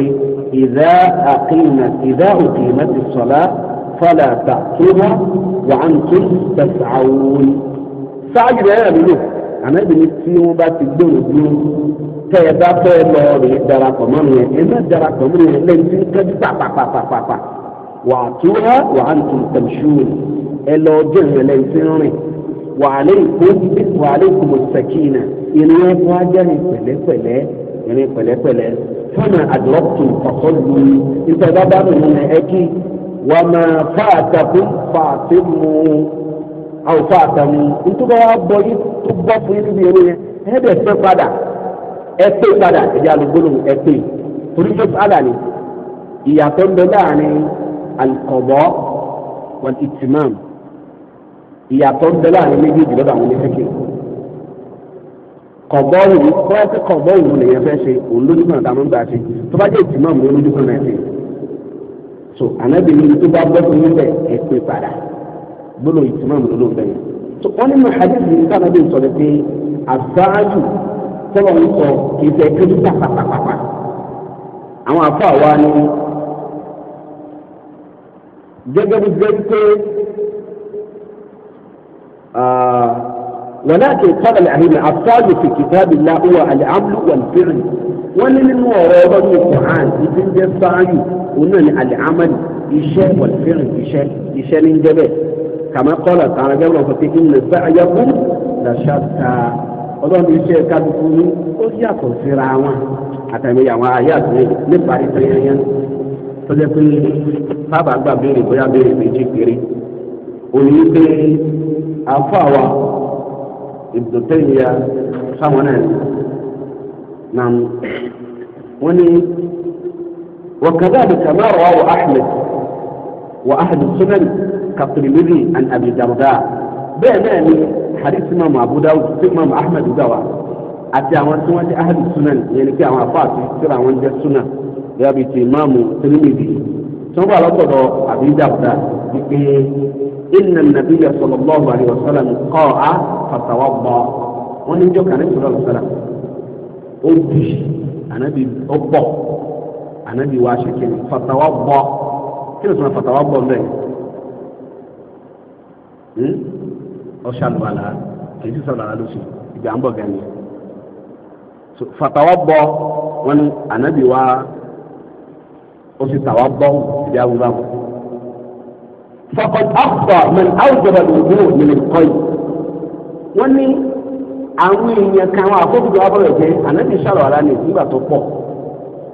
ìdá àkínà ìdá òkè mẹ́tì sọ̀lá fọlá tà túbọ̀ wà á ń tún tẹ̀sà òun. sáájú rẹ̀ rẹ̀ lò ànábì ní tí wọ́n bá ti gbòòrò dúró tẹ́ ẹ bá fẹ́ lọ rè é darapọ̀ mọ́nu yẹn ẹ darapọ̀ mọ́nu yẹn lẹ́yìn tí ń kẹ́jú pàpàpàpàpà wà á túbọ̀ wà á ń ẹ lọ ọjọ́ ìrẹ̀lẹ̀ tí rìn wà ìrìn pẹ̀lẹ́pẹ̀lẹ́ fúnà àdúrótù fàkọ́lù ìtẹ̀ bàbá mi nà ẹ̀kí wà má fàtàkù fàtìmù àwọn fàtàmù ntúbọ̀ wà bọ̀ yìí tó bọ̀ fún yín níbi ìrìn yẹn ẹ̀ẹ́dẹ̀ fẹ́ padà ẹ̀pẹ́ padà ẹ̀dẹ̀ àlùgbòlò ẹ̀pẹ́ torí fẹ́ padà ni ìyàtọ̀ ń bẹ láàrin àlùkọ̀bọ̀ wọn ti tìmọ̀ ìyàtọ̀ ń bẹ láàrin méjèèjì lọ́dọ̀ àwọn onífẹ́kẹ̀ẹ́ kọ̀bọ́ òun kọ́ọ̀kẹ́ kọ̀bọ́ òun lèyẹn fẹ́ ṣe òun lójú kan dàmú gbà ṣe tó bá jẹ́ ìtìmọ̀ mi lójú kan náà ṣe. so ànábì ní tó bá gbọ́ fún níbẹ̀ ẹ pé padà gbọ́dọ̀ ìtìmọ̀ mi lójú bẹ́ẹ̀. so wọ́n nínú àdéhùn yìí sábà bí sọ̀rọ̀ pé àbáájú tọ́lọ̀ ń sọ kì í fẹ́ kéjú pàpàpàpà. àwọn afọ àwa ni gẹ́gẹ́ bí gẹ́gẹ́ ولكن قال الأئمة الصالح في كتاب الله هو العمل والفعل ولمن وراء القرآن يتم الصالح هنا العمل إشاء والفعل إشاء إشاء من جبه كما قال تعالى جل وعلا إن سعيكم لشتى ọlọ́run iṣẹ́ kálukú ní ó yàtọ̀ síra wọn àtàwọn àwọn ayé àtúnyẹ nípa ìtẹ̀yẹyẹ tó jẹ́ pé bàbá gbà béèrè bóyá béèrè méjì péré òní pé àfọ àwa Ibn Taymiyya sáwọn náà nà wọ́n ní وكذلك ما رواه أحمد وأحد السنن كالترمذي عن أبي الدرداء بأمان حديث إمام أبو داود إمام أحمد دوا àti àwọn tí wọ́n jẹ́ ahadu sunan yẹn ni pé àwọn afáàtì síra àwọn jẹ́ sunan gẹ́gẹ́ bíi ti imaamu tirimidi tí wọ́n bá lọ́tọ̀dọ̀ àbí dàbùdà wípé inna nabiya sallallahu alayhi wa sallam qa'a fatawadda wọn ní jọ kàn ní sọlọ sọlá ó bì ànábi ó bọ ànábi wá aṣọ kìnnì fatawadda kí ló sọ fatawadda mbẹ ọṣàlùwàlà kì í sì sọlọ alóṣù ìgbà ń bọ gani fatawadda wọn ní ànábi wá ó sì tawadda ìdí awúrọ àwọn fọkàn ọ̀pọ̀ من àwùjọba ìlú ìlú kọ́ yìí. wọ́n ní àwọn èèyàn kan àwọn àkókò abọ́rọ̀ jẹ́ ànábì sọ̀rọ̀ ara ní ìgbà tó pọ̀.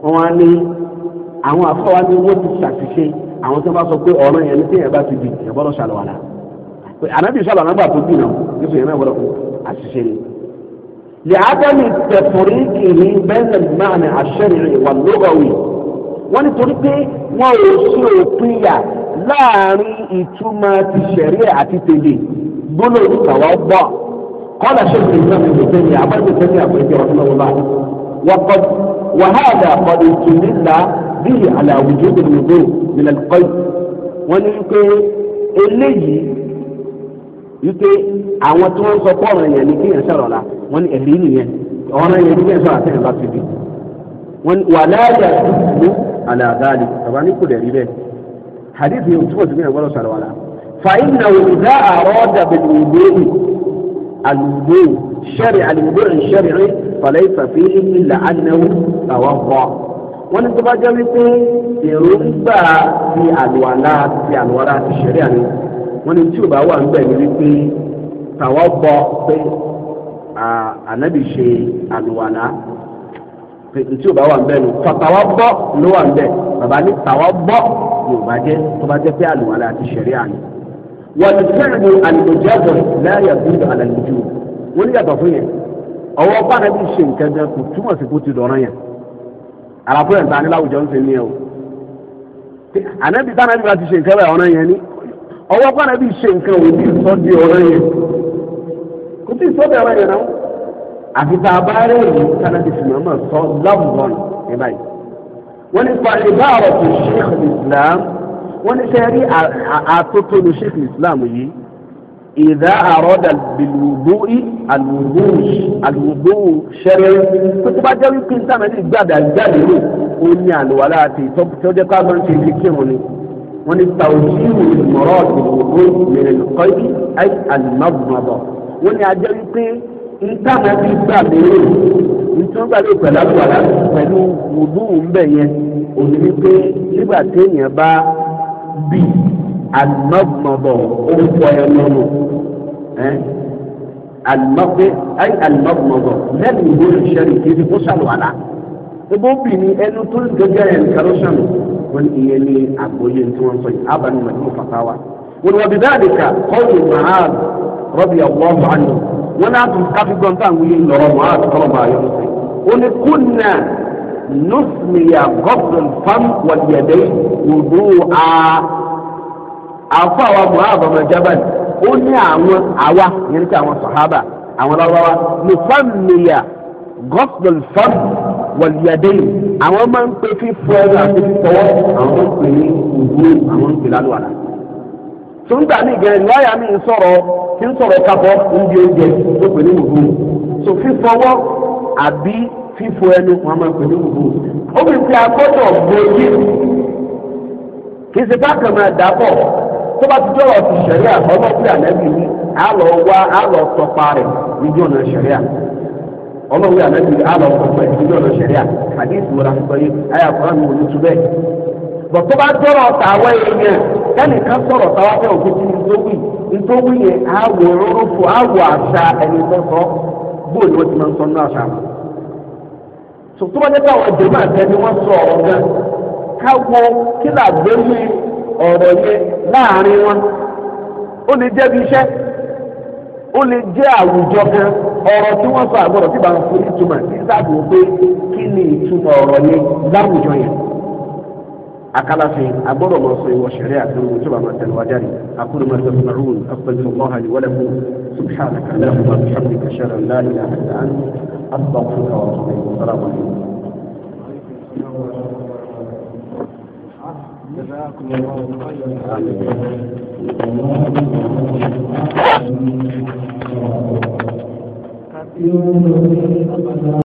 wọ́n á ní àwọn afọ́wá ní wọ́n ti ṣàṣìṣe àwọn tó bá sọ pé ọ̀rọ̀ yẹn ní téèyàn bá ti di èèyàn bọ́dọ̀ sọ̀rọ̀ ànábì sọ̀rọ̀ àgbà tó bì náà nítorí yẹn náà bọ́dọ̀ àṣìṣe ni. لعدم تفريقه بين المعنى الشرعي واللغوي wọ́n nítorí pé wọ́n láàrin ìtumọ̀ ti ṣẹ̀ríà àti tèlè gbọ́dọ̀ ìtàwọ́ bọ̀ kọ́lá ṣe kìí sọ́nà ìgbésẹ̀ ní àbájáde ní àpèjẹ ọ̀sánwọ́lá wàhálà kọ́dọ̀ ìtùmílà bíi àlàwùjọ ìdòdò nílẹ̀ kọ́yì wọ́n ní pé eléyìí wípé àwọn tí wọ́n sọ pé ọ̀ràn yẹn ni kéèyàn sọ̀rọ̀ la wọ́n ní ẹ̀rí nìyẹn ọ̀ràn yẹn ni kéèyàn sọ̀rọ̀ àtẹ̀yìn bá حديث yìí túbọ̀ ولا pé ولا lọ sọ̀rọ̀ wàlà. fàyínà òdà àrọ́dà bẹ̀lúwìlì àlùbò ṣẹ́rì àlùbò ṣẹ́rì rí fàlẹ́ ìfàfi ìlà ànáwó àwọn bọ̀. wọ́n ní tó bá jẹ́ wípé èròǹgbà ti àlùwàlà ti àlùwàlà ti ṣẹ̀rí àná wọ́n ní tí ò bá wà ń bẹ̀ ní wípé tàwọn bọ̀ pé ànábì ṣe àlùwàlà tí ò bá wà ń bẹ̀ nù tàwọn bọ̀ ló wà ń bẹ̀ bàbá ní tàwọn bọ̀ yorùbá jẹ́ tó bá jẹ́ pé àlùwàlà àti ṣẹ̀rí àná. wọ́n ti fẹ́ràn ní àlùjẹ́bọ̀ láàrin àbúrò àlàlùjù wọ́n ní yàtọ̀ fún yẹn ọwọ́ bára bí ṣe nǹkan gan kò túmọ̀ sí kó ti dọ̀rọ̀ yẹn àlàfo yẹn tani láwùjọ ń sìn ní ẹ o ànábì táwọn ẹbí wa ti ṣe nǹkan bẹ́ẹ̀ ọ̀rọ̀ yẹn ni ọwọ́ bára bí ṣe nǹkan ò ní sọ di ọ̀rọ̀ yẹn kò tí sọ bẹ́ẹ̀ yẹn náà àfi wọ́n ní fàlẹ́ bá ọ̀rọ̀ tó sheikh islam wọ́n ní sẹ́rí àtótónu sheikh islam yìí ìdá àròdà bìlùbùi àlùbùu ṣẹrẹ tó tó bá jẹ́ wípé nítaná ní gbàdá jáde rò ó ní àlùwàlá àti ìtọ́jẹ́ ká máa ń ṣe kékeré ni wọ́n ní tàwùjíìrù ìmọ̀ràn ìbùbùi mìíràn kọ́ ibi àìsàn àlùmọ́bùmọ́bọ̀ wọ́n ní ajẹ́ wípé nítaná ní gbàdá rò tí wọ́n gbàgbé pẹ̀lú àwàlá pẹ̀lú wùdú ńbẹ̀ yẹn òní wípé nígbà téèyàn bá bì àlùmọ́gbọ̀nbọ̀ ó ń pọ ẹ lọ́nu alimọgbe ayi alimọgbọgbọ lẹnu ìwé ìṣẹ̀lẹ̀ kiri kó sàlùwàlà ebo bìíní ẹnu tó ń gẹ́gẹ́ ẹ kẹrọsàn wọn ìyẹn ní àgbóyè tí wọn sọ yìí abanu mẹtí mo fàtà wọn wà bíbá àdìkà wọn náà tún káfí gbọ́n tá à ń wuli lọ́rọ̀ mọ́ àti tọ́lọ̀ bá yọ lọ́sẹ̀. ó ní kúnnà nùsùlùyà gọ́fìlì fam wàlíyàdẹ́ wùdú a àfọ àwọn mọ́ àbọ̀mọ́ jabal ó ní àwọn àwa yẹn ti àwọn sàhábà àwọn lọ́wọ́wá nùfàmìyà gọ́fìlì fam wàlíyàdẹ́ àwọn máa ń pè fífọ́ àti fífọwọ́ àwọn máa ń pè ní wùdú àwọn ń pè lálùwàlà. sọgbà mi gẹ ìwáyà mi nsọrọ kí ń sọ̀rọ̀ kábọ̀ oúnjẹ tó pè ní so fífọwọ́ àbí fífọ ẹnu wọn máa pè ní wùdú obìnrin tí a gbọ́dọ̀ gbòye kì í ṣe bákan máa dàbọ̀ a lọ wá a lọ tọpa rẹ̀ níjú ọ̀nà a lọ ọ̀nà àdéhùn ayé àkọ́rọ́ mi tẹnìkan sọ̀rọ̀ táwa fẹ́ òkìtì ntòwì ntòwì yẹn àwọ̀ rúrúfù àwọ̀ àṣà ẹni sọ̀tọ̀ bóòlù ni wọ́n ti máa ń sọ nínú àṣà wọn. tòtò wọn nípa wọ́n sọ ọ̀rọ̀ gan ọ̀rọ̀ yẹn láàrin wọn ó أقلصي أبرو مصري وشريعة المتبع ما تنواجري أقول ما تسمعون أستغفر الله لي ولكم سبحانك اللهم بحمدك أشهد لا إله إلا أنت أستغفرك وأتوب إليك السلام عليكم جزاكم الله خيرا